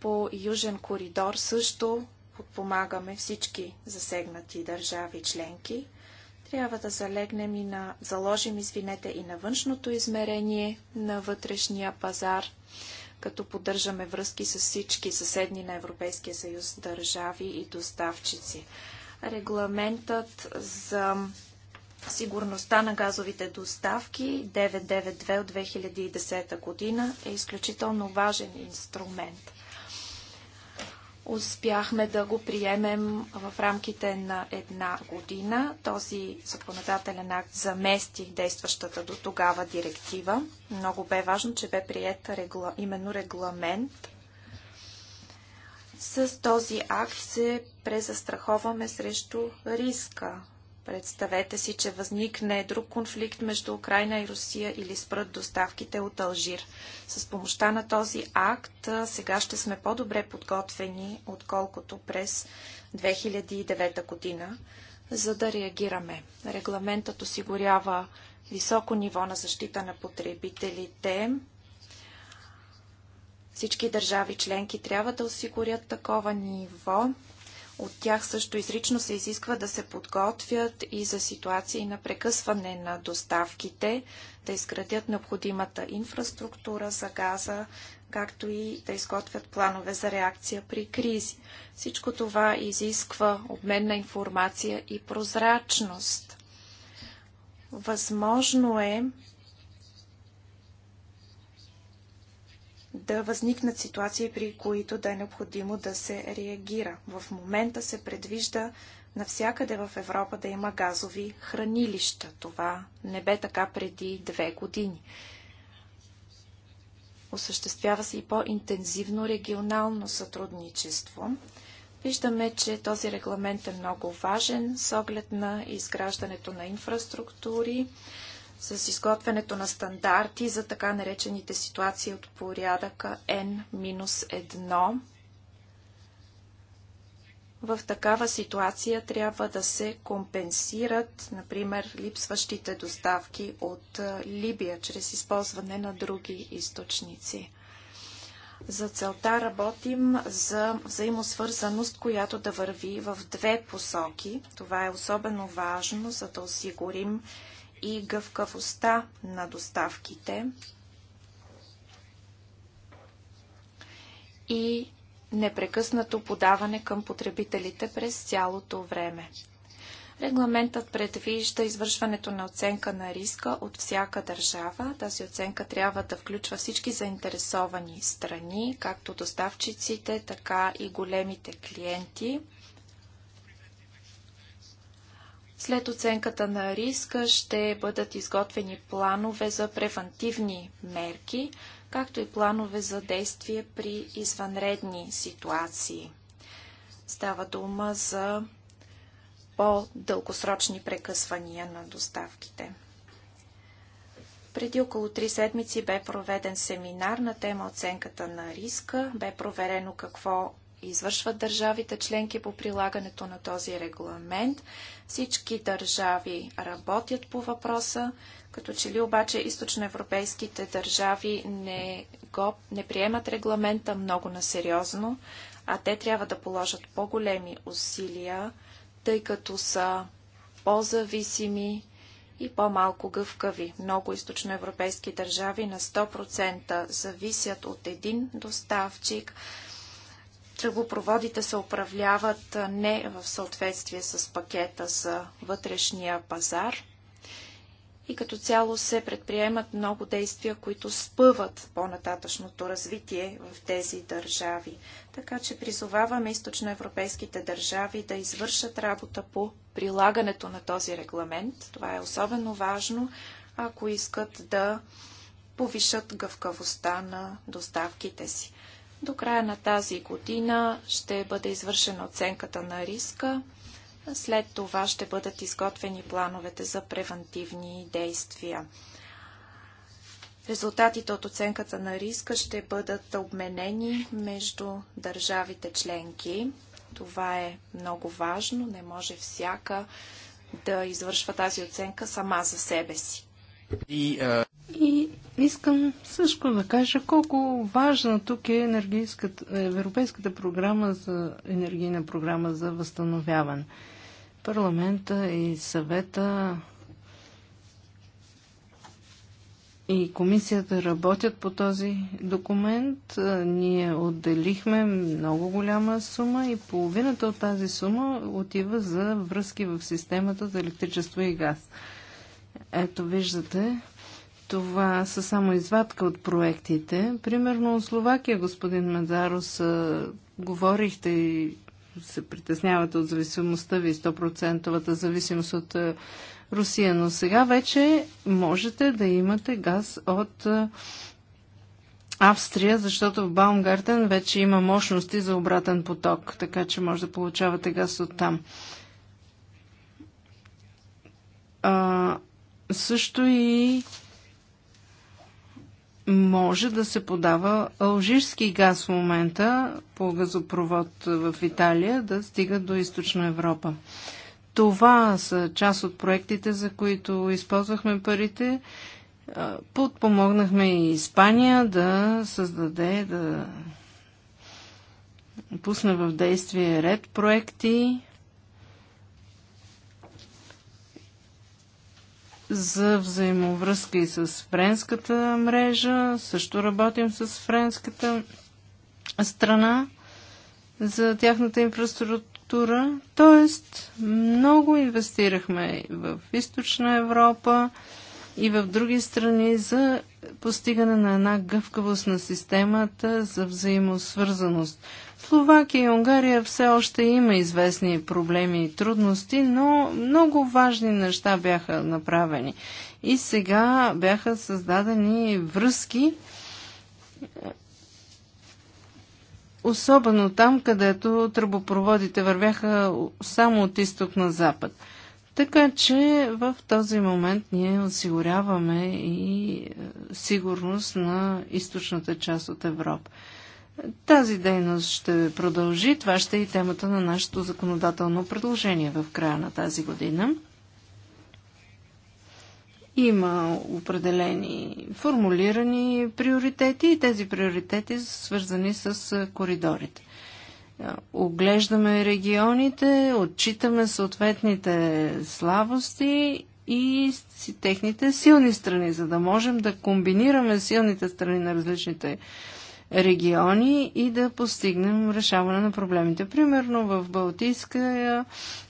По Южен коридор също подпомагаме всички засегнати държави членки трябва да залегнем и на, заложим, извинете, и на външното измерение на вътрешния пазар като поддържаме връзки с всички съседни на Европейския съюз държави и доставчици. Регламентът за сигурността на газовите доставки 992 от 2010 година е изключително важен инструмент успяхме да го приемем в рамките на една година. Този законодателен акт замести действащата до тогава директива. Много бе важно, че бе прият регла... именно регламент. С този акт се презастраховаме срещу риска. Представете си, че възникне друг конфликт между Украина и Русия или спрат доставките от Алжир. С помощта на този акт сега ще сме по-добре подготвени, отколкото през 2009 година, за да реагираме. Регламентът осигурява високо ниво на защита на потребителите. Всички държави членки трябва да осигурят такова ниво. От тях също изрично се изисква да се подготвят и за ситуации на прекъсване на доставките, да изградят необходимата инфраструктура за газа, както и да изготвят планове за реакция при кризи. Всичко това изисква обмен на информация и прозрачност. Възможно е да възникнат ситуации, при които да е необходимо да се реагира. В момента се предвижда навсякъде в Европа да има газови хранилища. Това не бе така преди две години. Осъществява се и по-интензивно регионално сътрудничество. Виждаме, че този регламент е много важен с оглед на изграждането на инфраструктури, с изготвянето на стандарти за така наречените ситуации от порядъка N-1. В такава ситуация трябва да се компенсират, например, липсващите доставки от Либия чрез използване на други източници. За целта работим за взаимосвързаност, която да върви в две посоки. Това е особено важно, за да осигурим и гъвкавостта на доставките и непрекъснато подаване към потребителите през цялото време. Регламентът предвижда извършването на оценка на риска от всяка държава. Тази оценка трябва да включва всички заинтересовани страни, както доставчиците, така и големите клиенти. След оценката на риска ще бъдат изготвени планове за превантивни мерки, както и планове за действие при извънредни ситуации. Става дума за по-дългосрочни прекъсвания на доставките. Преди около три седмици бе проведен семинар на тема оценката на риска. Бе проверено какво извършват държавите членки по прилагането на този регламент. Всички държави работят по въпроса, като че ли обаче източноевропейските държави не, го, не приемат регламента много насериозно, а те трябва да положат по-големи усилия, тъй като са по-зависими и по-малко гъвкави. Много източноевропейски държави на 100% зависят от един доставчик, тръбопроводите се управляват не в съответствие с пакета за вътрешния пазар и като цяло се предприемат много действия, които спъват по-нататъчното развитие в тези държави. Така че призоваваме източноевропейските държави да извършат работа по прилагането на този регламент. Това е особено важно, ако искат да повишат гъвкавостта на доставките си. До края на тази година ще бъде извършена оценката на риска. След това ще бъдат изготвени плановете за превентивни действия. Резултатите от оценката на риска ще бъдат обменени между държавите членки. Това е много важно. Не може всяка да извършва тази оценка сама за себе си.
И, а... И искам също да кажа колко важна тук е, е Европейската програма за енергийна програма за възстановяване. Парламента и съвета и комисията работят по този документ. Ние отделихме много голяма сума и половината от тази сума отива за връзки в системата за електричество и газ. Ето виждате, това са само извадка от проектите. Примерно Словакия, господин Мазарос, говорихте и се притеснявате от зависимостта ви, 100 зависимост от Русия, но сега вече можете да имате газ от Австрия, защото в Баумгартен вече има мощности за обратен поток, така че може да получавате газ от там. А, също и може да се подава алжирски газ в момента по газопровод в Италия да стига до източна Европа. Това са част от проектите, за които използвахме парите. Подпомогнахме и Испания да създаде, да пусне в действие ред проекти за взаимовръзка и с френската мрежа. Също работим с френската страна за тяхната инфраструктура. Тоест, много инвестирахме в източна Европа и в други страни за постигане на една гъвкавост на системата за взаимосвързаност. Словакия и Унгария все още има известни проблеми и трудности, но много важни неща бяха направени. И сега бяха създадени връзки, особено там, където тръбопроводите вървяха само от изток на запад. Така че в този момент ние осигуряваме и е, сигурност на източната част от Европа. Тази дейност ще продължи. Това ще е и темата на нашето законодателно предложение в края на тази година. Има определени формулирани приоритети и тези приоритети са свързани с коридорите. Оглеждаме регионите, отчитаме съответните слабости и техните силни страни, за да можем да комбинираме силните страни на различните региони и да постигнем решаване на проблемите. Примерно в Балтийския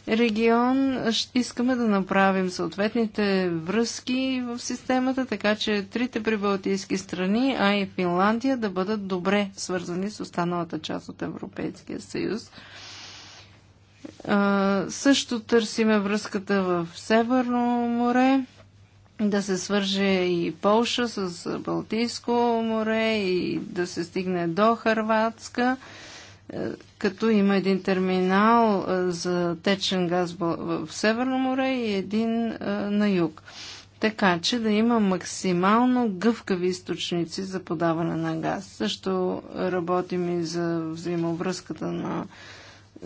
регион искаме да направим съответните връзки в системата, така че трите прибалтийски страни, а и Финландия да бъдат добре свързани с останалата част от Европейския съюз. също търсиме връзката в Северно море да се свърже и Полша с Балтийско море и да се стигне до Харватска, е, като има един терминал е, за течен газ в Северно море и един е, на юг. Така че да има максимално гъвкави източници за подаване на газ. Също работим и за взаимовръзката на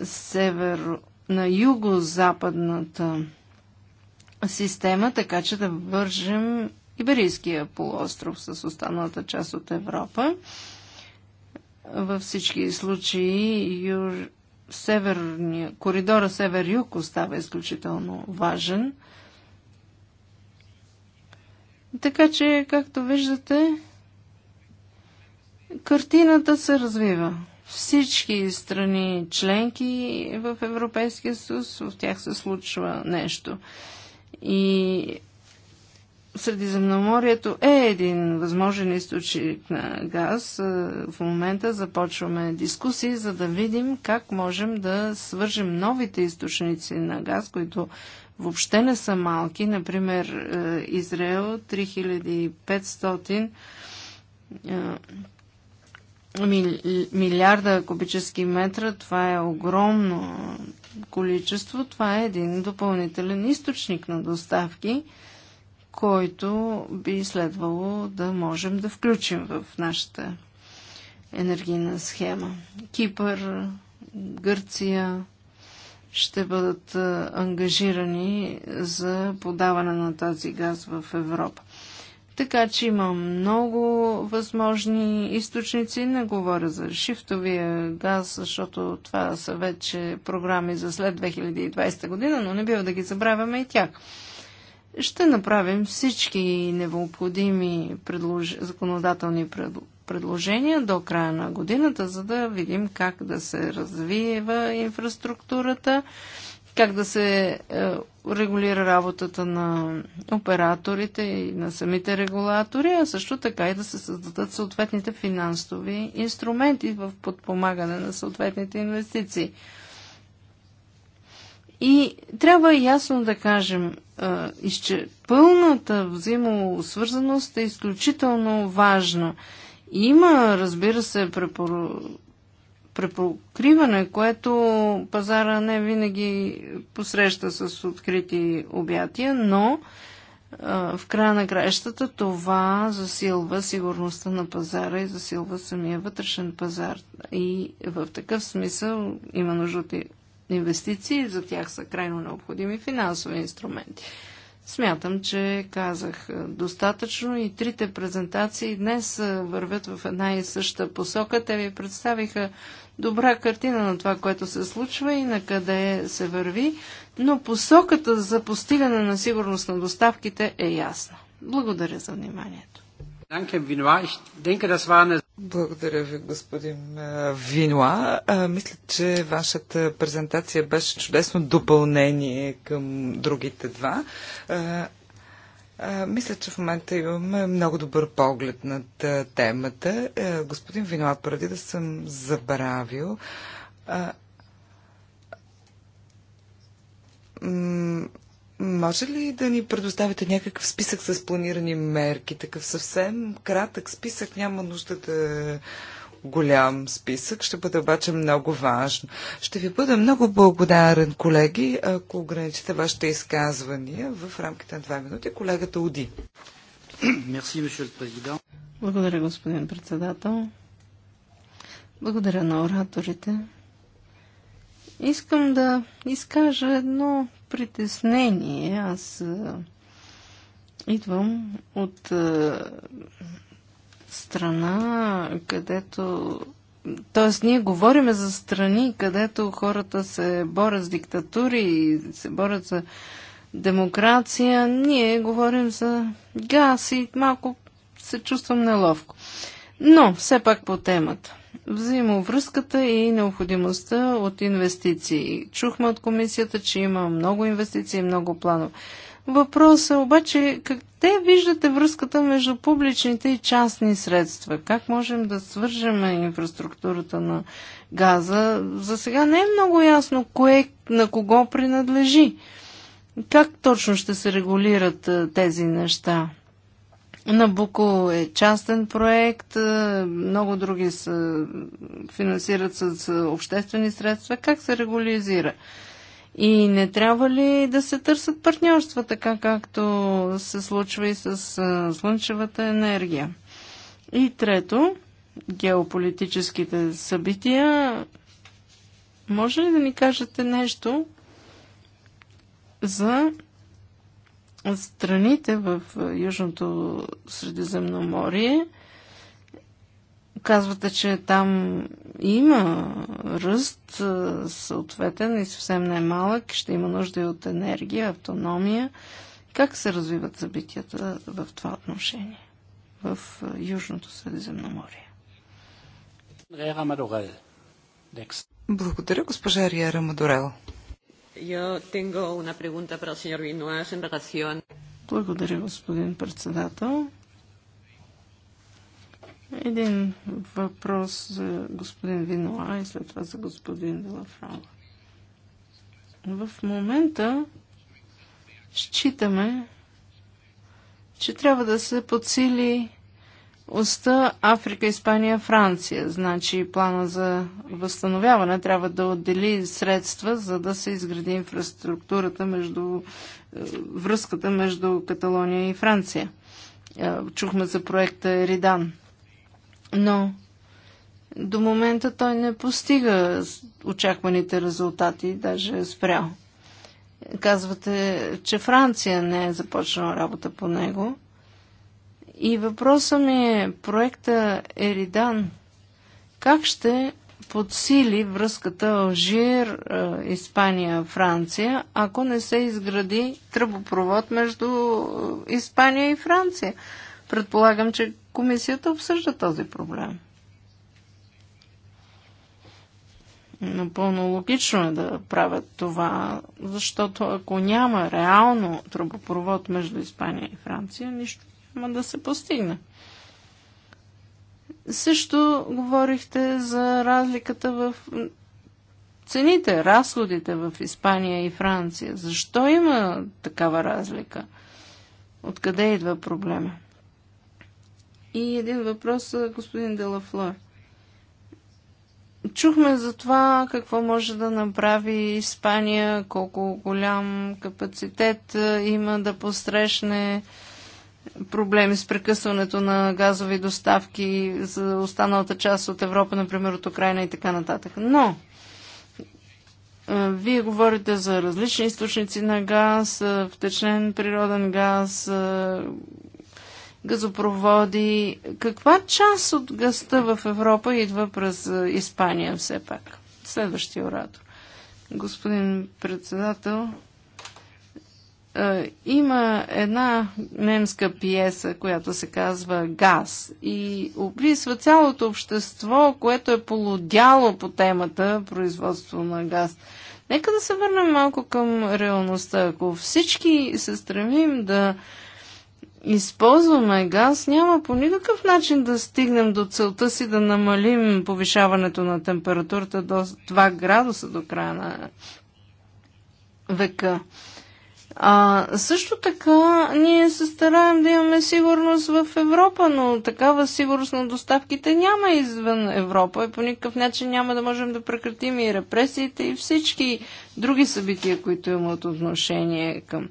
север, на юго-западната система, така че да вържем Иберийския полуостров с останалата част от Европа. Във всички случаи юр... северния... коридора север-юг остава изключително важен. Така че, както виждате, картината се развива. Всички страни членки в Европейския съюз, в тях се случва нещо. И Средиземноморието е един възможен източник на газ. Е, в момента започваме дискусии, за да видим как можем да свържем новите източници на газ, които въобще не са малки. Например, е, Израел 3500 е, милиарда кубически метра. Това е огромно количество, това е един допълнителен източник на доставки, който би следвало да можем да включим в нашата енергийна схема. Кипър, Гърция ще бъдат ангажирани за подаване на тази газ в Европа. Така че има много възможни източници. Не говоря за шифтовия газ, защото това са вече програми за след 2020 година, но не бива да ги забравяме и тях. Ще направим всички необходими предлож... законодателни предложения до края на годината, за да видим как да се развива инфраструктурата, как да се е, регулира работата на операторите и на самите регулатори, а също така и да се създадат съответните финансови инструменти в подпомагане на съответните инвестиции. И трябва ясно да кажем, че пълната взаимосвързаност е изключително важна. Има, разбира се, препоръчителни препокриване, което пазара не винаги посреща с открити обятия, но в края на краищата това засилва сигурността на пазара и засилва самия вътрешен пазар. И в такъв смисъл има нужда от инвестиции, за тях са крайно необходими финансови инструменти. Смятам, че казах достатъчно и трите презентации днес вървят в една и съща посока. Те ви представиха добра картина на това, което се случва и на къде се върви, но посоката за постигане на сигурност на доставките е ясна. Благодаря за вниманието.
Благодаря ви, господин Винуа. Мисля, че вашата презентация беше чудесно допълнение към другите два мисля, че в момента имаме много добър поглед над темата. господин Винова, преди да съм забравил, може ли да ни предоставите някакъв списък с планирани мерки? Такъв съвсем кратък списък, няма нужда да голям списък, ще бъде обаче много важно. Ще ви бъда много благодарен, колеги, ако ограничите вашите изказвания в рамките на 2 минути. Колегата Уди.
Благодаря, господин председател. Благодаря на ораторите. Искам да изкажа едно притеснение. Аз е, идвам от е, страна, където Тоест, ние говориме за страни, където хората се борят с диктатури, се борят за демокрация. Ние говорим за газ и малко се чувствам неловко. Но, все пак по темата. Взаимовръзката и необходимостта от инвестиции. Чухме от комисията, че има много инвестиции, и много планове. Въпросът е обаче как, къде виждате връзката между публичните и частни средства? Как можем да свържем инфраструктурата на газа? За сега не е много ясно кое на кого принадлежи. Как точно ще се регулират е, тези неща? Набуко е частен проект, е, много други се финансират с обществени средства. Как се регулизира? И не трябва ли да се търсят партньорства, така както се случва и с слънчевата енергия? И трето, геополитическите събития. Може ли да ни кажете нещо за страните в Южното Средиземноморие – Казвате, че там има ръст е, съответен и съвсем не е малък. Ще има нужда и от енергия, автономия. Как се развиват събитията в това отношение в е, Южното Средиземноморие?
Благодаря, госпожа Риера Мадорел.
Благодаря, господин председател. Един въпрос за господин Виноа и след това за господин Делафрала. В момента считаме, че трябва да се подсили Оста Африка, Испания, Франция. Значи плана за възстановяване трябва да отдели средства, за да се изгради инфраструктурата между е, връзката между Каталония и Франция. Е, чухме за проекта Ридан но до момента той не постига очакваните резултати, даже е спрял. Казвате, че Франция не е започнала работа по него. И въпросът ми е, проекта Еридан как ще подсили връзката Алжир, Испания, Франция, ако не се изгради тръбопровод между Испания и Франция? Предполагам, че комисията обсъжда този проблем. Напълно логично е да правят това, защото ако няма реално тръбопровод между Испания и Франция, нищо няма да се постигне. Също говорихте за разликата в цените, разходите в Испания и Франция. Защо има такава разлика? Откъде идва проблема? И един въпрос, господин Делафлор. Чухме за това какво може да направи Испания, колко голям капацитет има да посрещне проблеми с прекъсването на газови доставки за останалата част от Европа, например от Украина и така нататък. Но, вие говорите за различни източници на газ, втечнен природен газ, газопроводи. Каква част от гъста в Европа идва през е, Испания все пак? Следващия оратор. Господин председател, е, има една немска пиеса, която се казва Газ и описва цялото общество, което е полудяло по темата производство на газ. Нека да се върнем малко към реалността. Ако всички се стремим да използваме газ, няма по никакъв начин да стигнем до целта си да намалим повишаването на температурата до 2 градуса до края на века. А, също така, ние се стараем да имаме сигурност в Европа, но такава сигурност на доставките няма извън Европа и по никакъв начин няма да можем да прекратим и репресиите и всички други събития, които имат отношение към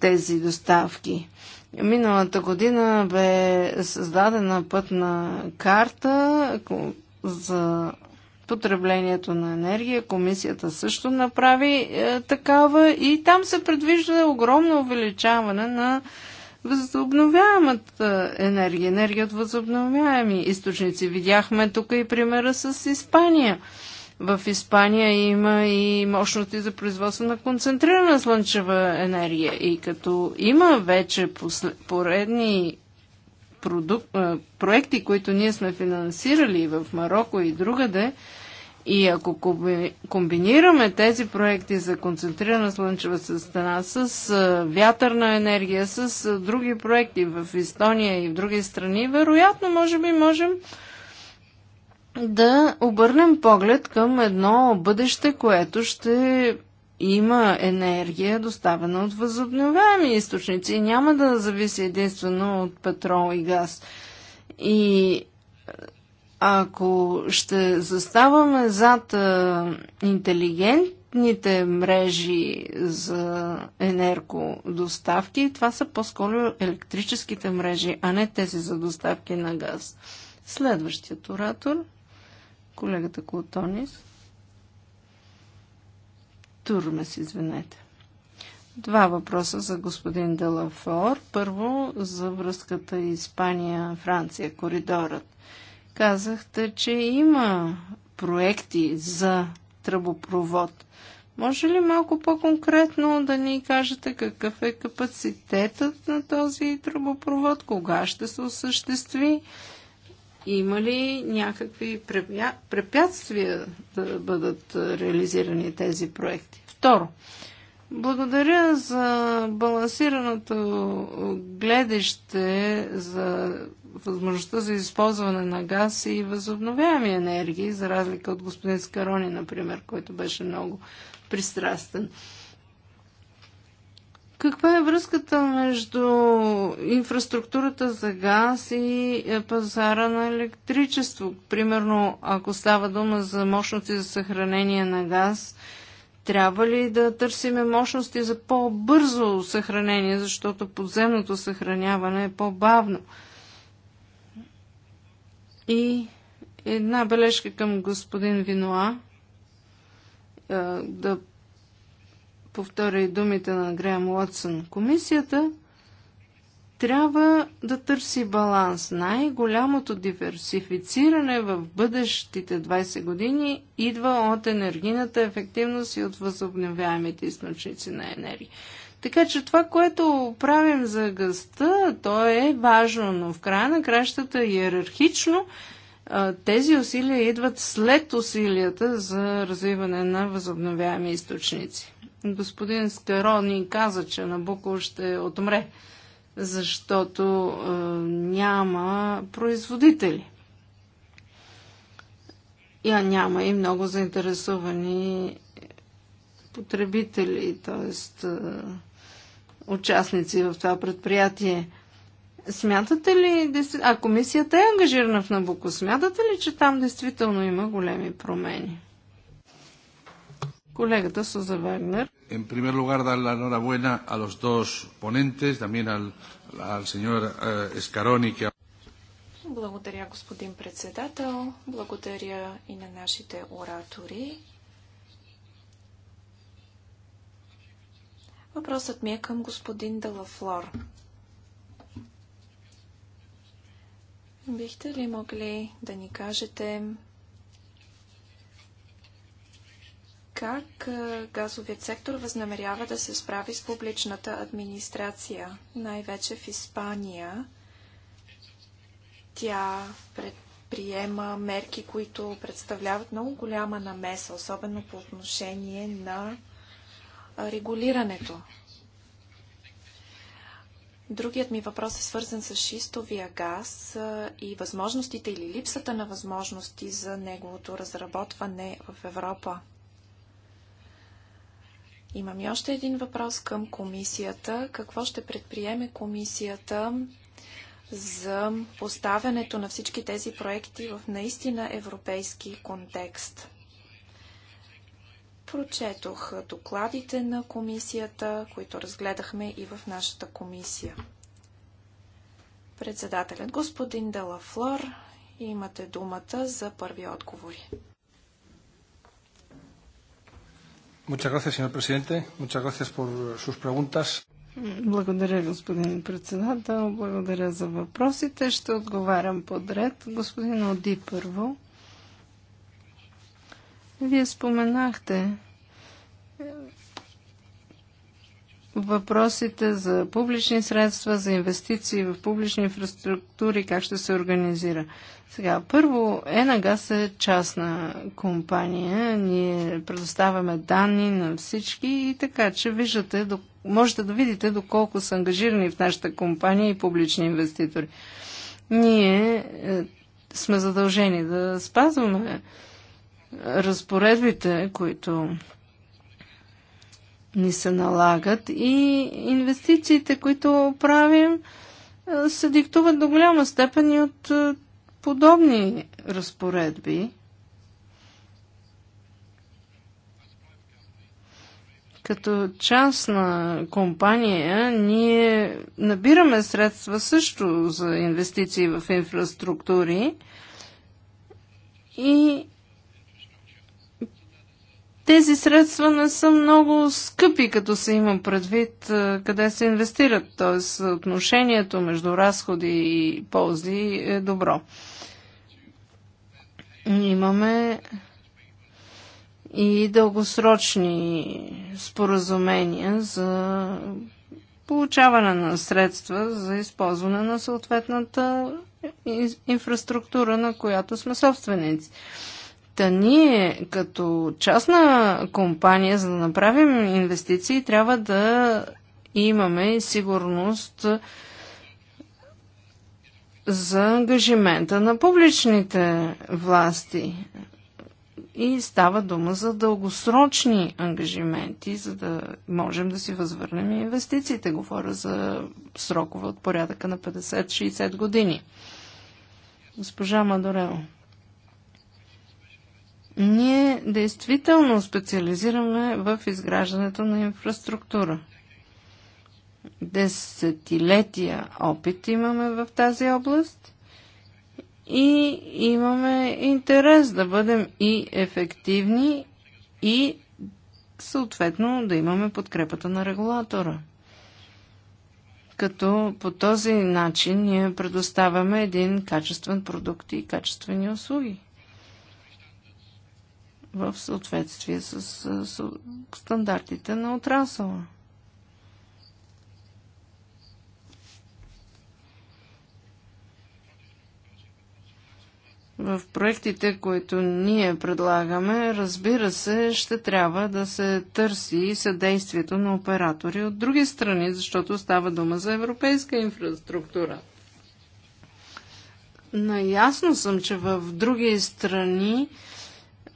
тези доставки. Миналата година бе създадена пътна карта за потреблението на енергия. Комисията също направи е, такава и там се предвижда огромно увеличаване на възобновяемата енергия, енергия от възобновяеми източници. Видяхме тук и примера с Испания. В Испания има и мощности за производство на концентрирана слънчева енергия. И като има вече поредни продук... проекти, които ние сме финансирали в Марокко и другаде, и ако комбинираме тези проекти за концентрирана слънчева стена с вятърна енергия, с други проекти в Естония и в други страни, вероятно, може би, можем да обърнем поглед към едно бъдеще, което ще има енергия, доставена от възобновяеми източници и няма да зависи единствено от петрол и газ. И ако ще заставаме зад интелигентните мрежи за енергодоставки, това са по-скоро електрическите мрежи, а не тези за доставки на газ. Следващият оратор – колегата Клотонис. Турмес, извинете. Два въпроса за господин Делафор. Първо, за връзката Испания-Франция, коридорът. Казахте, че има проекти за тръбопровод. Може ли малко по-конкретно да ни кажете какъв е капацитетът на този тръбопровод, кога ще се осъществи има ли някакви препятствия да бъдат реализирани тези проекти? Второ, благодаря за балансираното гледаще за възможността за използване на газ и възобновяеми енергии, за разлика от господин Скарони, например, който беше много пристрастен. Каква е връзката между инфраструктурата за газ и е, пазара на електричество? Примерно, ако става дума за мощности за съхранение на газ, трябва ли да търсиме мощности за по-бързо съхранение, защото подземното съхраняване е по-бавно? И една бележка към господин Виноа е, да повторя и думите на Греъм Уотсън, комисията трябва да търси баланс. Най-голямото диверсифициране в бъдещите 20 години идва от енергийната ефективност и от възобновяемите източници на енергия. Така че това, което правим за гъста, то е важно, но в края на кращата иерархично тези усилия идват след усилията за развиване на възобновяеми източници господин Скарони каза, че Набуко ще отмре, защото е, няма производители. И няма и много заинтересовани потребители, т.е. Е, участници в това предприятие. Смятате ли, а комисията е ангажирана в Набуко, смятате ли, че там действително има големи промени? Колегата Суза Вагнер
en primer lugar, dar la enhorabuena a los dos ponentes, también al, al señor eh, Escaroni. que
благодаря, господин председател. Благодаря и на нашите оратори. Въпросът ми е към господин Далафлор. Бихте ли могли да ни кажете Как газовият сектор възнамерява да се справи с публичната администрация, най-вече в Испания? Тя предприема мерки, които представляват много голяма намеса, особено по отношение на регулирането. Другият ми въпрос е свързан с шистовия газ и възможностите или липсата на възможности за неговото разработване в Европа. Имам и още един въпрос към комисията. Какво ще предприеме комисията за поставянето на всички тези проекти в наистина европейски контекст? Прочетох докладите на комисията, които разгледахме и в нашата комисия. Председателят господин Делафлор, имате думата за първи отговори.
Muchas gracias, señor presidente. Muchas gracias por sus preguntas.
Благодаря, господин председател. Благодаря за въпросите. Ще отговарям подред. Господин Оди първо. Вие споменахте въпросите за публични средства, за инвестиции в публични инфраструктури, как ще се организира. Сега, първо, Енагас е частна компания. Ние предоставяме данни на всички и така, че виждате, можете да видите доколко са ангажирани в нашата компания и публични инвеститори. Ние е, сме задължени да спазваме разпоредбите, които ни се налагат и инвестициите, които правим, се диктуват до голяма степен и от подобни разпоредби. Като частна компания ние набираме средства също за инвестиции в инфраструктури и тези средства не са много скъпи, като се има предвид е, къде се инвестират, т.е. отношението между разходи и ползи е добро. Имаме и дългосрочни споразумения за получаване на средства за използване на съответната инфраструктура, на която сме собственици. Та ние като частна компания, за да направим инвестиции, трябва да имаме сигурност за ангажимента на публичните власти. И става дума за дългосрочни ангажименти, за да можем да си възвърнем инвестициите. Говоря за срокове от порядъка на 50-60 години. Госпожа Мадорел. Ние действително специализираме в изграждането на инфраструктура. Десетилетия опит имаме в тази област и имаме интерес да бъдем и ефективни и съответно да имаме подкрепата на регулатора. Като по този начин ние предоставяме един качествен продукт и качествени услуги в съответствие с, с, с стандартите на отрасъла. В проектите, които ние предлагаме, разбира се, ще трябва да се търси съдействието на оператори от други страни, защото става дума за европейска инфраструктура. Наясно съм, че в други страни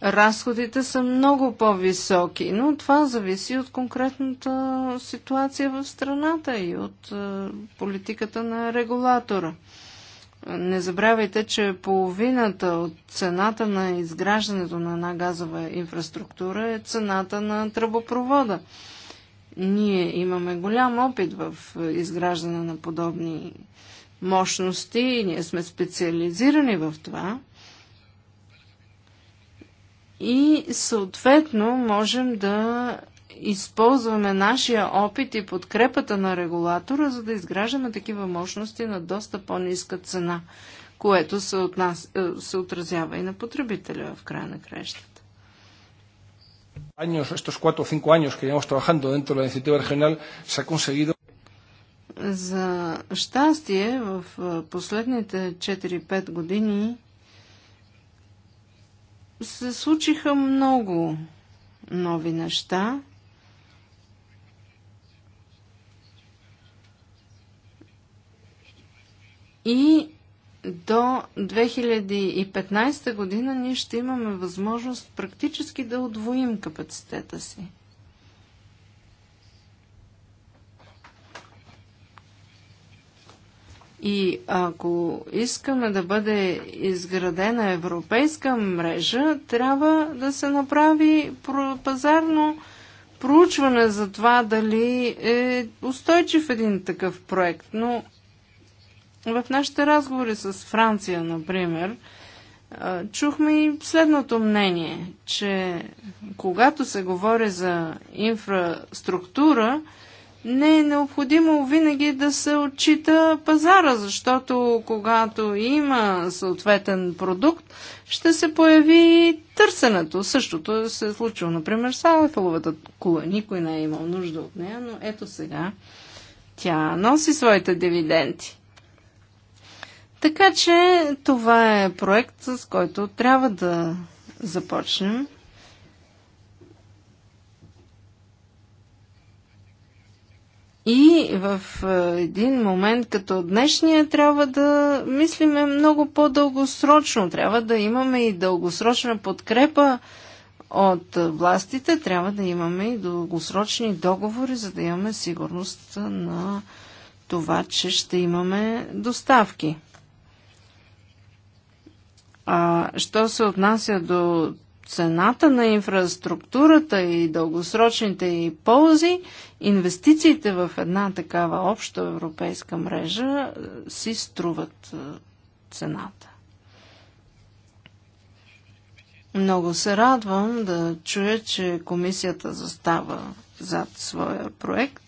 разходите са много по-високи, но това зависи от конкретната ситуация в страната и от е, политиката на регулатора. Не забравяйте, че половината от цената на изграждането на една газова инфраструктура е цената на тръбопровода. Ние имаме голям опит в изграждане на подобни мощности и ние сме специализирани в това – и съответно можем да използваме нашия опит и подкрепата на регулатора, за да изграждаме такива мощности на доста по-ниска цена, което се, от нас, е, се отразява и на потребителя в края на краищата.
Años, estos cuatro o cinco años que llevamos trabajando dentro de la iniciativa regional, se ha conseguido
за щастие в последните 4-5 години се случиха много нови неща. И до 2015 година ние ще имаме възможност практически да отвоим капацитета си. И ако искаме да бъде изградена европейска мрежа, трябва да се направи пазарно проучване за това дали е устойчив един такъв проект. Но в нашите разговори с Франция, например, чухме и следното мнение, че когато се говори за инфраструктура, не е необходимо винаги да се отчита пазара, защото когато има съответен продукт, ще се появи и търсенето. Същото се е случило, например, с алефаловата кула. Никой не е имал нужда от нея, но ето сега тя носи своите дивиденти. Така че това е проект, с който трябва да започнем. И в един момент като днешния трябва да мислиме много по-дългосрочно. Трябва да имаме и дългосрочна подкрепа от властите, трябва да имаме и дългосрочни договори, за да имаме сигурност на това, че ще имаме доставки. А, що се отнася до цената на инфраструктурата и дългосрочните и ползи, инвестициите в една такава обща европейска мрежа е, си струват е, цената. Много се радвам да чуя, че комисията застава зад своя проект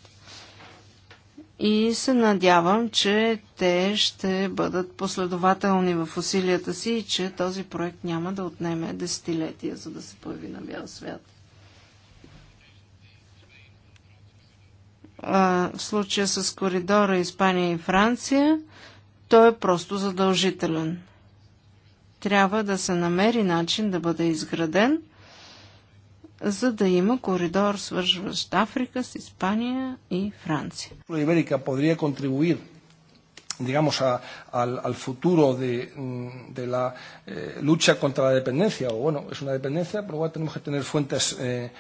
и се надявам, че те ще бъдат последователни в усилията си и че този проект няма да отнеме десетилетия, за да се появи на бял свят. в случая с коридора Испания и Франция, той е просто задължителен. Трябва да се намери начин да бъде изграден – за да има коридор свързващ Африка с Испания и Франция. Ibérica podría contribuir digamos, a, al, al
futuro de, de la eh, lucha contra la dependencia, o bueno, es una dependencia, pero igual tenemos que tener fuentes... Eh...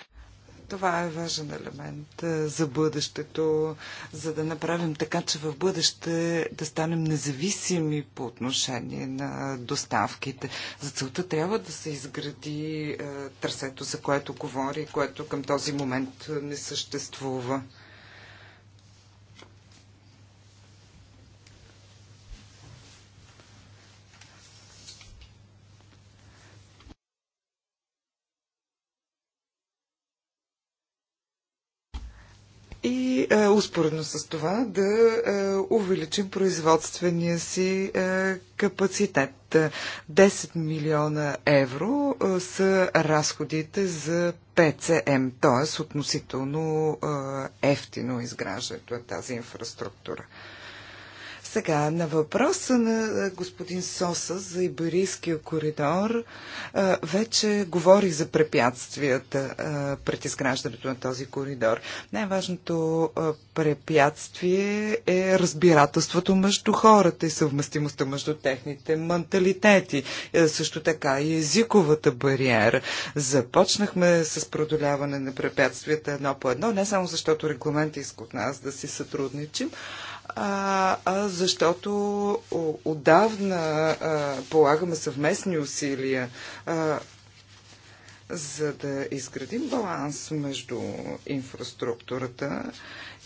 Това е важен елемент е, за бъдещето,
за да направим така, че в бъдеще да станем независими по отношение на доставките. За целта трябва да се изгради е, трасето, за което говори, което към този момент не съществува. е, успоредно с това да е, увеличим производствения си е, капацитет. 10 милиона евро е, са разходите за ПЦМ, т.е. относително е, ефтино изграждането на тази инфраструктура. Сега, на въпроса на господин Соса за Иберийския коридор, вече говори за препятствията пред изграждането на този коридор. Най-важното препятствие е разбирателството между хората и съвместимостта между техните менталитети. Е, също така и езиковата бариера. Започнахме с продоляване на препятствията едно по едно, не само защото регламент иска от нас да си сътрудничим, а, а защото отдавна а, полагаме съвместни усилия а, за да изградим баланс между инфраструктурата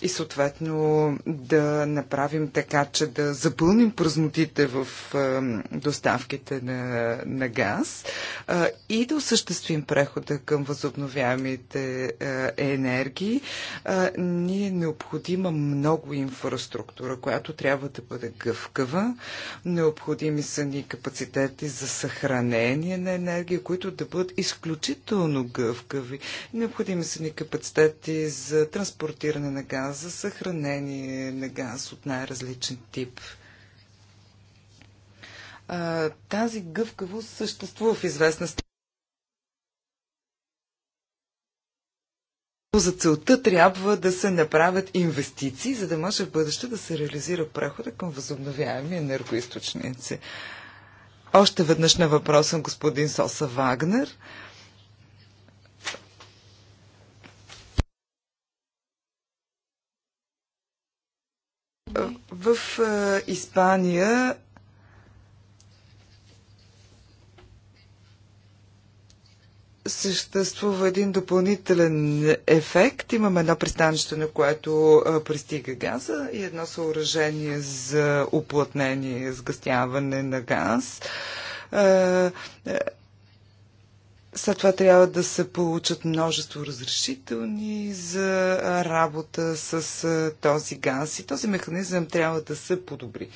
и съответно да направим така, че да запълним празнотите в доставките на, на газ и да осъществим прехода към възобновяемите енергии, ни е необходима много инфраструктура, която трябва да бъде гъвкава. Необходими са ни капацитети за съхранение на енергия, които да бъдат изключително гъвкави. Необходими са ни капацитети за транспортиране на газ за съхранение на газ от най-различен тип. А, тази гъвкавост съществува в известна степен. За целта трябва да се направят инвестиции, за да може в бъдеще да се реализира прехода към възобновяеми енергоисточници. Още веднъж на въпроса господин Соса Вагнер. А, В Испания съществува един допълнителен ефект. Имаме едно пристанище, на което пристига газа и едно съоръжение за уплътнение, сгъстяване на газ след това трябва да се получат множество разрешителни за работа с този газ и този механизъм трябва да се подобри.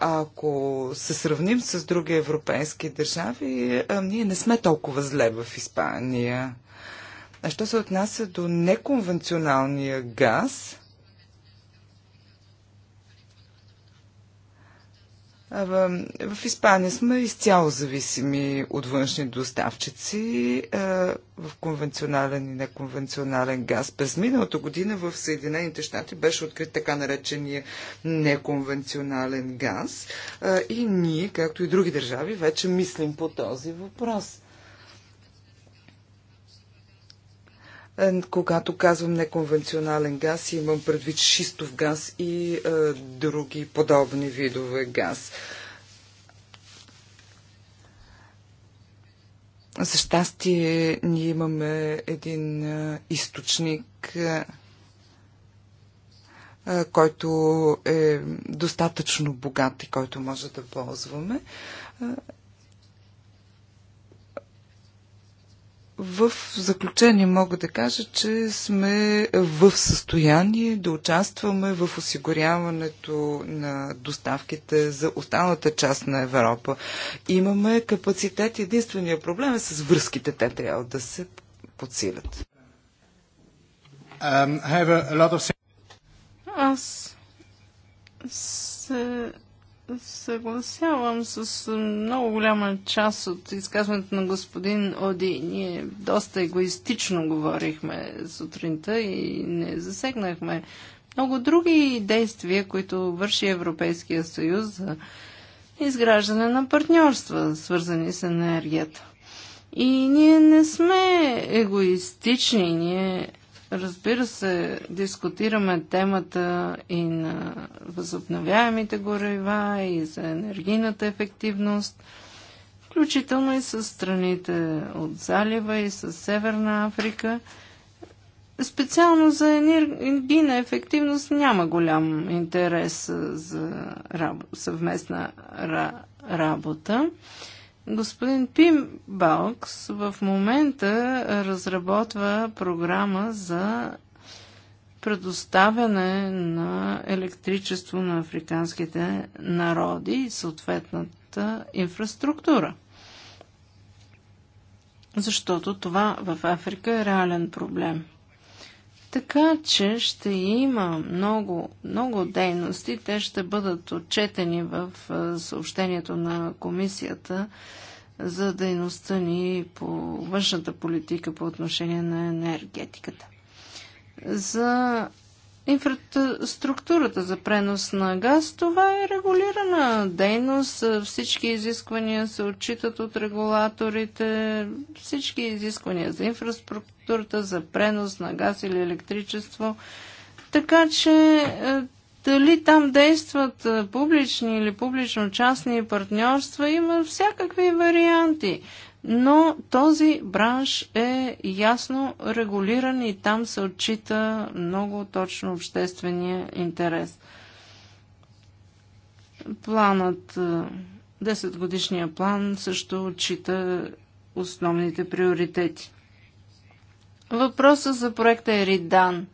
Ако се сравним с други европейски държави, ние не сме толкова зле в Испания. А що се отнася до неконвенционалния газ, В Испания сме изцяло зависими от външни доставчици в конвенционален и неконвенционален газ. През миналата година в Съединените щати беше открит така наречения неконвенционален газ и ние, както и други държави, вече мислим по този въпрос. Е, когато казвам неконвенционален газ, имам предвид шистов газ и е, други подобни видове газ. За щастие, ние имаме един е, източник, е, е който е достатъчно богат и който може да ползваме. Е, В заключение мога да кажа, че сме в състояние да участваме в осигуряването на доставките за останалата част на Европа. Имаме капацитет. Единствения проблем е с връзките. Те трябва да се подсилят. Um,
Аз се съгласявам с много голяма част от изказването на господин Оди. Ние доста егоистично говорихме сутринта и не засегнахме много други действия, които върши Европейския съюз за изграждане на партньорства, свързани с енергията. И ние не сме егоистични, ние Разбира се, дискутираме темата и на възобновяемите горева и за енергийната ефективност, включително и с страните от залива и с Северна Африка. Специално за енергийна ефективност няма голям интерес за раб... съвместна ра... работа. Господин Пим Балкс в момента разработва програма за предоставяне на електричество на африканските народи и съответната инфраструктура. Защото това в Африка е реален проблем. Така че ще има много, много дейности. Те ще бъдат отчетени в съобщението на комисията за дейността ни по външната политика по отношение на енергетиката. За инфраструктурата за пренос на газ, това е регулирана дейност. Всички изисквания се отчитат от регулаторите. Всички изисквания за инфраструктурата, за пренос на газ или електричество. Така че е, дали там действат е, публични или публично-частни партньорства, има всякакви варианти но този бранш е ясно регулиран и там се отчита много точно обществения интерес. Планът, 10 е, годишния план също отчита основните приоритети. Въпросът за проекта е Ридан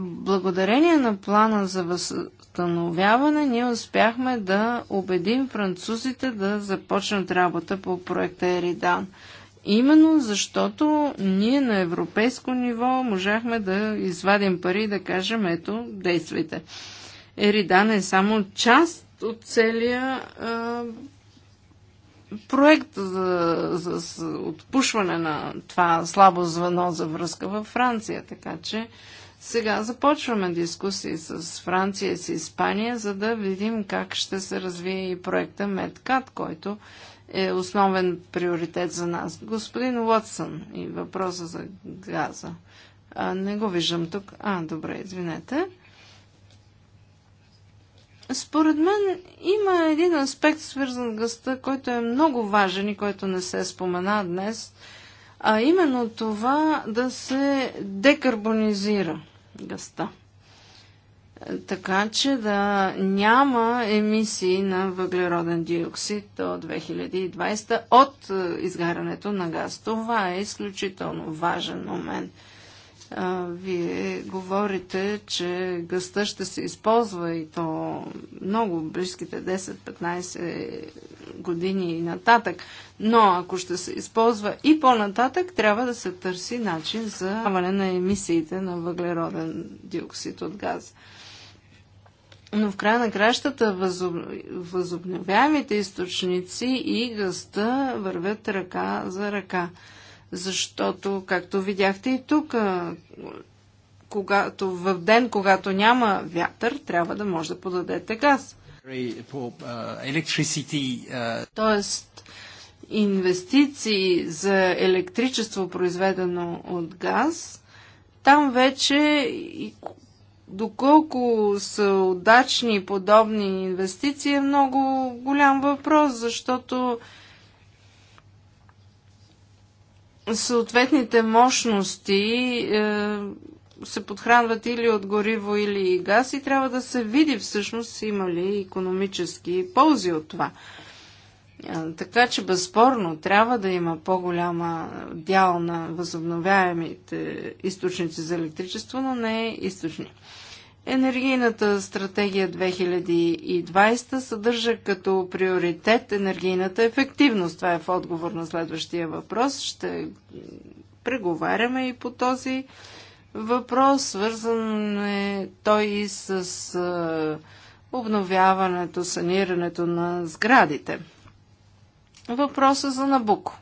благодарение на плана за възстановяване ние успяхме да убедим французите да започнат работа по проекта Еридан. Именно защото ние на европейско ниво можахме да извадим пари и да кажем ето, действайте. Еридан е само част от целия а, проект за, за, за отпушване на това слабо звено за връзка във Франция, така че сега започваме дискусии с Франция и с Испания, за да видим как ще се развие и проекта Медкат, който е основен приоритет за нас. Господин Уотсън и въпроса за газа. А, не го виждам тук. А, добре, извинете. Според мен има един аспект, свързан с гъста, който е много важен и който не се спомена днес, а именно това да се декарбонизира гъста. Е, така че да няма емисии на въглероден диоксид до 2020 от е, изгарянето на газ. Това е изключително важен момент. Вие говорите, че гъста ще се използва и то много близките 10-15 години и нататък. Но ако ще се използва и по-нататък, трябва да се търси начин за намаляване на емисиите на въглероден диоксид от газ. Но в края на кращата възоб... възобновяемите източници и гъста вървят ръка за ръка. Защото, както видяхте и тук, когато, в ден, когато няма вятър, трябва да може да подадете газ. Тоест, инвестиции за електричество, произведено от газ, там вече и доколко са удачни подобни инвестиции е много голям въпрос, защото съответните мощности е, се подхранват или от гориво, или газ и трябва да се види всъщност има ли економически ползи от това. Е, така че безспорно трябва да има по-голяма дял на възобновяемите източници за електричество, но не източни. Енергийната стратегия 2020 съдържа като приоритет енергийната ефективност. Това е в отговор на следващия въпрос. Ще преговаряме и по този въпрос. Свързан е той и с обновяването, санирането на сградите. Въпроса за Набуко.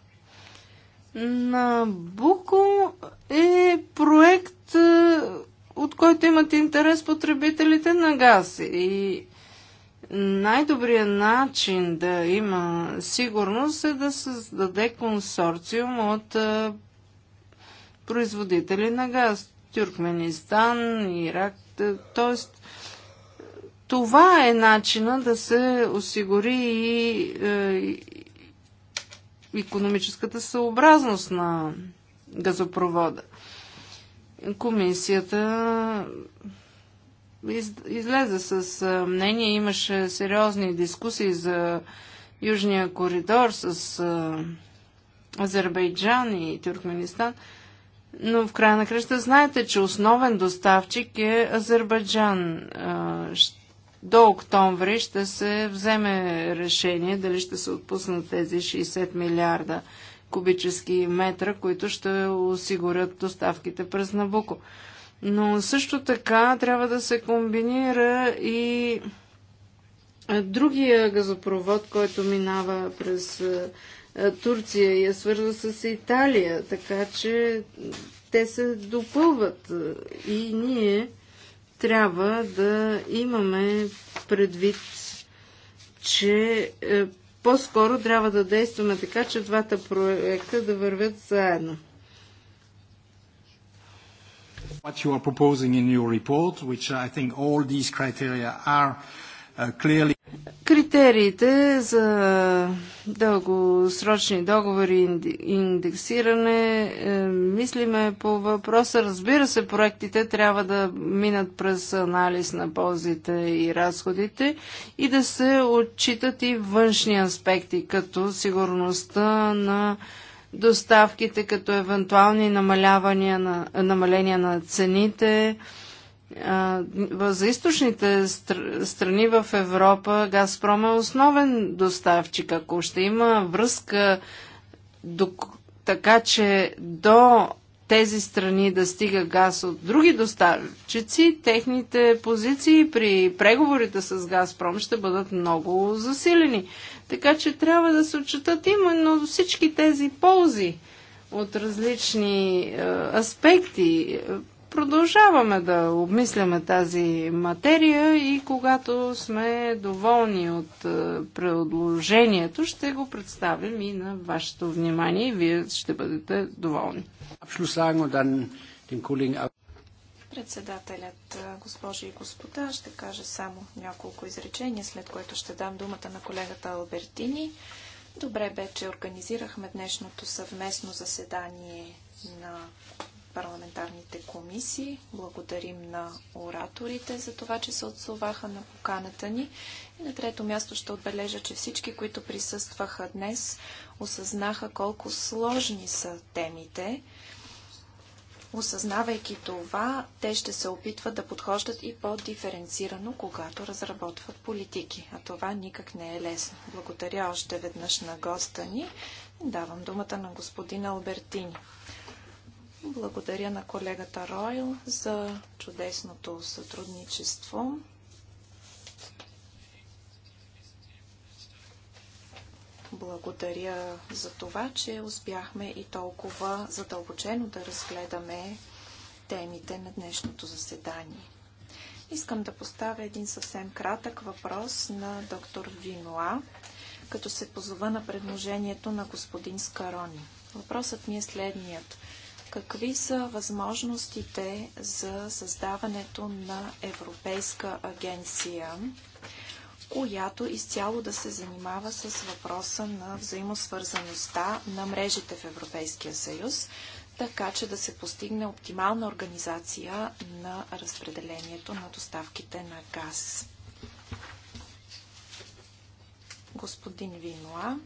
Набуко е проект от който имат интерес потребителите на газ. И най-добрият начин да има сигурност е да създаде консорциум от производители на газ. Тюркменистан, Ирак, т.е. това е начина да се осигури и економическата съобразност на газопровода комисията из, излезе с мнение, имаше сериозни дискусии за Южния коридор с Азербайджан и Тюркменистан. Но в края на кръща знаете, че основен доставчик е Азербайджан. До октомври ще се вземе решение дали ще се отпуснат тези 60 милиарда кубически метра, които ще осигурят доставките през Набуко. Но също така трябва да се комбинира и другия газопровод, който минава през е, Турция и я е свързва с Италия, така че те се допълват е, и ние трябва да имаме предвид, че по-скоро трябва да действаме така, че двата проекта да вървят заедно. What you are proposing in your report, which I think all these criteria are uh, clearly Критериите за дългосрочни договори и индексиране е, мислиме по въпроса. Разбира се, проектите трябва да минат през анализ на ползите и разходите и да се отчитат и външни аспекти, като сигурността на доставките, като евентуални намалявания на, намаления на цените, за източните страни в Европа Газпром е основен доставчик. Ако ще има връзка така, че до тези страни да стига газ от други доставчици, техните позиции при преговорите с Газпром ще бъдат много засилени. Така че трябва да се отчитат именно всички тези ползи от различни е, аспекти продължаваме да обмисляме тази материя и когато сме доволни от е, предложението, ще го представим и на вашето внимание и вие ще бъдете доволни.
Председателят, е, госпожи и господа, ще каже само няколко изречения, след което ще дам думата на колегата Албертини. Добре бе, че организирахме днешното съвместно заседание на парламентарните комисии. Благодарим на ораторите за това, че се отсоваха на поканата ни. И на трето място ще отбележа, че всички, които присъстваха днес, осъзнаха колко сложни са темите. Осъзнавайки това, те ще се опитват да подхождат и по-диференцирано, когато разработват политики. А това никак не е лесно. Благодаря още веднъж на госта ни. Давам думата на господин Албертини. Благодаря на колегата Ройл за чудесното сътрудничество. Благодаря за това, че успяхме и толкова задълбочено да разгледаме темите на днешното заседание. Искам да поставя един съвсем кратък въпрос на доктор Винуа, като се позова на предложението на господин Скарони. Въпросът ми е следният – Какви са възможностите за създаването на Европейска агенция, която изцяло да се занимава с въпроса на взаимосвързаността на мрежите в Европейския съюз, така че да се постигне оптимална организация на разпределението на доставките на газ. Господин Винуа,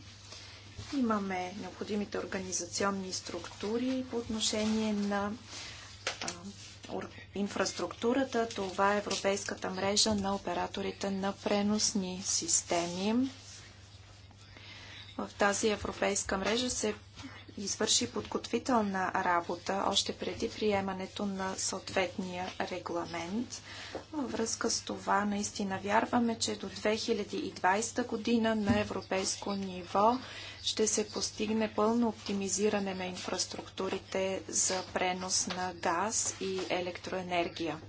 Имаме необходимите организационни структури по отношение на инфраструктурата. Това е Европейската мрежа на операторите на преносни системи. В тази европейска мрежа се извърши подготвителна работа още преди приемането на съответния регламент. Във връзка с това наистина вярваме, че до 2020 година на европейско ниво ще се постигне пълно оптимизиране на инфраструктурите за пренос на газ и електроенергия.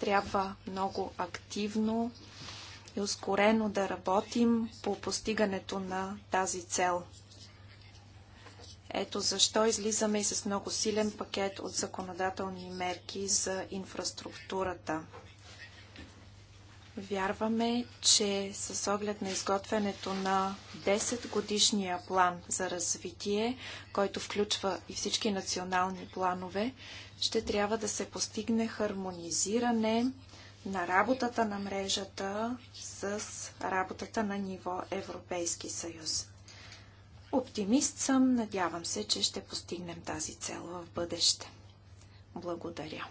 Трябва много активно и ускорено да работим по постигането на тази цел. Ето защо излизаме и с много силен пакет от законодателни мерки за инфраструктурата. Вярваме, че с оглед на изготвянето на 10 годишния план за развитие, който включва и всички национални планове, ще трябва да се постигне хармонизиране на работата на мрежата с работата на ниво Европейски съюз. Оптимист съм, надявам се, че ще постигнем тази цел в бъдеще. Благодаря.